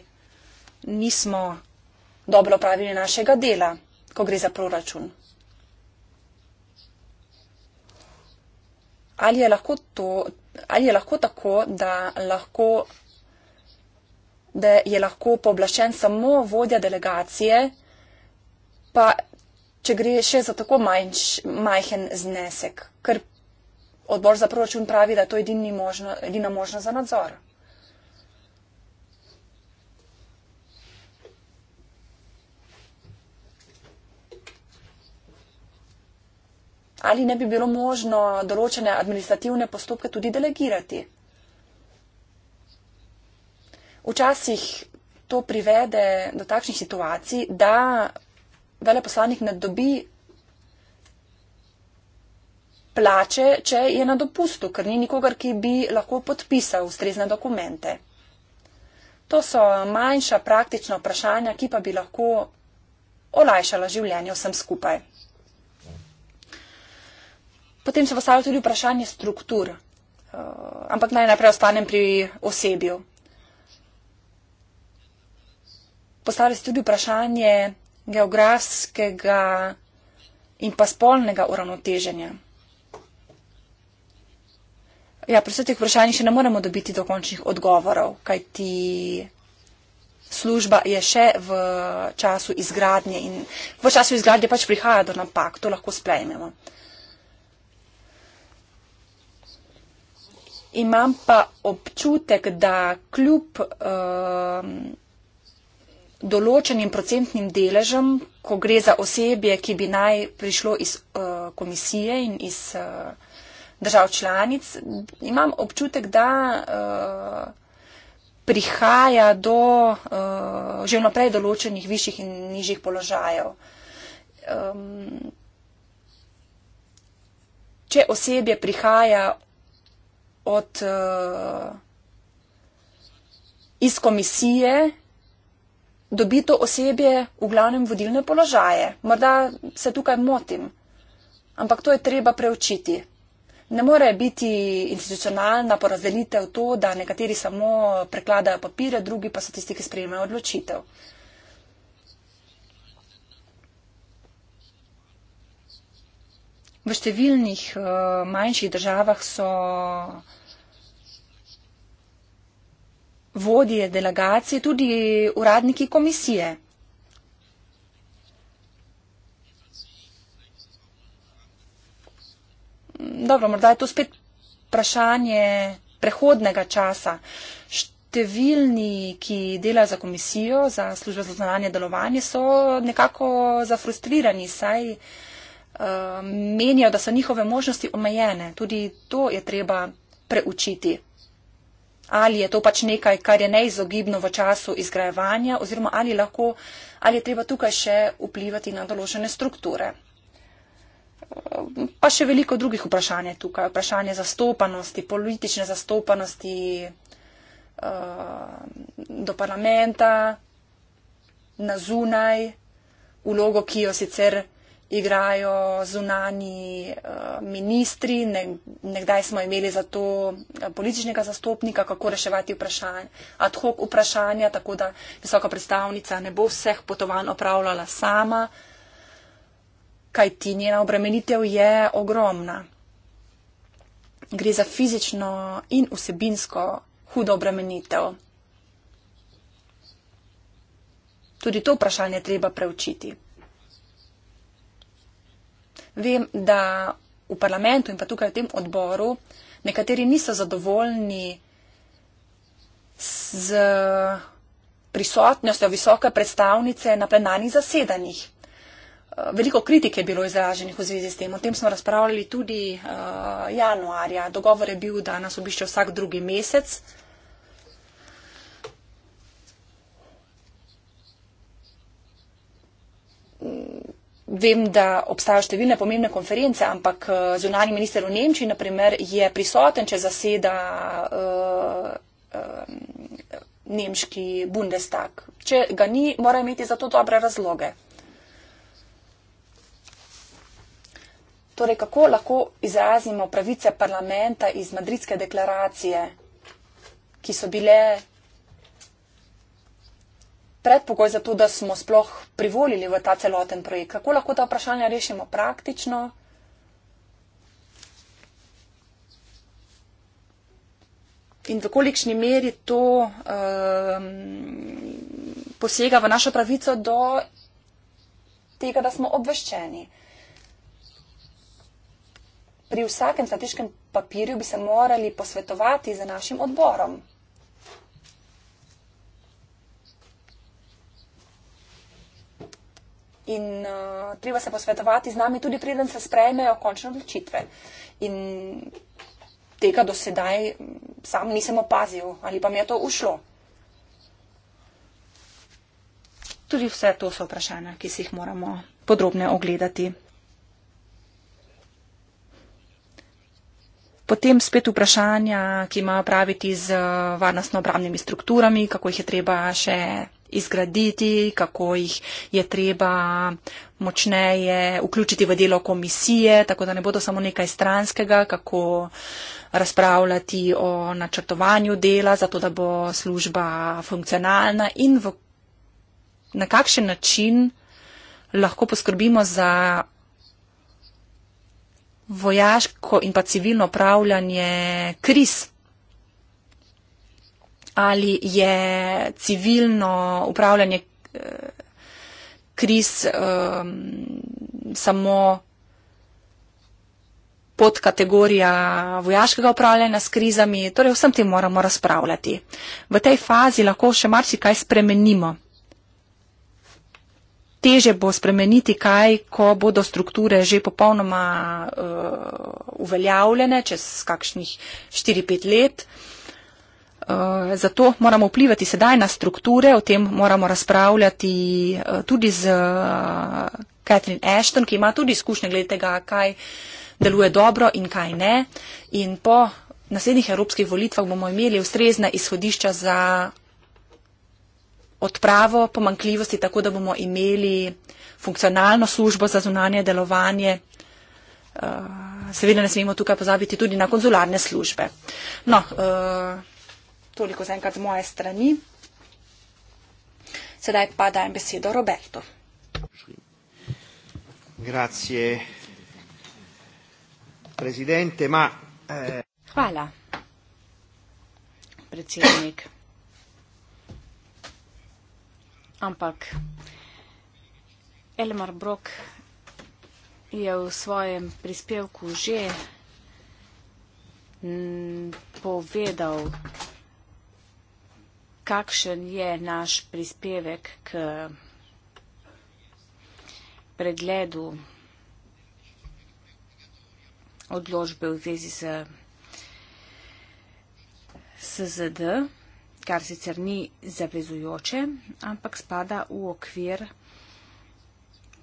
nismo dobro opravili našega dela, ko gre za proračun. Ali je lahko, to, ali je lahko tako, da lahko da je lahko povlašen samo vodja delegacije, pa če gre še za tako manjš, majhen znesek, ker odbor za proračun pravi, da je to možno, edina možnost za nadzor. Ali ne bi bilo možno določene administrativne postopke tudi delegirati? včasih to privede do takšnih situacij, da veleposlanik ne dobi plače, če je na dopustu, ker ni nikogar, ki bi lahko podpisal ustrezne dokumente. To so manjša praktična vprašanja, ki pa bi lahko olajšala življenje vsem skupaj. Potem se postavlja tudi vprašanje struktur, eh, ampak naj najprej ostanem pri osebju. postavlja se tudi vprašanje geografskega in pa spolnega uravnoteženja. Ja, pri vseh teh vprašanjih še ne moremo dobiti dokončnih odgovorov, kajti služba je še v času izgradnje in v času izgradnje pač prihaja do napak, to lahko sprejmemo. Imam pa občutek, da kljub. Uh, določenim procentnim deležem, ko gre za osebje, ki bi naj prišlo iz uh, komisije in iz uh, držav članic, imam občutek, da uh, prihaja do uh, že vnaprej določenih višjih in nižjih položajev. Um, če osebje prihaja od uh, iz komisije, dobi to osebje v glavnem vodilne položaje. Morda se tukaj motim, ampak to je treba preučiti. Ne more biti institucionalna porazdelitev to, da nekateri samo prekladajo papire, drugi pa so tisti, ki sprejemajo odločitev. V številnih uh, manjših državah so vodje delegacije, tudi uradniki komisije. Dobro, morda je to spet vprašanje prehodnega časa. Številni, ki delajo za komisijo, za službo za znanje delovanje, so nekako zafrustrirani, saj uh, menijo, da so njihove možnosti omejene. Tudi to je treba preučiti ali je to pač nekaj, kar je neizogibno v času izgrajevanja, oziroma ali, lahko, ali je treba tukaj še vplivati na določene strukture. Pa še veliko drugih vprašanj je tukaj. Vprašanje zastopanosti, politične zastopanosti eh, do parlamenta, na zunaj, vlogo, ki jo sicer igrajo zunani eh, ministri, nekdaj smo imeli za to eh, političnega zastopnika, kako reševati vprašanje, ad hoc vprašanja, tako da visoka predstavnica ne bo vseh potovanj opravljala sama, kaj ti njena obremenitev je ogromna. Gre za fizično in vsebinsko hudo obremenitev. Tudi to vprašanje treba preučiti. Vem, da v parlamentu in pa tukaj v tem odboru nekateri niso zadovoljni z prisotnostjo visoke predstavnice na plenarnih zasedanjih. Eh, veliko kritike je bilo izraženih v zvezi s tem. O tem smo razpravljali tudi uh, januarja. Dogovor je bil, da nas obišče vsak drugi mesec. Mm vem, da obstajajo številne pomembne konference, ampak eh, zunani minister v Nemčiji, naprimer, je prisoten, če zaseda uh, uh, nemški Bundestag. Če ga ni, mora imeti za to dobre razloge. Torej, kako lahko izrazimo pravice parlamenta iz Madridske deklaracije, ki so bile predpogoj za to, da smo sploh privolili v ta celoten projekt. Kako lahko ta vprašanja rešimo praktično? In v kolikšni meri to um, posega v našo pravico do tega, da smo obveščeni. Pri vsakem strateškem papirju bi se morali posvetovati z našim odborom. in uh, treba se posvetovati z nami, tudi preden se sprejmejo končne odločitve. In tega do sedaj sam nisem opazil ali pa mi je to ušlo. Tudi vse to so vprašanja, ki si jih moramo podrobne ogledati. Potem spet vprašanja, ki imajo praviti z uh, varnostno obramnimi strukturami, kako jih je treba še izgraditi, kako jih je treba močneje vključiti v delo komisije, tako da ne bodo samo nekaj stranskega, kako razpravljati o načrtovanju dela, zato da bo služba funkcionalna in v, na kakšen način lahko poskrbimo za vojaško in pa civilno upravljanje kriz ali je civilno upravljanje eh, kriz um, samo podkategorija vojaškega upravljanja s krizami. Torej, vsem tem moramo razpravljati. V tej fazi lahko še marsikaj spremenimo. Teže bo spremeniti kaj, ko bodo strukture že popolnoma uh, uveljavljene čez kakšnih 4-5 let. Uh, Eh, zato moramo vplivati sedaj na strukture, o tem moramo razpravljati eh, tudi z eh, Catherine Ashton, ki ima tudi izkušnje glede tega, kaj deluje dobro in kaj ne. In po naslednjih evropskih volitvah bomo imeli ustrezna izhodišča za odpravo pomankljivosti, tako da bomo imeli funkcionalno službo za zunanje delovanje. Seveda ne smemo tukaj pozabiti tudi na konzularne službe. No, uh, Toliko zaenkrat z moje strani. Sedaj pa dajem besedo Roberto.
Grazie. Presidente, ma... Eh... Hvala, predsednik. Ampak Elmar Brok je v svojem prispevku že povedal, kakšen je naš prispevek k pregledu odložbe v zvezi z SZD, kar sicer ni zavezujoče, ampak spada v okvir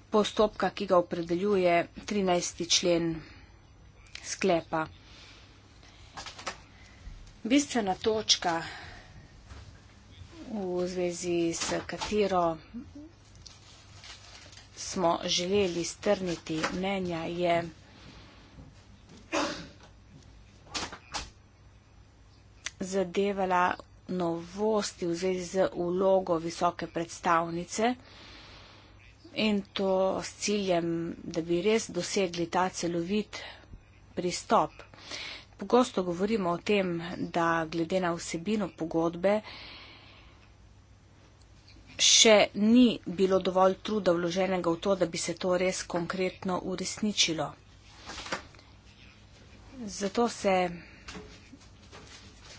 postopka, ki ga opredeljuje 13. člen sklepa. Bistvena točka v zvezi s katero smo želeli strniti mnenja, je zadevala novosti v zvezi z vlogo visoke predstavnice in to s ciljem, da bi res dosegli ta celovit pristop. Pogosto govorimo o tem, da glede na vsebino pogodbe še ni bilo dovolj truda vloženega v to, da bi se to res konkretno uresničilo. Zato se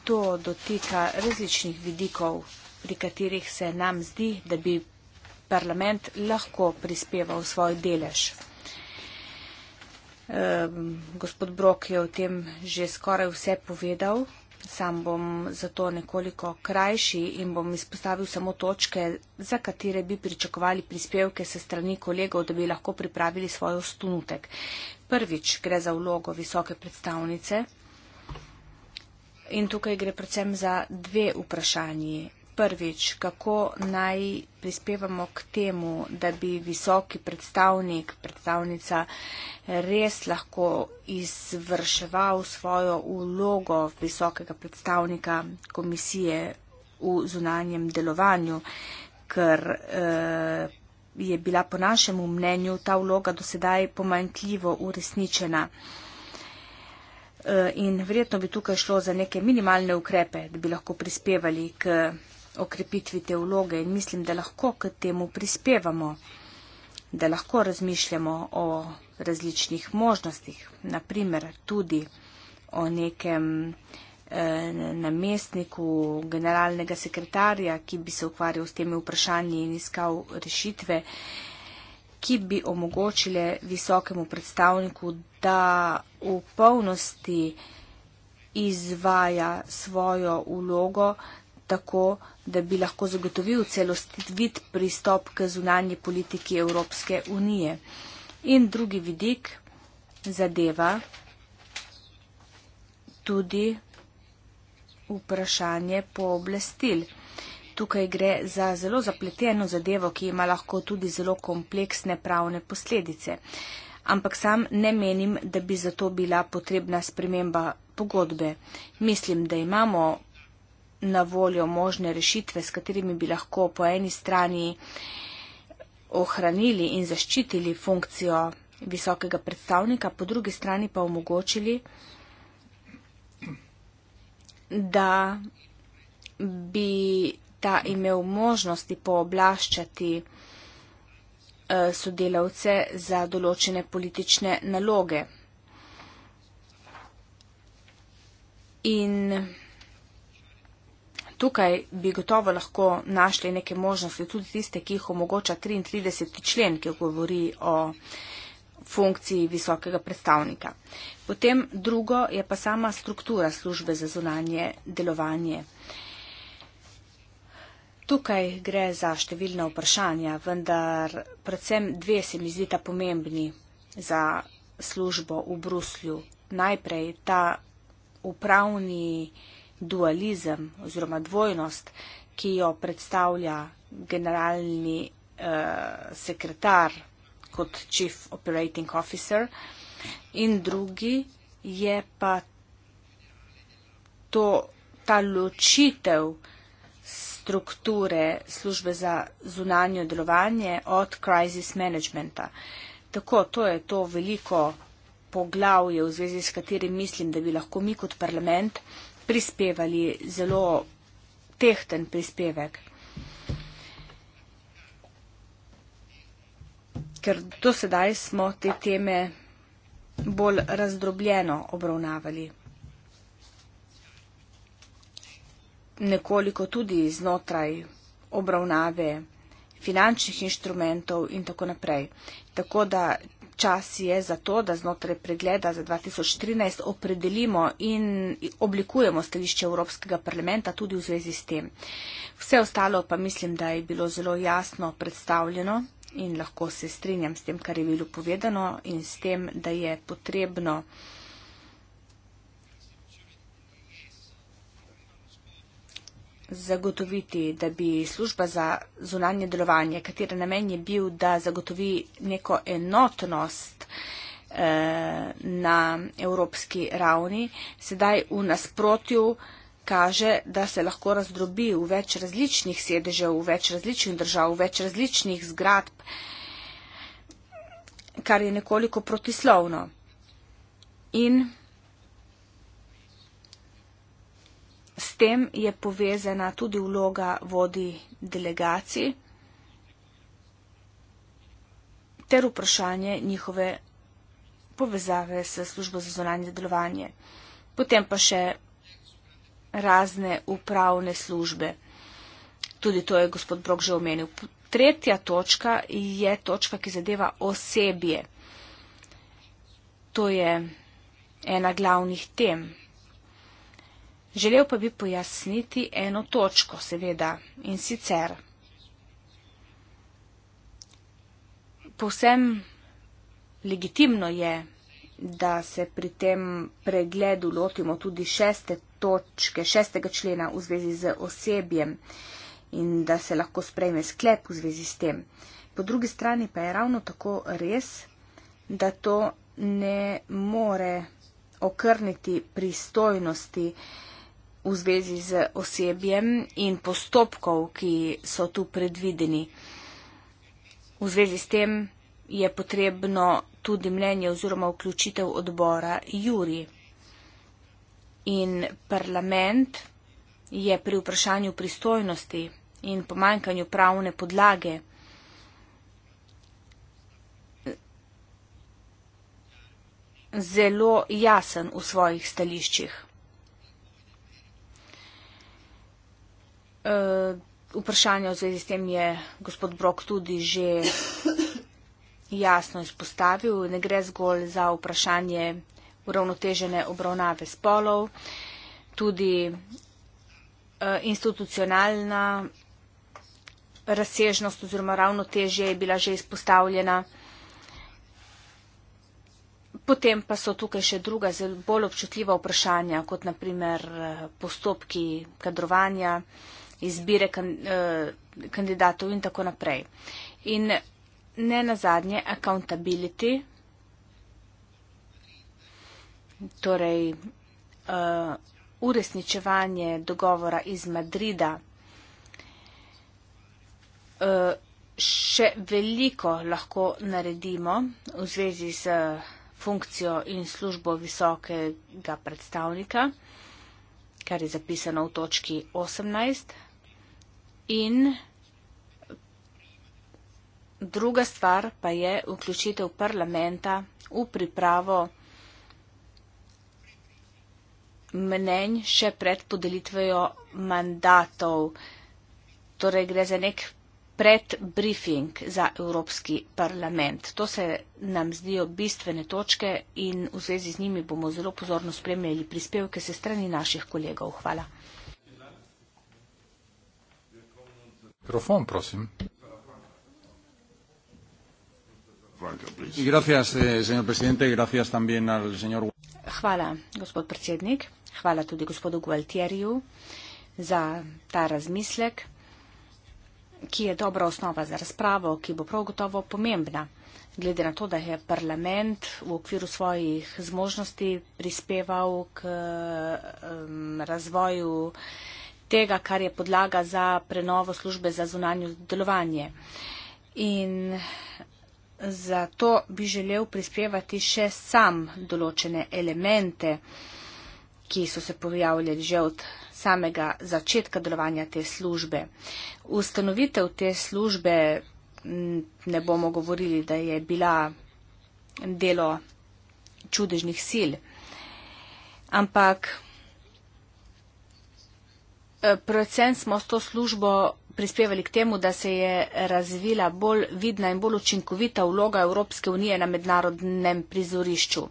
to dotika različnih vidikov, pri katerih se nam zdi, da bi parlament lahko prispeval svoj delež. Ehm, gospod Brok je o tem že skoraj vse povedal. Sam bom zato nekoliko krajši in bom izpostavil samo točke, za katere bi pričakovali prispevke se strani kolegov, da bi lahko pripravili svoj ostunutek. Prvič gre za vlogo visoke predstavnice. In tukaj gre predvsem za dve vprašanji prvič, kako naj prispevamo k temu, da bi visoki predstavnik, predstavnica res lahko izvrševal svojo ulogo visokega predstavnika komisije v zunanjem delovanju, ker eh, je bila po našemu mnenju ta vloga do sedaj pomanjkljivo uresničena. Eh, in verjetno bi tukaj šlo za neke minimalne ukrepe, da bi lahko prispevali k okrepitvi te vloge in mislim, da lahko k temu prispevamo, da lahko razmišljamo o različnih možnostih, naprimer tudi o nekem eh, namestniku generalnega sekretarja, ki bi se ukvarjal s temi vprašanji in iskal rešitve, ki bi omogočile visokemu predstavniku, da v polnosti izvaja svojo vlogo, tako, da bi lahko zagotovil celostit pristop k zunanji politiki Evropske unije. In drugi vidik zadeva tudi vprašanje pooblastil. Tukaj gre za zelo zapleteno zadevo, ki ima lahko tudi zelo kompleksne pravne posledice. Ampak sam ne menim, da bi zato bila potrebna sprememba pogodbe. Mislim, da imamo na voljo možne rešitve, s katerimi bi lahko po eni strani ohranili in zaščitili funkcijo visokega predstavnika, po drugi strani pa omogočili, da bi ta imel možnosti pooblaščati eh, sodelavce za določene politične naloge. In tukaj bi gotovo lahko našli neke možnosti, tudi tiste, ki jih omogoča 33. člen, ki govori o funkciji visokega predstavnika. Potem drugo je pa sama struktura službe za zunanje delovanje. Tukaj gre za številna vprašanja, vendar predvsem dve se mi zdita pomembni za službo v Bruslju. Najprej ta upravni dualizem oziroma dvojnost, ki jo predstavlja generalni eh, sekretar kot chief operating officer in drugi je pa to, ta ločitev strukture službe za zunanje delovanje od crisis managementa. Tako, to je to veliko poglavje, v zvezi s katerim mislim, da bi lahko mi kot parlament prispevali zelo tehten prispevek. Ker do sedaj smo te teme bolj razdrobljeno obravnavali. Nekoliko tudi znotraj obravnave finančnih inštrumentov in tako naprej. Tako da čas je za to, da znotraj pregleda za 2013 opredelimo in oblikujemo stališče Evropskega parlamenta tudi v zvezi s tem. Vse ostalo pa mislim, da je bilo zelo jasno predstavljeno in lahko se strinjam s tem, kar je bilo povedano in s tem, da je potrebno. zagotoviti, da bi služba za zunanje delovanje, katera namen je bil, da zagotovi neko enotnost eh, na evropski ravni, sedaj v nasprotju kaže, da se lahko razdrobi v več različnih sedežev, v več različnih držav, v več različnih zgradb, kar je nekoliko protislovno. In S tem je povezana tudi vloga vodi delegacij ter vprašanje njihove povezave s službo za zonanje delovanje. Potem pa še razne upravne službe. Tudi to je gospod Brok že omenil. Tretja točka je točka, ki zadeva osebje. To je ena glavnih tem Želel pa bi pojasniti eno točko, seveda, in sicer povsem legitimno je, da se pri tem pregledu lotimo tudi šeste točke, šestega člena v zvezi z osebjem in da se lahko sprejme sklep v zvezi s tem. Po drugi strani pa je ravno tako res, da to ne more okrniti pristojnosti, v zvezi z osebjem in postopkov, ki so tu predvideni. V zvezi s tem je potrebno tudi mnenje oziroma vključitev odbora Juri. In parlament je pri vprašanju pristojnosti in pomankanju pravne podlage zelo jasen v svojih stališčih. Eh, vprašanje v zvezi s tem je gospod Brok tudi že jasno izpostavil. Ne gre zgolj za vprašanje uravnotežene obravnave spolov, tudi eh, institucionalna razsežnost oziroma ravnotežje je bila že izpostavljena. Potem pa so tukaj še druga, bolj občutljiva vprašanja, kot naprimer eh, postopki kadrovanja, izbire kan, uh, kandidatov in tako naprej. In ne nazadnje, accountability, torej uh, uresničevanje dogovora iz Madrida, uh, še veliko lahko naredimo v zvezi s funkcijo in službo visokega predstavnika, kar je zapisano v točki 18. In druga stvar pa je vključitev parlamenta v pripravo mnenj še pred podelitvijo mandatov. Torej gre za nek predbriefing za Evropski parlament. To se nam zdijo bistvene točke in v zvezi z njimi bomo zelo pozorno spremljali prispevke se strani naših kolegov. Hvala.
Mikrofón, prosim. Gracias, eh, señor presidente. Gracias también al señor.
Hvala, gospod predsednik. Hvala tudi gospodu Gualtieriju za ta razmislek, ki je dobra osnova za razpravo, ki bo prav gotovo pomembna, glede na to, da je parlament v okviru svojih zmožnosti prispeval k um, razvoju tega, kar je podlaga za prenovo službe za zunanje delovanje. In zato bi želel prispevati še sam določene elemente, ki so se pojavljali že od samega začetka delovanja te službe. Ustanovitev te službe ne bomo govorili, da je bila delo čudežnih sil, ampak Eh, predvsem smo s to službo prispevali k temu, da se je razvila bolj vidna in bolj učinkovita vloga Evropske unije na mednarodnem prizorišču.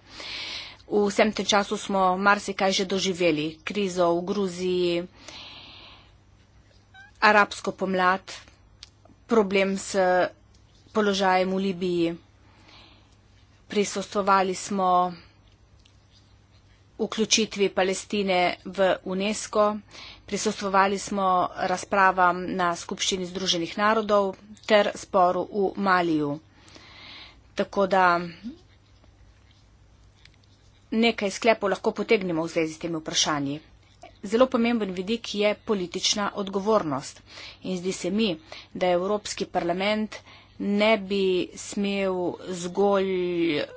V vsem tem času smo marsikaj že doživeli. Krizo v Gruziji, arabsko pomlad, problem s položajem v Libiji. Prisostovali smo vključitvi Palestine v UNESCO. Prisostovali smo razpravam na Skupščini Združenih narodov ter sporu v Maliju. Tako da nekaj sklepov lahko potegnemo v zvezi s temi vprašanji. Zelo pomemben vidik je politična odgovornost. In zdi se mi, da je Evropski parlament ne bi smel zgolj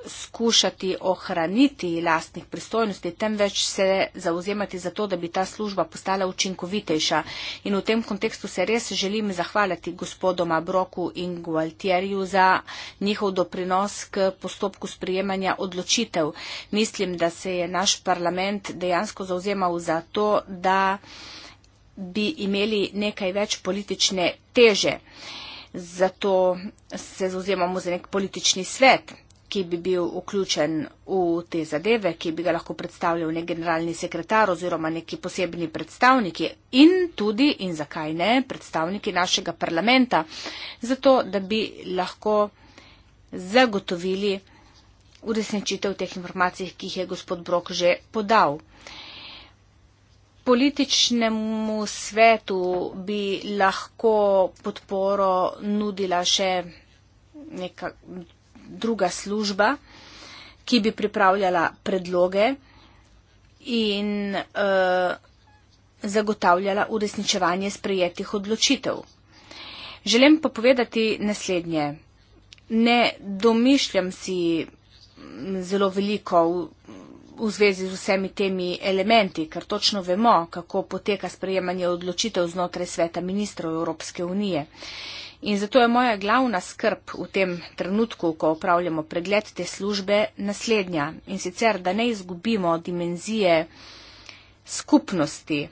skušati ohraniti lastnih pristojnosti, temveč se zauzemati za to, da bi ta služba postala učinkovitejša. In v tem kontekstu se res želim zahvaliti gospodoma Broku in Gualtjerju za njihov doprinos k postopku sprijemanja odločitev. Mislim, da se je naš parlament dejansko zauzemal za to, da bi imeli nekaj več politične teže. Zato se zauzemamo za nek politični svet, ki bi bil vključen v te zadeve, ki bi ga lahko predstavljal nek generalni sekretar oziroma neki posebni predstavniki in tudi, in zakaj ne, predstavniki našega parlamenta, zato da bi lahko zagotovili uresničitev teh informacij, ki jih je gospod Brok že podal. Političnemu svetu bi lahko podporo nudila še neka druga služba, ki bi pripravljala predloge in uh, zagotavljala uresničevanje sprejetih odločitev. Želim pa povedati naslednje. Ne domišljam si mm, zelo veliko v zvezi z vsemi temi elementi, ker točno vemo, kako poteka sprejemanje odločitev znotraj sveta ministrov Evropske unije. In zato je moja glavna skrb v tem trenutku, ko upravljamo pregled te službe, naslednja. In sicer, da ne izgubimo dimenzije skupnosti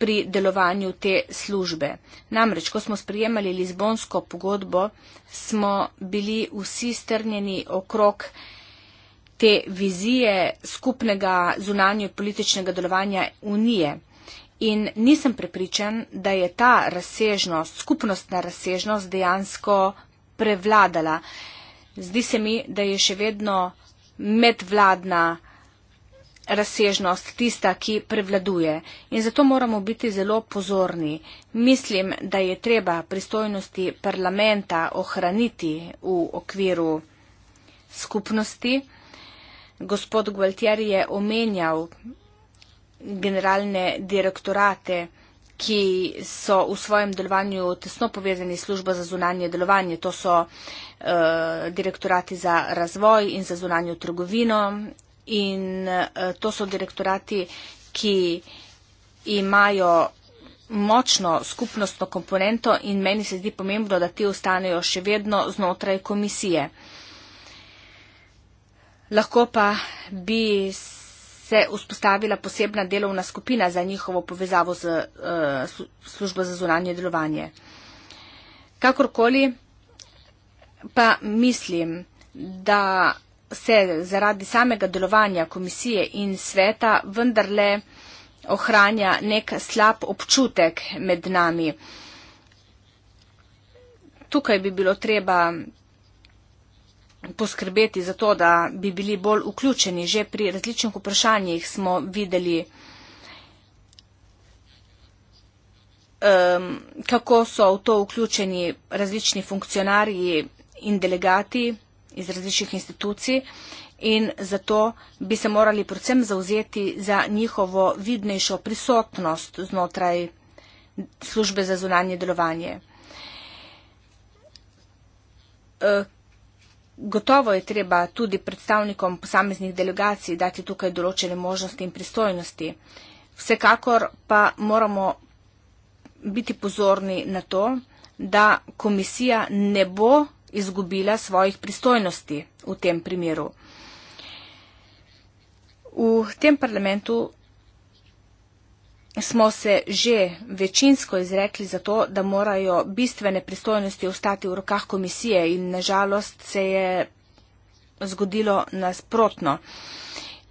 pri delovanju te službe. Namreč, ko smo sprejemali Lizbonsko pogodbo, smo bili vsi strnjeni okrog te vizije skupnega zunanje političnega delovanja Unije. In nisem prepričan, da je ta razsežnost, skupnostna razsežnost dejansko prevladala. Zdi se mi, da je še vedno medvladna razsežnost tista, ki prevladuje. In zato moramo biti zelo pozorni. Mislim, da je treba pristojnosti parlamenta ohraniti v okviru skupnosti gospod Gualtier je omenjal generalne direktorate, ki so v svojem delovanju tesno povezani službo za zunanje delovanje. To so uh, direktorati za razvoj in za zunanjo trgovino in uh, to so direktorati, ki imajo močno skupnostno komponento in meni se zdi pomembno, da ti ostanejo še vedno znotraj komisije lahko pa bi se vzpostavila posebna delovna skupina za njihovo povezavo z eh, službo za zunanje delovanje. Kakorkoli pa mislim, da se zaradi samega delovanja komisije in sveta vendarle ohranja nek slab občutek med nami. Tukaj bi bilo treba poskrbeti za to, da bi bili bolj vključeni. Že pri različnih vprašanjih smo videli, um, kako so v to vključeni različni funkcionarji in delegati iz različnih institucij in zato bi se morali predvsem zauzeti za njihovo vidnejšo prisotnost znotraj službe za zunanje delovanje. Eh, Gotovo je treba tudi predstavnikom posameznih delegacij dati tukaj določene možnosti in pristojnosti. Vsekakor pa moramo biti pozorni na to, da komisija ne bo izgubila svojih pristojnosti v tem primeru. V tem parlamentu smo se že večinsko izrekli za to, da morajo bistvene pristojnosti ostati v rokah komisije in nažalost se je zgodilo nasprotno.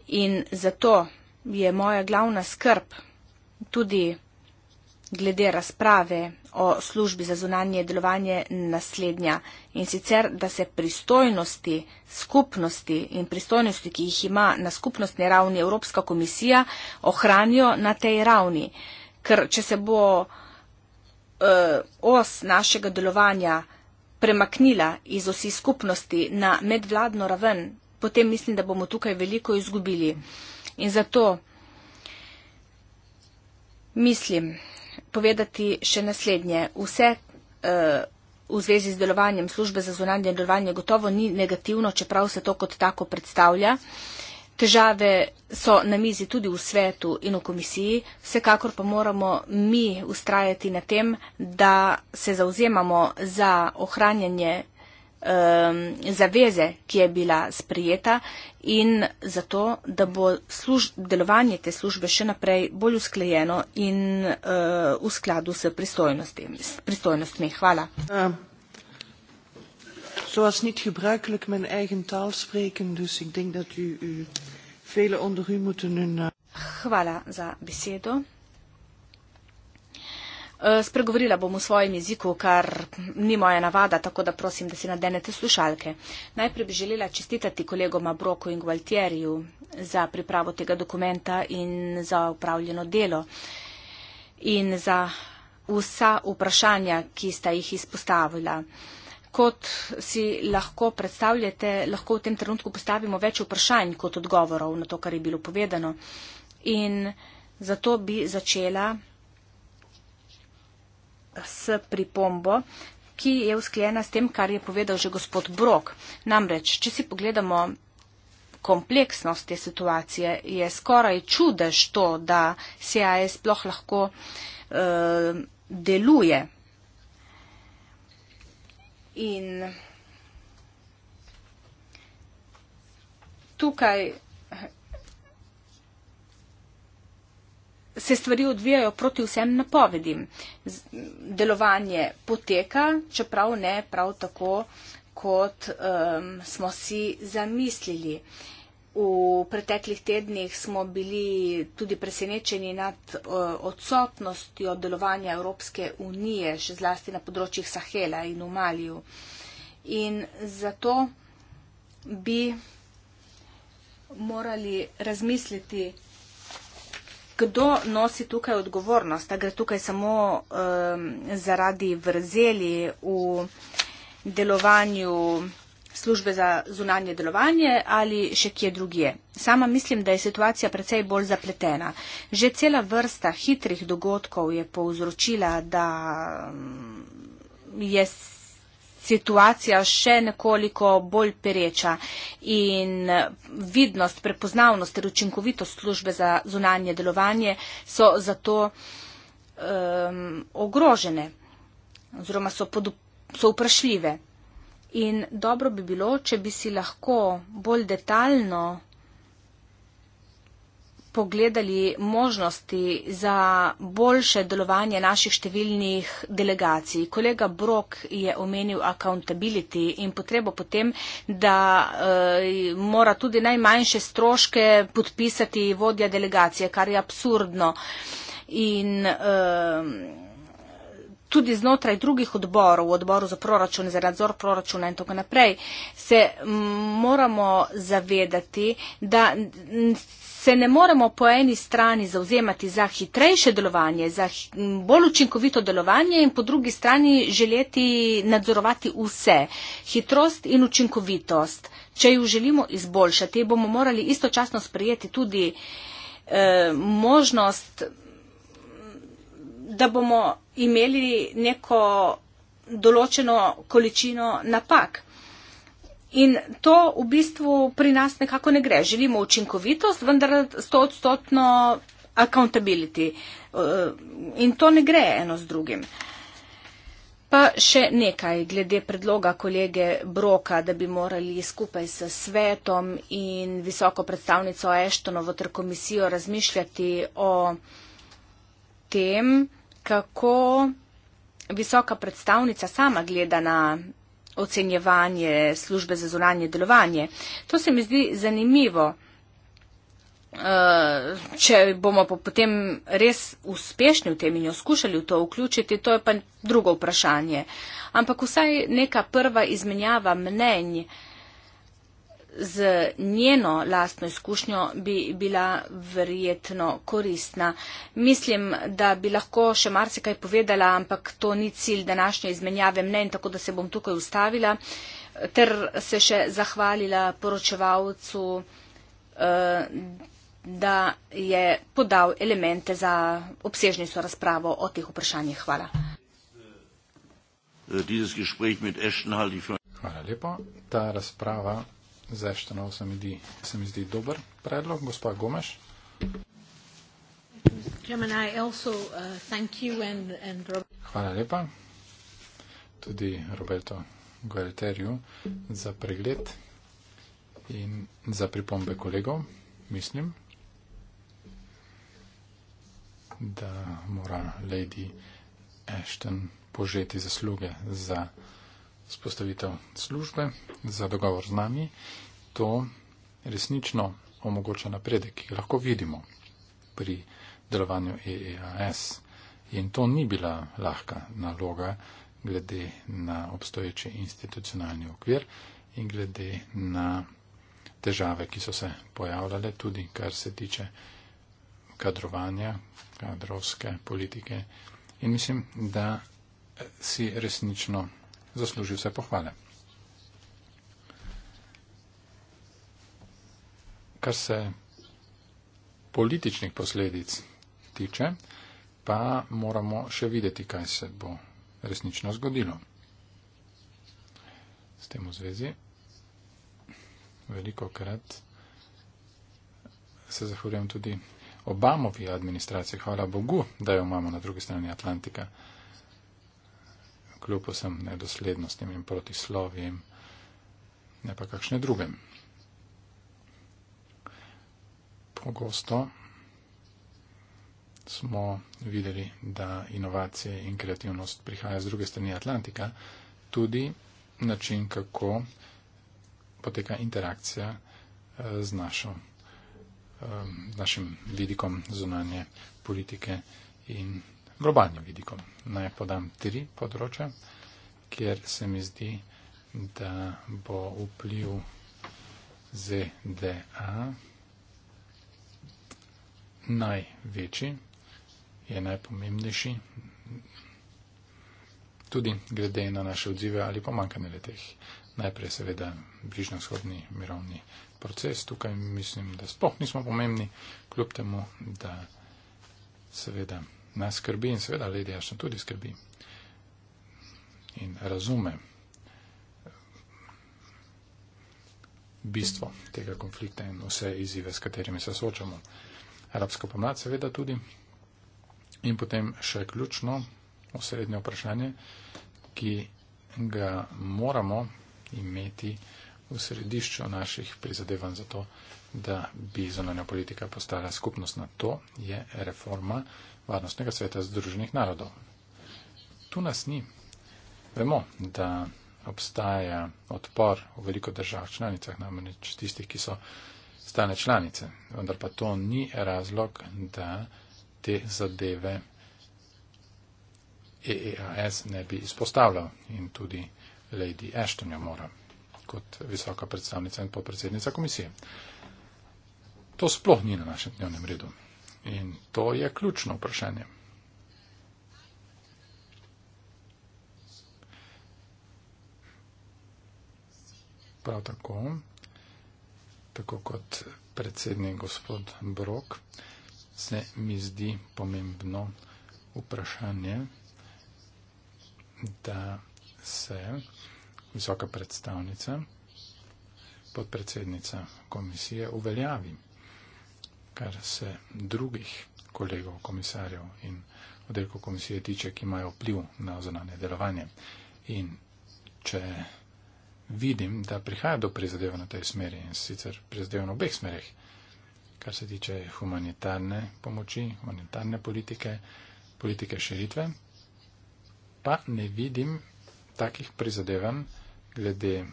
In zato je moja glavna skrb tudi glede razprave o službi za zunanje delovanje naslednja in sicer, da se pristojnosti skupnosti in pristojnosti, ki jih ima na skupnostni ravni Evropska komisija, ohranijo na tej ravni. Ker če se bo eh, os našega delovanja premaknila iz osi skupnosti na medvladno raven, potem mislim, da bomo tukaj veliko izgubili. In zato mislim, povedati še naslednje. Vse eh, v zvezi z delovanjem službe za zunanje delovanje gotovo ni negativno, čeprav se to kot tako predstavlja. Težave so na mizi tudi v svetu in v komisiji, vsekakor pa moramo mi ustrajati na tem, da se zauzemamo za ohranjanje um, zaveze, ki je bila sprijeta in zato, da bo služ, delovanje te službe še naprej bolj usklejeno in uh, v skladu s pristojnostmi. Hvala. Ehm, zoals niet gebruikelijk mijn eigen taal spreken, dus ik denk dat u, u, velen onder u moeten hun. Uh... Eh, Hvala za besedo. Eh, spregovorila bom v svojem jeziku, kar ni moja navada, tako da prosim, da si nadenete slušalke. Najprej bi želela čestitati kolegoma Broku in Gualtjeriju za pripravo tega dokumenta in za upravljeno delo in za vsa vprašanja, ki sta jih izpostavila. Kot si lahko predstavljate, lahko v tem trenutku postavimo več vprašanj kot odgovorov na to, kar je bilo povedano. In zato bi začela s pripombo, ki je usklajena s tem, kar je povedal že gospod Brok. Namreč, če si pogledamo kompleksnost te situacije, je skoraj čudež to, da CIA sploh lahko uh, deluje. In tukaj se stvari odvijajo proti vsem napovedim. Delovanje poteka, čeprav ne prav tako, kot um, smo si zamislili. V preteklih tednih smo bili tudi presenečeni nad odsotnostjo delovanja Evropske unije, še zlasti na področjih Sahela in v Maliju. In zato bi morali razmisliti kdo nosi tukaj odgovornost? Da gre tukaj samo um, zaradi vrzeli v delovanju službe za zunanje delovanje ali še kje drugje. Sama mislim, da je situacija precej bolj zapletena. Že cela vrsta hitrih dogodkov je povzročila, da je situacija še nekoliko bolj pereča in eh, vidnost, prepoznavnost ter učinkovitost službe za zunanje delovanje so zato um, ogrožene oziroma so, pod, so vprašljive. In dobro bi bilo, če bi si lahko bolj detaljno pogledali možnosti za boljše delovanje naših številnih delegacij. Kolega Brok je omenil accountability in potrebo potem, da e, mora tudi najmanjše stroške podpisati vodja delegacije, kar je absurdno. In, e, tudi znotraj drugih odborov, odboru za proračun, za nadzor proračuna in tako naprej, se moramo zavedati, da se ne moremo po eni strani zauzemati za hitrejše delovanje, za bolj učinkovito delovanje in po drugi strani želeti nadzorovati vse, hitrost in učinkovitost. Če ju želimo izboljšati, bomo morali istočasno sprejeti tudi eh, možnost, da bomo imeli neko določeno količino napak. In to v bistvu pri nas nekako ne gre. Želimo učinkovitost, vendar stotstotno accountability. Eh, in to ne gre eno z drugim. Pa še nekaj glede predloga kolege Broka, da bi morali skupaj s svetom in visoko predstavnico Eštonovo ter komisijo razmišljati o tem, kako visoka predstavnica sama gleda na ocenjevanje službe za zunanje delovanje. To se mi zdi zanimivo. Eh, če bomo pa potem res uspešni v tem in jo skušali v to vključiti, to je pa drugo vprašanje. Ampak vsaj neka prva izmenjava mnenj, uh, z njeno lastno izkušnjo bi bila verjetno koristna. Mislim, da bi lahko še marsikaj povedala, ampak to ni cilj današnje izmenjave mnen, tako da se bom tukaj ustavila ter se še zahvalila poročevalcu, eh, da je podal elemente za obsežnejšo razpravo o teh vprašanjih. Hvala. Hvala lepa.
Ta razprava Zeštano se mi, di, se mi zdi dober predlog. Gospa Gomeš. Uh, Hvala lepa. Tudi Roberto Gualterju za pregled in za pripombe kolegov. Mislim, da mora Lady Ashton požeti zasluge za spostavitev službe, za dogovor z nami to resnično omogoča napredek, ki ga lahko vidimo pri delovanju EEAS. In to ni bila lahka naloga glede na obstoječi institucionalni okvir in glede na težave, ki so se pojavljale, tudi kar se tiče kadrovanja, kadrovske politike. In mislim, da si resnično zaslužil vse pohvale. kar se političnih posledic tiče, pa moramo še videti, kaj se bo resnično zgodilo. S tem v zvezi veliko krat se zahvaljujem tudi Obamovi administraciji. Hvala Bogu, da jo imamo na drugi strani Atlantika. Kljub vsem nedoslednostim in protislovjem, ne pa kakšne drugem. pogosto smo videli, da inovacije in kreativnost prihaja z druge strani Atlantika, tudi način, kako poteka interakcija eh, z, našo, z eh, našim vidikom zunanje politike in globalnim vidikom. Naj podam tri področja, kjer se mi zdi, da bo vpliv ZDA največji, je najpomembnejši, tudi glede na naše odzive ali pomankanje leteh. Najprej seveda bližnjo-vzhodni mirovni proces, tukaj mislim, da spoh nismo pomembni, kljub temu, da seveda nas skrbi in seveda Lady Ashton tudi skrbi in razume bistvo tega konflikta in vse izzive, s katerimi se soočamo arabska pomlad, seveda tudi. In potem še ključno, osrednje vprašanje, ki ga moramo imeti v središču naših prizadevanj za to, da bi zonanja politika postala skupnost na to, je reforma Varnostnega sveta Združenih narodov. Tu nas ni. Vemo, da obstaja odpor v veliko držav članicah, namreč tistih, ki so stane članice. Vendar pa to ni razlog, da te zadeve EEAS ne bi izpostavljal in tudi Lady Ashton jo mora kot visoka predstavnica in podpredsednica komisije. To sploh ni na našem dnevnem redu in to je ključno vprašanje. Prav tako tako kot predsednik gospod Brok, se mi zdi pomembno vprašanje, da se visoka predstavnica, podpredsednica komisije uveljavi, kar se drugih kolegov, komisarjev in oddelkov komisije tiče, ki imajo vpliv na zonanje delovanje. In če vidim, da prihaja do prizadevanja v tej smeri in sicer prizadevanja v obeh smerih, kar se tiče humanitarne pomoči, humanitarne politike, politike širitve, pa ne vidim takih prizadevanj glede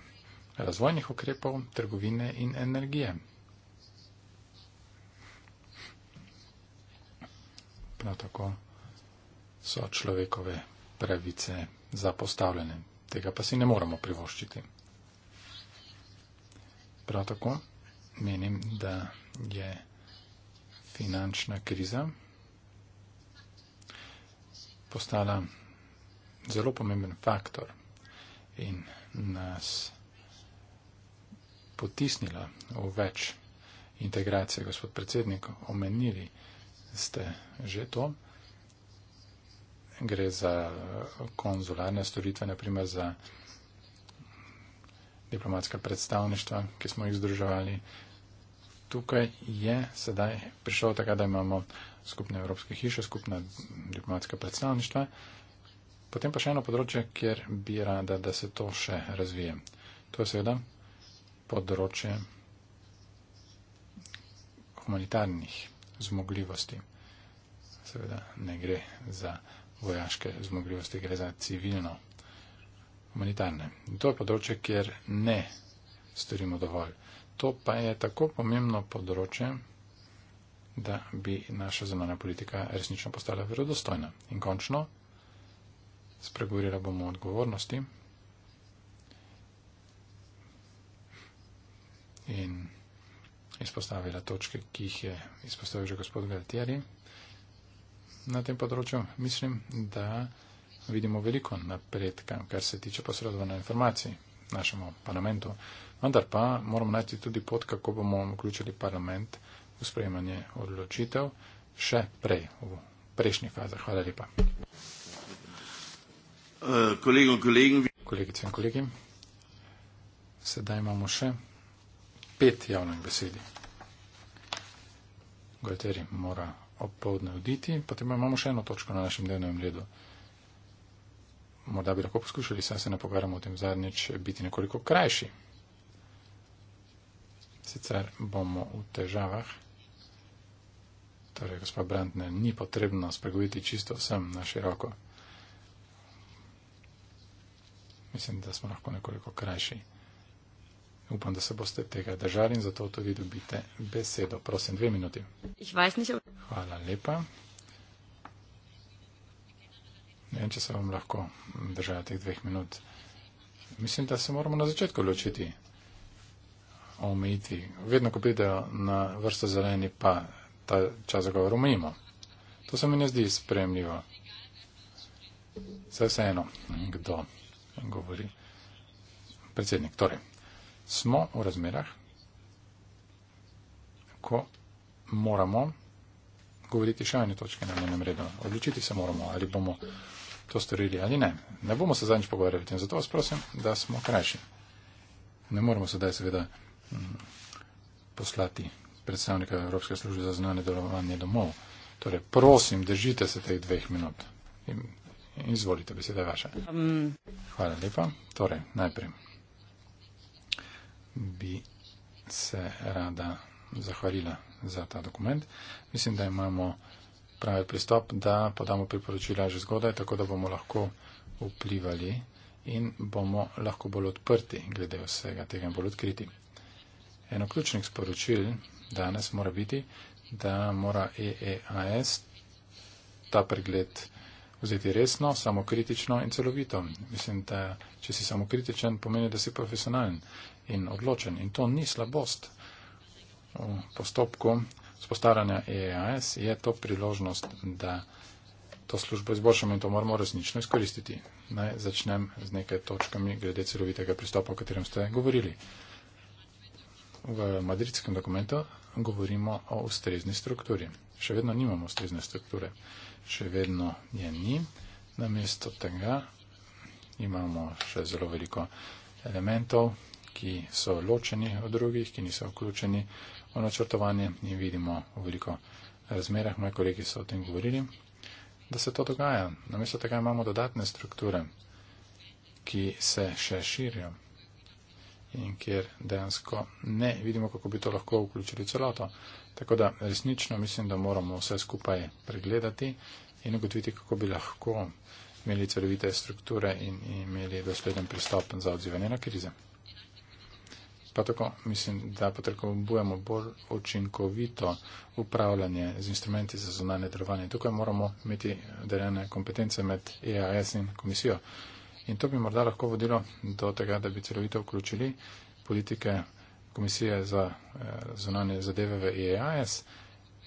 razvojnih ukrepov, trgovine in energije. Prav tako so človekove pravice zapostavljene. Tega pa si ne moramo privoščiti. Prav tako menim, da je finančna kriza postala zelo pomemben faktor in nas potisnila v več integracije, gospod predsednik, omenili ste že to. Gre za konzularne storitve, naprimer za diplomatska predstavništva, ki smo jih združovali. Tukaj je sedaj prišlo tako, da imamo skupne evropske hiše, skupne diplomatske predstavništva. Potem pa še eno področje, kjer bi rada, da se to še razvije. To je seveda področje humanitarnih zmogljivosti. Seveda ne gre za vojaške zmogljivosti, gre za civilno humanitarne. In to je področje, kjer ne storimo dovolj. To pa je tako pomembno področje, da bi naša zemljana politika resnično postala verodostojna. In končno, spregovorila bomo o odgovornosti in izpostavila točke, ki jih je izpostavil že gospod Galtieri na tem področju. Mislim, da vidimo veliko napredka, kar se tiče posredovanja informacij našemu parlamentu. Vendar pa moramo najti tudi pot, kako bomo vključili parlament v sprejemanje odločitev še prej, v prejšnjih fazah. Hvala lepa. Eh, kolegom, kolegim. Kolegice in kolegi, sedaj imamo še pet javnih besedi. Gojteri mora ob povdne oditi, potem imamo še eno točko na našem dnevnem redu morda bi lahko poskušali, saj se ne pogovarjamo o tem zadnjič, biti nekoliko krajši. Sicer bomo v težavah. Torej, gospod Brantne, ni potrebno spregovoriti čisto vsem na široko. Mislim, da smo lahko nekoliko krajši. Upam, da se boste tega držali in zato tudi dobite besedo. Prosim, dve minuti. Hvala lepa. Ne, če se vam lahko držati teh dveh minut. Mislim, da se moramo na začetku ločiti o omejitvi. Vedno, ko pridejo na vrsto zeleni, pa ta čas za govor omejimo. To se mi ne zdi spremljivo. Saj vseeno, kdo govori. Predsednik, torej, smo v razmerah, ko moramo govoriti še o eni točki na menem redu. Odločiti se moramo, ali bomo to storili ali ne. Ne bomo se zadnjič pogovarjali o tem, zato vas prosim, da smo krajši. Ne moremo sedaj seveda mm, poslati predstavnika Evropske službe za znanje delovanje domov. Torej, prosim, držite se teh dveh minut in, in izvolite, beseda je vaša. Um. Hvala lepa. Torej, najprej bi se rada zahvalila za ta dokument. Mislim, da imamo pravi pristop, da podamo priporočila že zgodaj, tako da bomo lahko vplivali in bomo lahko bolj odprti glede vsega tega in bolj odkriti. Eno ključnih sporočil danes mora biti, da mora EEAS ta pregled vzeti resno, samokritično in celovito. Mislim, da če si samokritičen, pomeni, da si profesionalen in odločen. In to ni slabost v postopku spostavljanja e EAS, je to priložnost, da to službo izboljšamo in to moramo resnično izkoristiti. Naj začnem z nekaj točkami glede celovitega pristopa, o katerem ste govorili. V madridskem dokumentu govorimo o ustrezni strukturi. Še vedno nimamo ustrezne strukture. Še vedno je ni. Namesto tega imamo še zelo veliko elementov, ki so ločeni od drugih, ki niso vključeni o načrtovanje in vidimo v veliko razmerah, moji kolegi so o tem govorili, da se to dogaja. Namesto tega imamo dodatne strukture, ki se še širijo in kjer dejansko ne vidimo, kako bi to lahko vključili celoto. Tako da resnično mislim, da moramo vse skupaj pregledati in ugotoviti, kako bi lahko imeli celovite strukture in imeli dosleden pristop za odzivanje na krize. Pa tako mislim, da potrebujemo bolj učinkovito upravljanje z instrumenti za zunanje delovanje. Tukaj moramo imeti deljene kompetence med EAS in komisijo. In to bi morda lahko vodilo do tega, da bi celovito vključili politike komisije za eh, zunanje zadeve v EAS.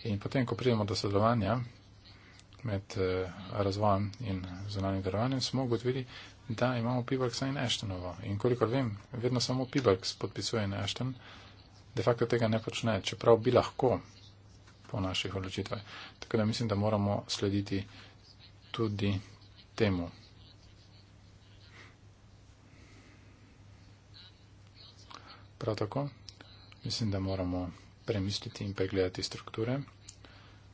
In potem, ko pridemo do sodelovanja med eh, razvojem in zunanjim delovanjem, smo ugotovili, Da, imamo Pibrksa in Ashtonovo. In kolikor vem, vedno samo Pibrks podpisuje in Ashton, de facto tega ne počne, čeprav bi lahko po naših odločitvah. Tako da mislim, da moramo slediti tudi temu. Prav tako mislim, da moramo premisliti in pregledati strukture,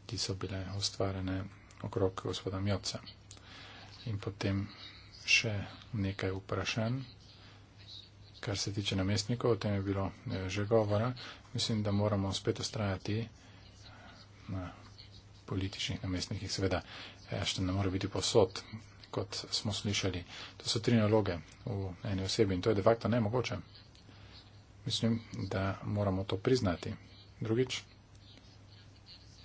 ki so bile ustvarjene okrog gospoda Mjotca. In potem še nekaj vprašanj, kar se tiče namestnikov, o tem je bilo eh, že govora. Mislim, da moramo spet ostrajati na političnih namestnikih, seveda, što ne more biti posod, kot smo slišali. To so tri naloge v eni osebi in to je de facto nemogoče. Mislim, da moramo to priznati. Drugič,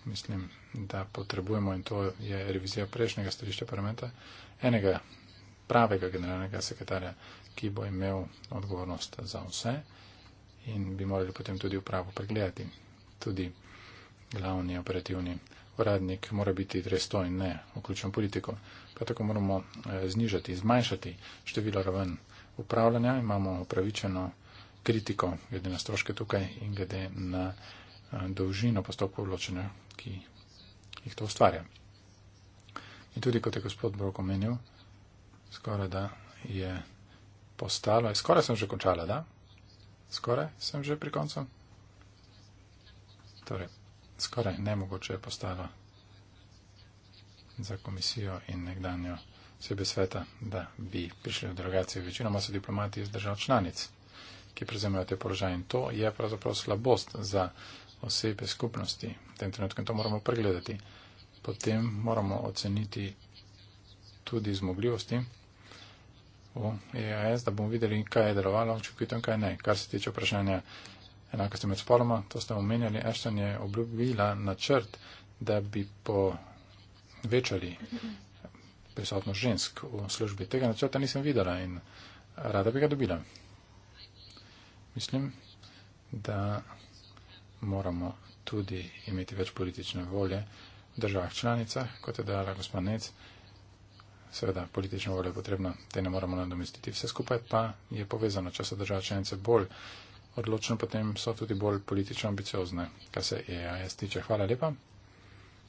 mislim, da potrebujemo, in to je revizija prejšnjega stališča parlamenta, enega pravega generalnega sekretarja, ki bo imel odgovornost za vse in bi morali potem tudi upravo pregledati. Tudi glavni operativni uradnik mora biti drestoj in ne vključen politiko. Pa tako moramo eh, znižati, zmanjšati število raven upravljanja. Imamo upravičeno kritiko glede na stroške tukaj in glede na eh, dolžino postopkov vločenja, ki jih to ustvarja. In tudi, kot je gospod Brok omenil, skoraj da je postalo. Skoraj sem že končala, da? Skoraj sem že pri koncu? Torej, skoraj nemogoče je postalo za komisijo in nekdanjo sebe sveta, da bi prišli v delegacijo. Večinoma so diplomati iz držav članic, ki prezemajo te položaje. In to je pravzaprav slabost za osebe skupnosti v tem trenutku in to moramo pregledati. Potem moramo oceniti tudi zmogljivosti v EAS, da bomo videli, kaj je delovalo učinkovito in kaj ne. Kar se tiče vprašanja enakosti med spoloma, to ste omenjali, Ashton je obljubila načrt, da bi povečali prisotnost žensk v službi. Tega načrta nisem videla in rada bi ga dobila. Mislim, da moramo tudi imeti več politične volje v državah članicah, kot je dala gospod Nec seveda politična volja je potrebna, te ne moramo nadomestiti. Vse skupaj pa je povezano, če so države članice bolj odločne, potem so tudi bolj politično ambiciozne, kar se EAS tiče. Hvala lepa.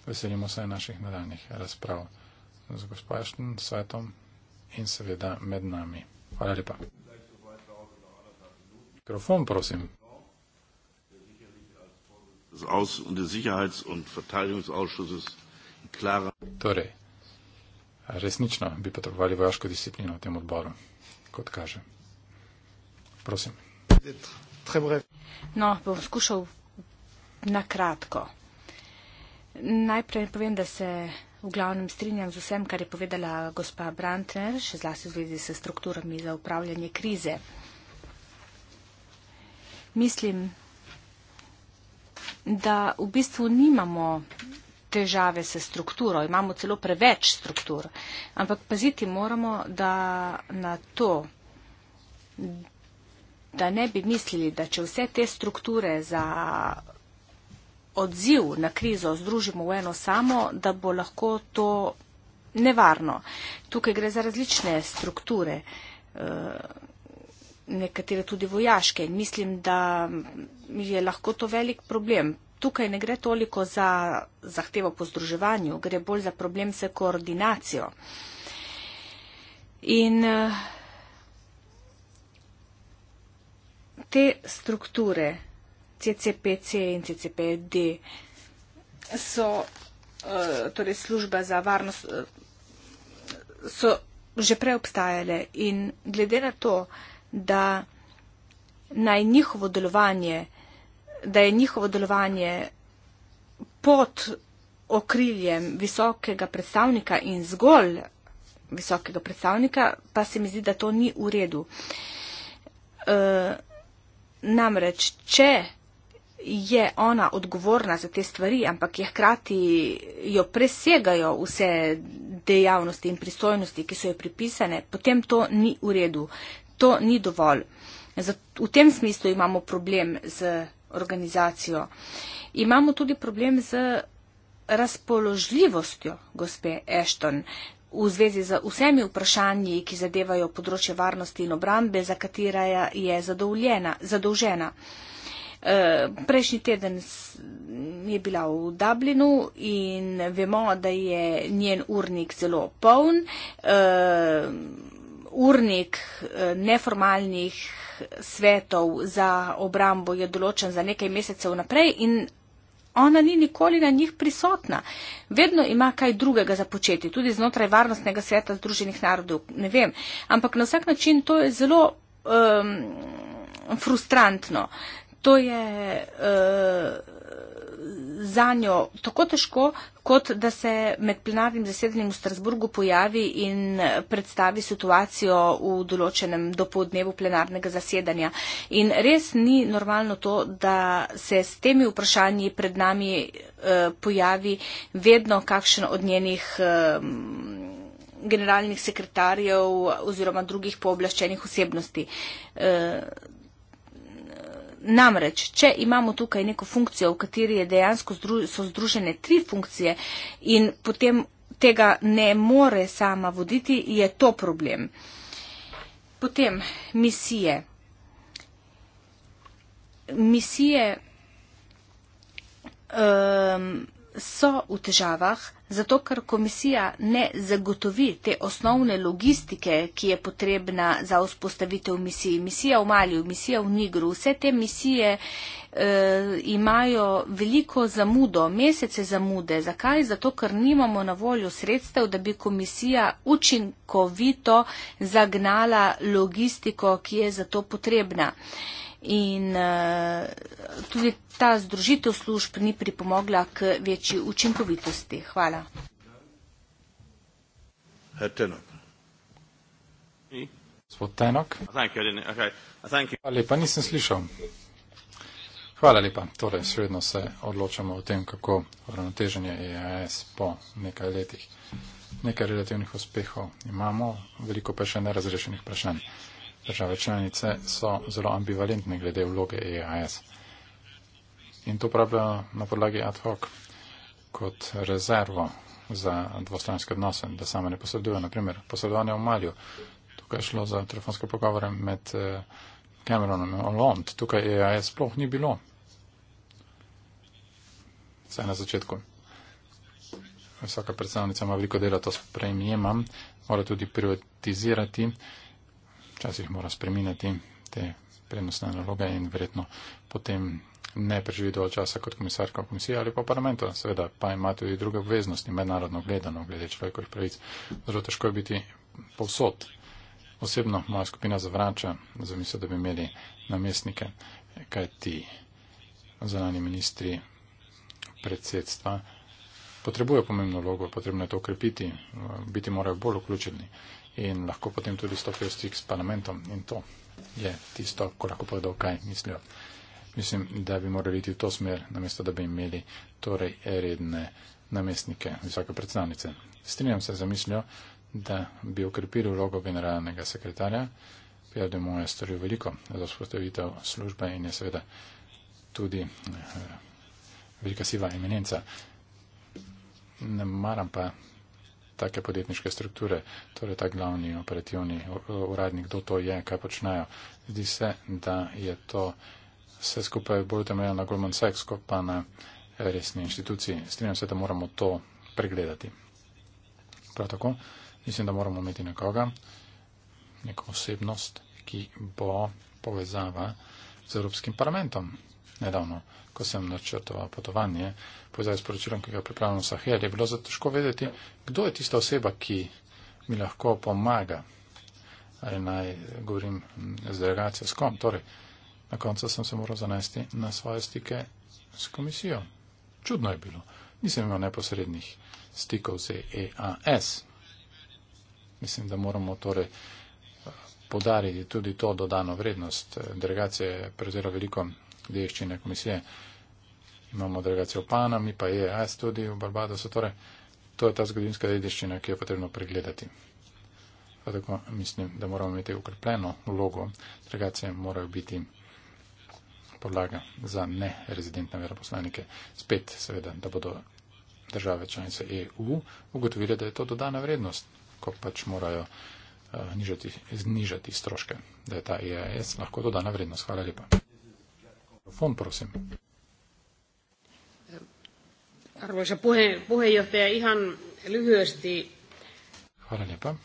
Veselimo se naših nadaljnih razprav z gospodarskim svetom in seveda med nami. Hvala lepa. Mikrofon, prosim. Torej, resnično bi potrebovali vojaško disciplino v tem odboru, kot kaže. Prosim.
No, bom skušal na kratko. Najprej povem, da se v glavnem strinjam z vsem, kar je povedala gospa Brantner, še zlasti v zvezi s strukturami za upravljanje krize. Mislim, da v bistvu nimamo težave s strukturo, imamo celo preveč struktur. Ampak paziti moramo, da na to, da ne bi mislili, da če vse te strukture za odziv na krizo združimo v eno samo, da bo lahko to nevarno. Tukaj gre za različne strukture, eh, nekatere tudi vojaške. Mislim, da je lahko to velik problem tukaj ne gre toliko za zahtevo po združevanju, gre bolj za problem s koordinacijo. In eh, te strukture CCPC in CCPD so eh, torej služba za varnost, eh, so že prej obstajale in glede na to, da naj njihovo delovanje da je njihovo delovanje pod okriljem visokega predstavnika in zgolj visokega predstavnika, pa se mi zdi, da to ni v redu. E, namreč, če je ona odgovorna za te stvari, ampak je hkrati jo presegajo vse dejavnosti in pristojnosti, ki so jo pripisane, potem to ni v redu. To ni dovolj. Zato, v tem smislu imamo problem z organizacijo. Imamo tudi problem z razpoložljivostjo gospe Ashton v zvezi z vsemi vprašanji, ki zadevajo področje varnosti in obrambe, za katera je zadolžena. E, prejšnji teden je bila v Dublinu in vemo, da je njen urnik zelo poln. E, urnik eh, neformalnih svetov za obrambo je določen za nekaj mesecev naprej in ona ni nikoli na njih prisotna. Vedno ima kaj drugega za početi, tudi znotraj Varnostnega sveta Združenih narodov, ne vem. Ampak na vsak način to je zelo um, frustrantno. To je. Uh, za njo tako težko, kot da se med plenarnim zasedanjem v Strasburgu pojavi in predstavi situacijo v določenem dopodnevu plenarnega zasedanja. In res ni normalno to, da se s temi vprašanji pred nami eh, pojavi vedno kakšen od njenih. Eh, generalnih sekretarjev oziroma drugih pooblaščenih osebnosti. Eh, Namreč, če imamo tukaj neko funkcijo, v kateri dejansko so združene tri funkcije in potem tega ne more sama voditi, je to problem. Potem misije. Misije. Um, so v težavah, zato ker komisija ne zagotovi te osnovne logistike, ki je potrebna za vzpostavitev misije. Misija v Maliju, misija v Nigru, vse te misije e, imajo veliko zamudo, mesece zamude. Zakaj? Zato, ker nimamo na voljo sredstev, da bi komisija učinkovito zagnala logistiko, ki je za to potrebna. E, in eh, tudi ta združitev služb ni pripomogla k večji učinkovitosti. Hvala.
Oh,
oh, Hvala, nisem slišal. Hvala lepa. Torej, sredno se odločamo o tem, kako uravnoteženje EAS po nekaj letih. Nekaj relativnih uspehov imamo, veliko pa še nerazrešenih vprašanj. Države članice so zelo ambivalentne glede vloge EAS. In to pravijo na podlagi ad hoc kot rezervo za dvostranske odnose, da same ne posredujejo. Naprimer, posredovanje v Malju. Tukaj je šlo za telefonske pogovore med eh, Cameronom in Hollande. Tukaj EAS sploh ni bilo. Vsaj na začetku. Vsaka predstavnica ima veliko dela, to sprejemam. Mora tudi privatizirati včasih mora spreminjati te prednostne naloge in verjetno potem ne preživi dovolj časa kot komisarka komisije ali pa parlamenta. Seveda pa ima tudi druge obveznosti, mednarodno gledano, glede človekovih pravic. Zelo težko je biti povsod. Osebno moja skupina zavrača za misel, da bi imeli namestnike, kaj ti zanani ministri predsedstva potrebujejo pomembno vlogo, potrebno je to ukrepiti, biti morajo bolj vključeni in lahko potem tudi stopijo v stik s parlamentom in to je tisto, ko lahko povedo, kaj mislijo. Mislim, da bi morali iti v to smer, namesto da bi imeli torej redne namestnike, visoke predstavnice. Strinjam se za mislijo, da bi ukrepili vlogo generalnega sekretarja, Pierre de Moe je storil veliko za vzpostavitev službe in je seveda tudi eh, velika siva eminenca. Ne maram pa take podjetniške strukture, torej ta glavni operativni uradnik, kdo to je, kaj počnejo. Zdi se, da je to vse skupaj bolj temeljeno na Goldman Sachs, kot pa na resni inštituciji. Strinjam se, da moramo to pregledati. Prav tako mislim, da moramo imeti nekoga, neko osebnost, ki bo povezava z Evropskim parlamentom nedavno, ko sem načrtoval potovanje, povezal s poročilom, ki ga pripravljam v Sahel, je bilo zato težko vedeti, kdo je tista oseba, ki mi lahko pomaga. Ali naj govorim z delegacijo, s kom. Torej, na koncu sem se moral zanesti na svoje stike s komisijo. Čudno je bilo. Nisem imel neposrednih stikov z EAS. Mislim, da moramo torej eh, podariti tudi to dodano vrednost. Delegacija je prevzela veliko deščine komisije. Imamo delegacijo Pana, mi pa je AS tudi v Barbadosu. Torej, to je ta zgodovinska deščina, ki jo je potrebno pregledati. Pa tako mislim, da moramo imeti ukrepljeno vlogo. Delegacije morajo biti podlaga za nerezidentne veroposlanike. Spet, seveda, da bodo države članice EU ugotovile, da je to dodana vrednost, ko pač morajo uh, nižati, znižati stroške, da je ta EAS lahko dodana vrednost. Hvala lepa. Mikrofon, prosim.
Arvoisa puhe, puheenjohtaja, ihan lyhyesti.
Hvala lepa.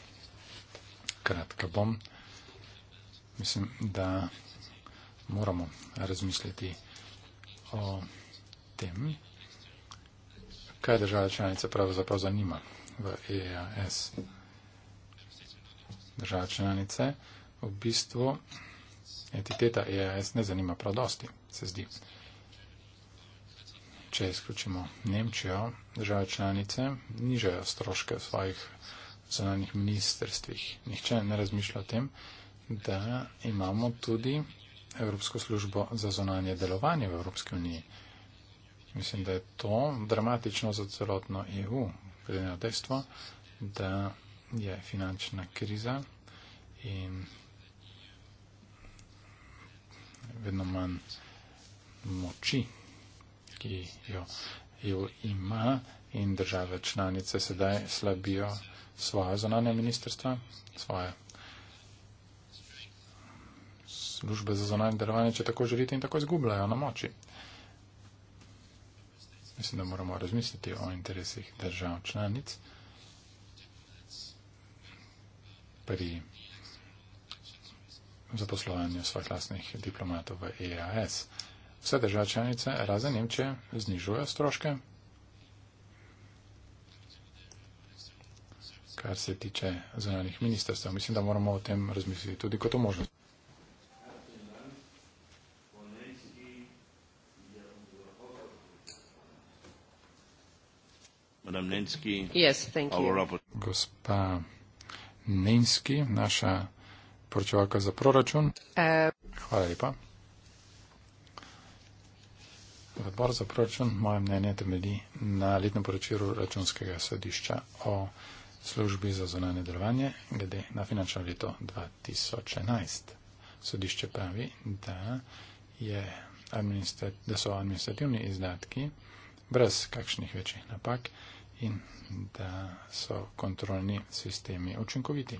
Kratka bom. Mislim, da moramo razmisliti o tem, kaj države članice pravzaprav zanima v EAS. Države članice v bistvu entiteta EAS ne zanima prav dosti, se zdi. Če izključimo Nemčijo, države članice nižajo stroške v svojih zunanjih ministerstvih. Nihče ne razmišlja o tem, da imamo tudi Evropsko službo za zunanje delovanje v Evropski uniji. Mislim, da je to dramatično za celotno EU, glede na dejstvo, da je finančna kriza in vedno manj moči, ki jo, jo ima in države članice sedaj slabijo svoje zonanje ministrstva, svoje službe za zonanje delovanje, če tako želite, in tako izgubljajo na moči. Mislim, da moramo razmisliti o interesih držav članic pri za poslovanje svojih vlastnih diplomatov v EAS. Vse države članice, razen Nemčije, znižujejo stroške. kar se tiče zunanjih ministrstev. Mislim, da moramo o tem razmisliti tudi kot o možnosti.
Yes,
Gospa Nenski, naša poročevalka za proračun. E... Hvala lepa. Odbor za proračun, moje mnenje temelji na letnem poročilu računskega sodišča o službi za zunanje delovanje glede na finančno leto 2011. Sodišče pravi, da, je, da so administrativni izdatki brez kakšnih večjih napak in da so kontrolni sistemi učinkoviti.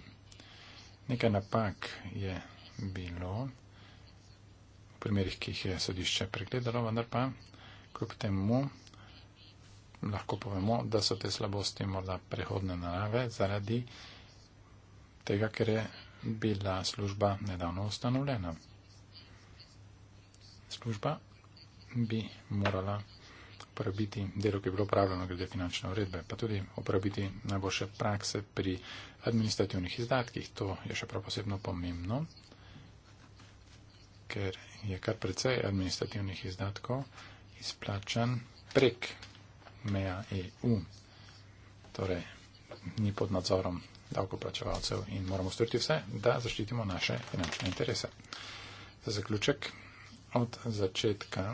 Nekaj napak je bilo v primerih, ki jih je sodišče pregledalo, vendar pa kljub temu lahko povemo, da so te slabosti morda prehodne narave zaradi tega, ker je bila služba nedavno ustanovljena. Služba bi morala uporabiti delo, ki je bilo upravljeno glede finančne uredbe, pa tudi uporabiti najboljše prakse pri administrativnih izdatkih. To je še prav posebno pomembno, ker je kar precej administrativnih izdatkov izplačan prek meja EU, torej ni pod nadzorom davkoplačevalcev in moramo storiti vse, da zaščitimo naše finančne interese. Za zaključek, od začetka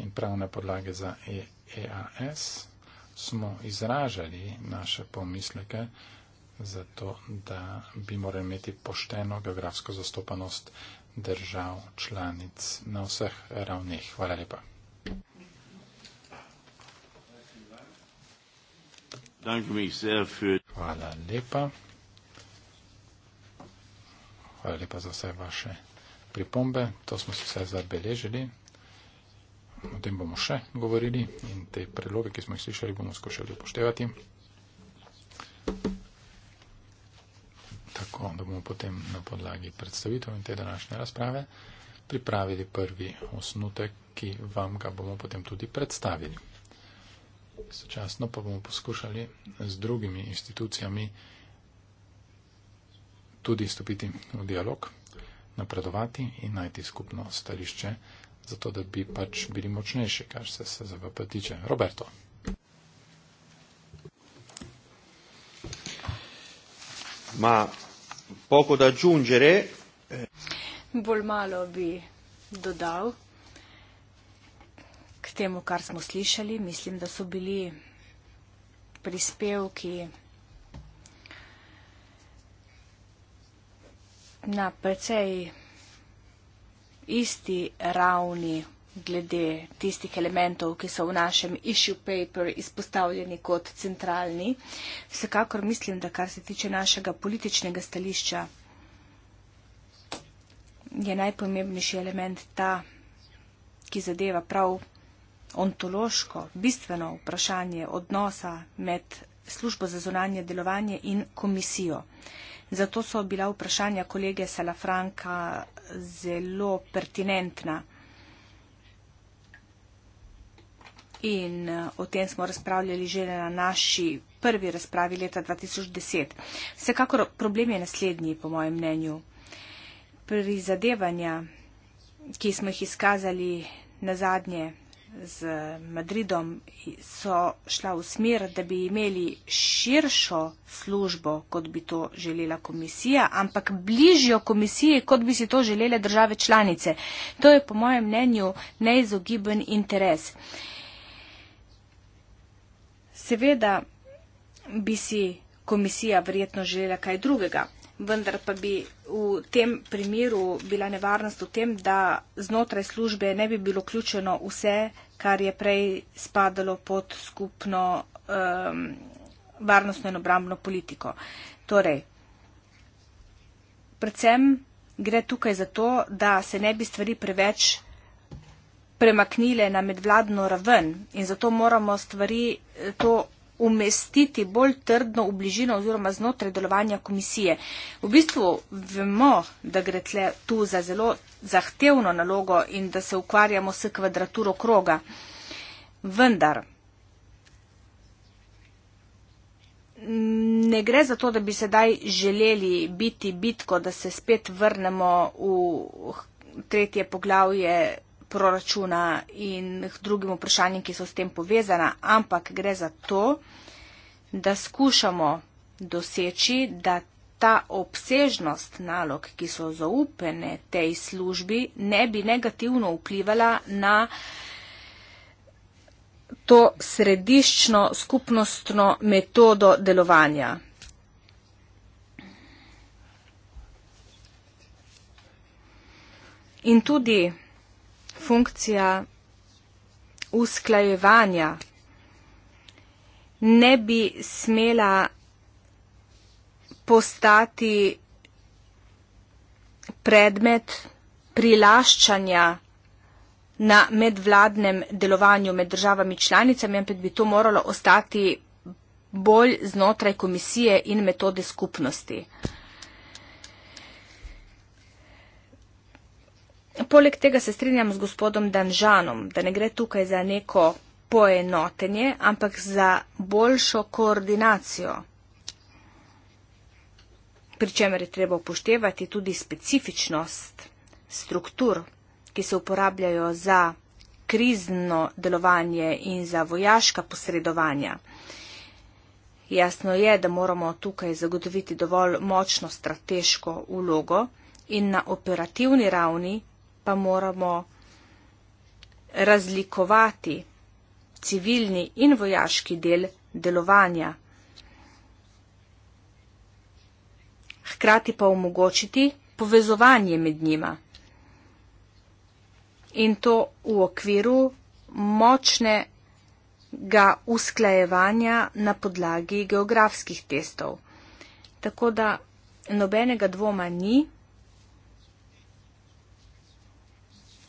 in pravne podlage za EAS, e smo izražali naše pomisleke za to, da bi morali imeti pošteno geografsko zastopanost držav članic na vseh ravneh. Hvala lepa. Hvala lepa. Hvala lepa za vse vaše pripombe. To smo se vse zabeležili o tem bomo še govorili in te predloge, ki smo jih slišali, bomo skušali upoštevati. Tako, da bomo potem na podlagi predstavitev in te današnje razprave pripravili prvi osnutek, ki vam ga bomo potem tudi predstavili. Sočasno pa bomo poskušali z drugimi institucijami tudi stopiti v dialog, napredovati in najti skupno stališče zato da bi pač bili močnejši, kar se ZVP tiče. Roberto.
Ma poco da aggiungere. Eh, Bolj malo bi dodal k temu, kar smo slišali. Mislim, da so bili prispevki na precej isti ravni glede tistih elementov, ki so v našem issue paper izpostavljeni kot centralni. Vsekakor mislim, da kar se tiče našega političnega stališča, je najpomembnejši element ta, ki zadeva prav ontološko, bistveno vprašanje odnosa med službo za zunanje delovanje in komisijo. Zato so bila vprašanja kolege Salafranka zelo pertinentna. In eh, o tem smo razpravljali že na naši prvi razpravi leta 2010. Vsekakor problem je naslednji, po mojem mnenju. Prizadevanja, ki smo jih izkazali na zadnje z Madridom so šla v smer, da bi imeli širšo službo, kot bi to želela komisija, ampak bližjo komisiji, kot bi si to želele države članice. To je po mojem mnenju neizogiben interes. Seveda bi si komisija verjetno želela kaj drugega vendar pa bi v tem primeru bila nevarnost v tem, da znotraj službe ne bi bilo vključeno vse, kar je prej spadalo pod skupno um, varnostno in obrambno politiko. Torej, predvsem gre tukaj za to, da se ne bi stvari preveč premaknile na medvladno raven in zato moramo stvari to umestiti bolj trdno v bližino oziroma znotraj delovanja komisije. V bistvu vemo, da gre tle tu za zelo zahtevno nalogo in da se ukvarjamo s kvadraturo kroga. Vendar ne gre za to, da bi sedaj želeli biti bitko, da se spet vrnemo v tretje poglavje proračuna in drugim vprašanjem, ki so s tem povezana, ampak gre za to, da skušamo doseči, da ta obsežnost nalog, ki so zaupene tej službi, ne bi negativno vplivala na to središčno skupnostno metodo delovanja. In tudi funkcija usklajevanja ne bi smela postati predmet prilaščanja na medvladnem delovanju med državami članicami, ampak bi to moralo ostati bolj znotraj komisije in metode skupnosti. Poleg tega se strinjam z gospodom Danžanom, da ne gre tukaj za neko poenotenje, ampak za boljšo koordinacijo. Pričemer je treba upoštevati tudi specifičnost struktur, ki se uporabljajo za krizno delovanje in za vojaška posredovanja. Jasno je, da moramo tukaj zagotoviti dovolj močno strateško ulogo in na operativni ravni pa moramo razlikovati civilni in vojaški del delovanja. Hkrati pa omogočiti povezovanje med njima. In to v okviru močnega usklajevanja na podlagi geografskih testov. Tako da nobenega dvoma ni,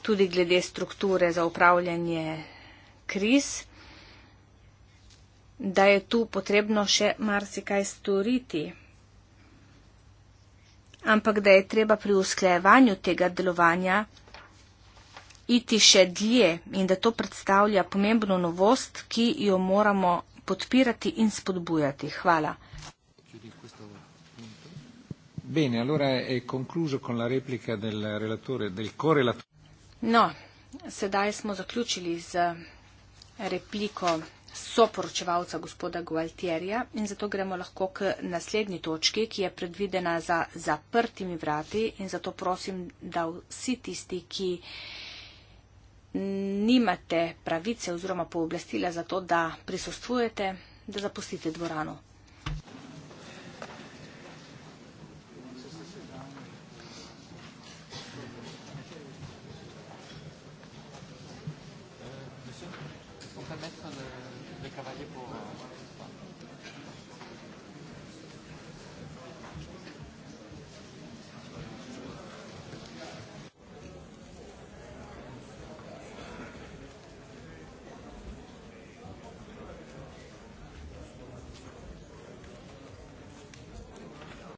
tudi glede strukture za upravljanje kriz, da je tu potrebno še marsikaj storiti. Ampak da je treba pri usklajevanju tega delovanja iti še dlje in da to predstavlja pomembno novost, ki jo moramo podpirati in spodbujati. Hvala.
Bene, allora è concluso con la replica del relatore, del correlatore.
No, sedaj smo zaključili z repliko soporočevalca gospoda Gualtierja in zato gremo lahko k naslednji točki, ki je predvidena za zaprtimi vrati in zato prosim, da vsi tisti, ki nimate pravice oziroma pooblastila za to, da prisostvujete, da zapustite dvorano.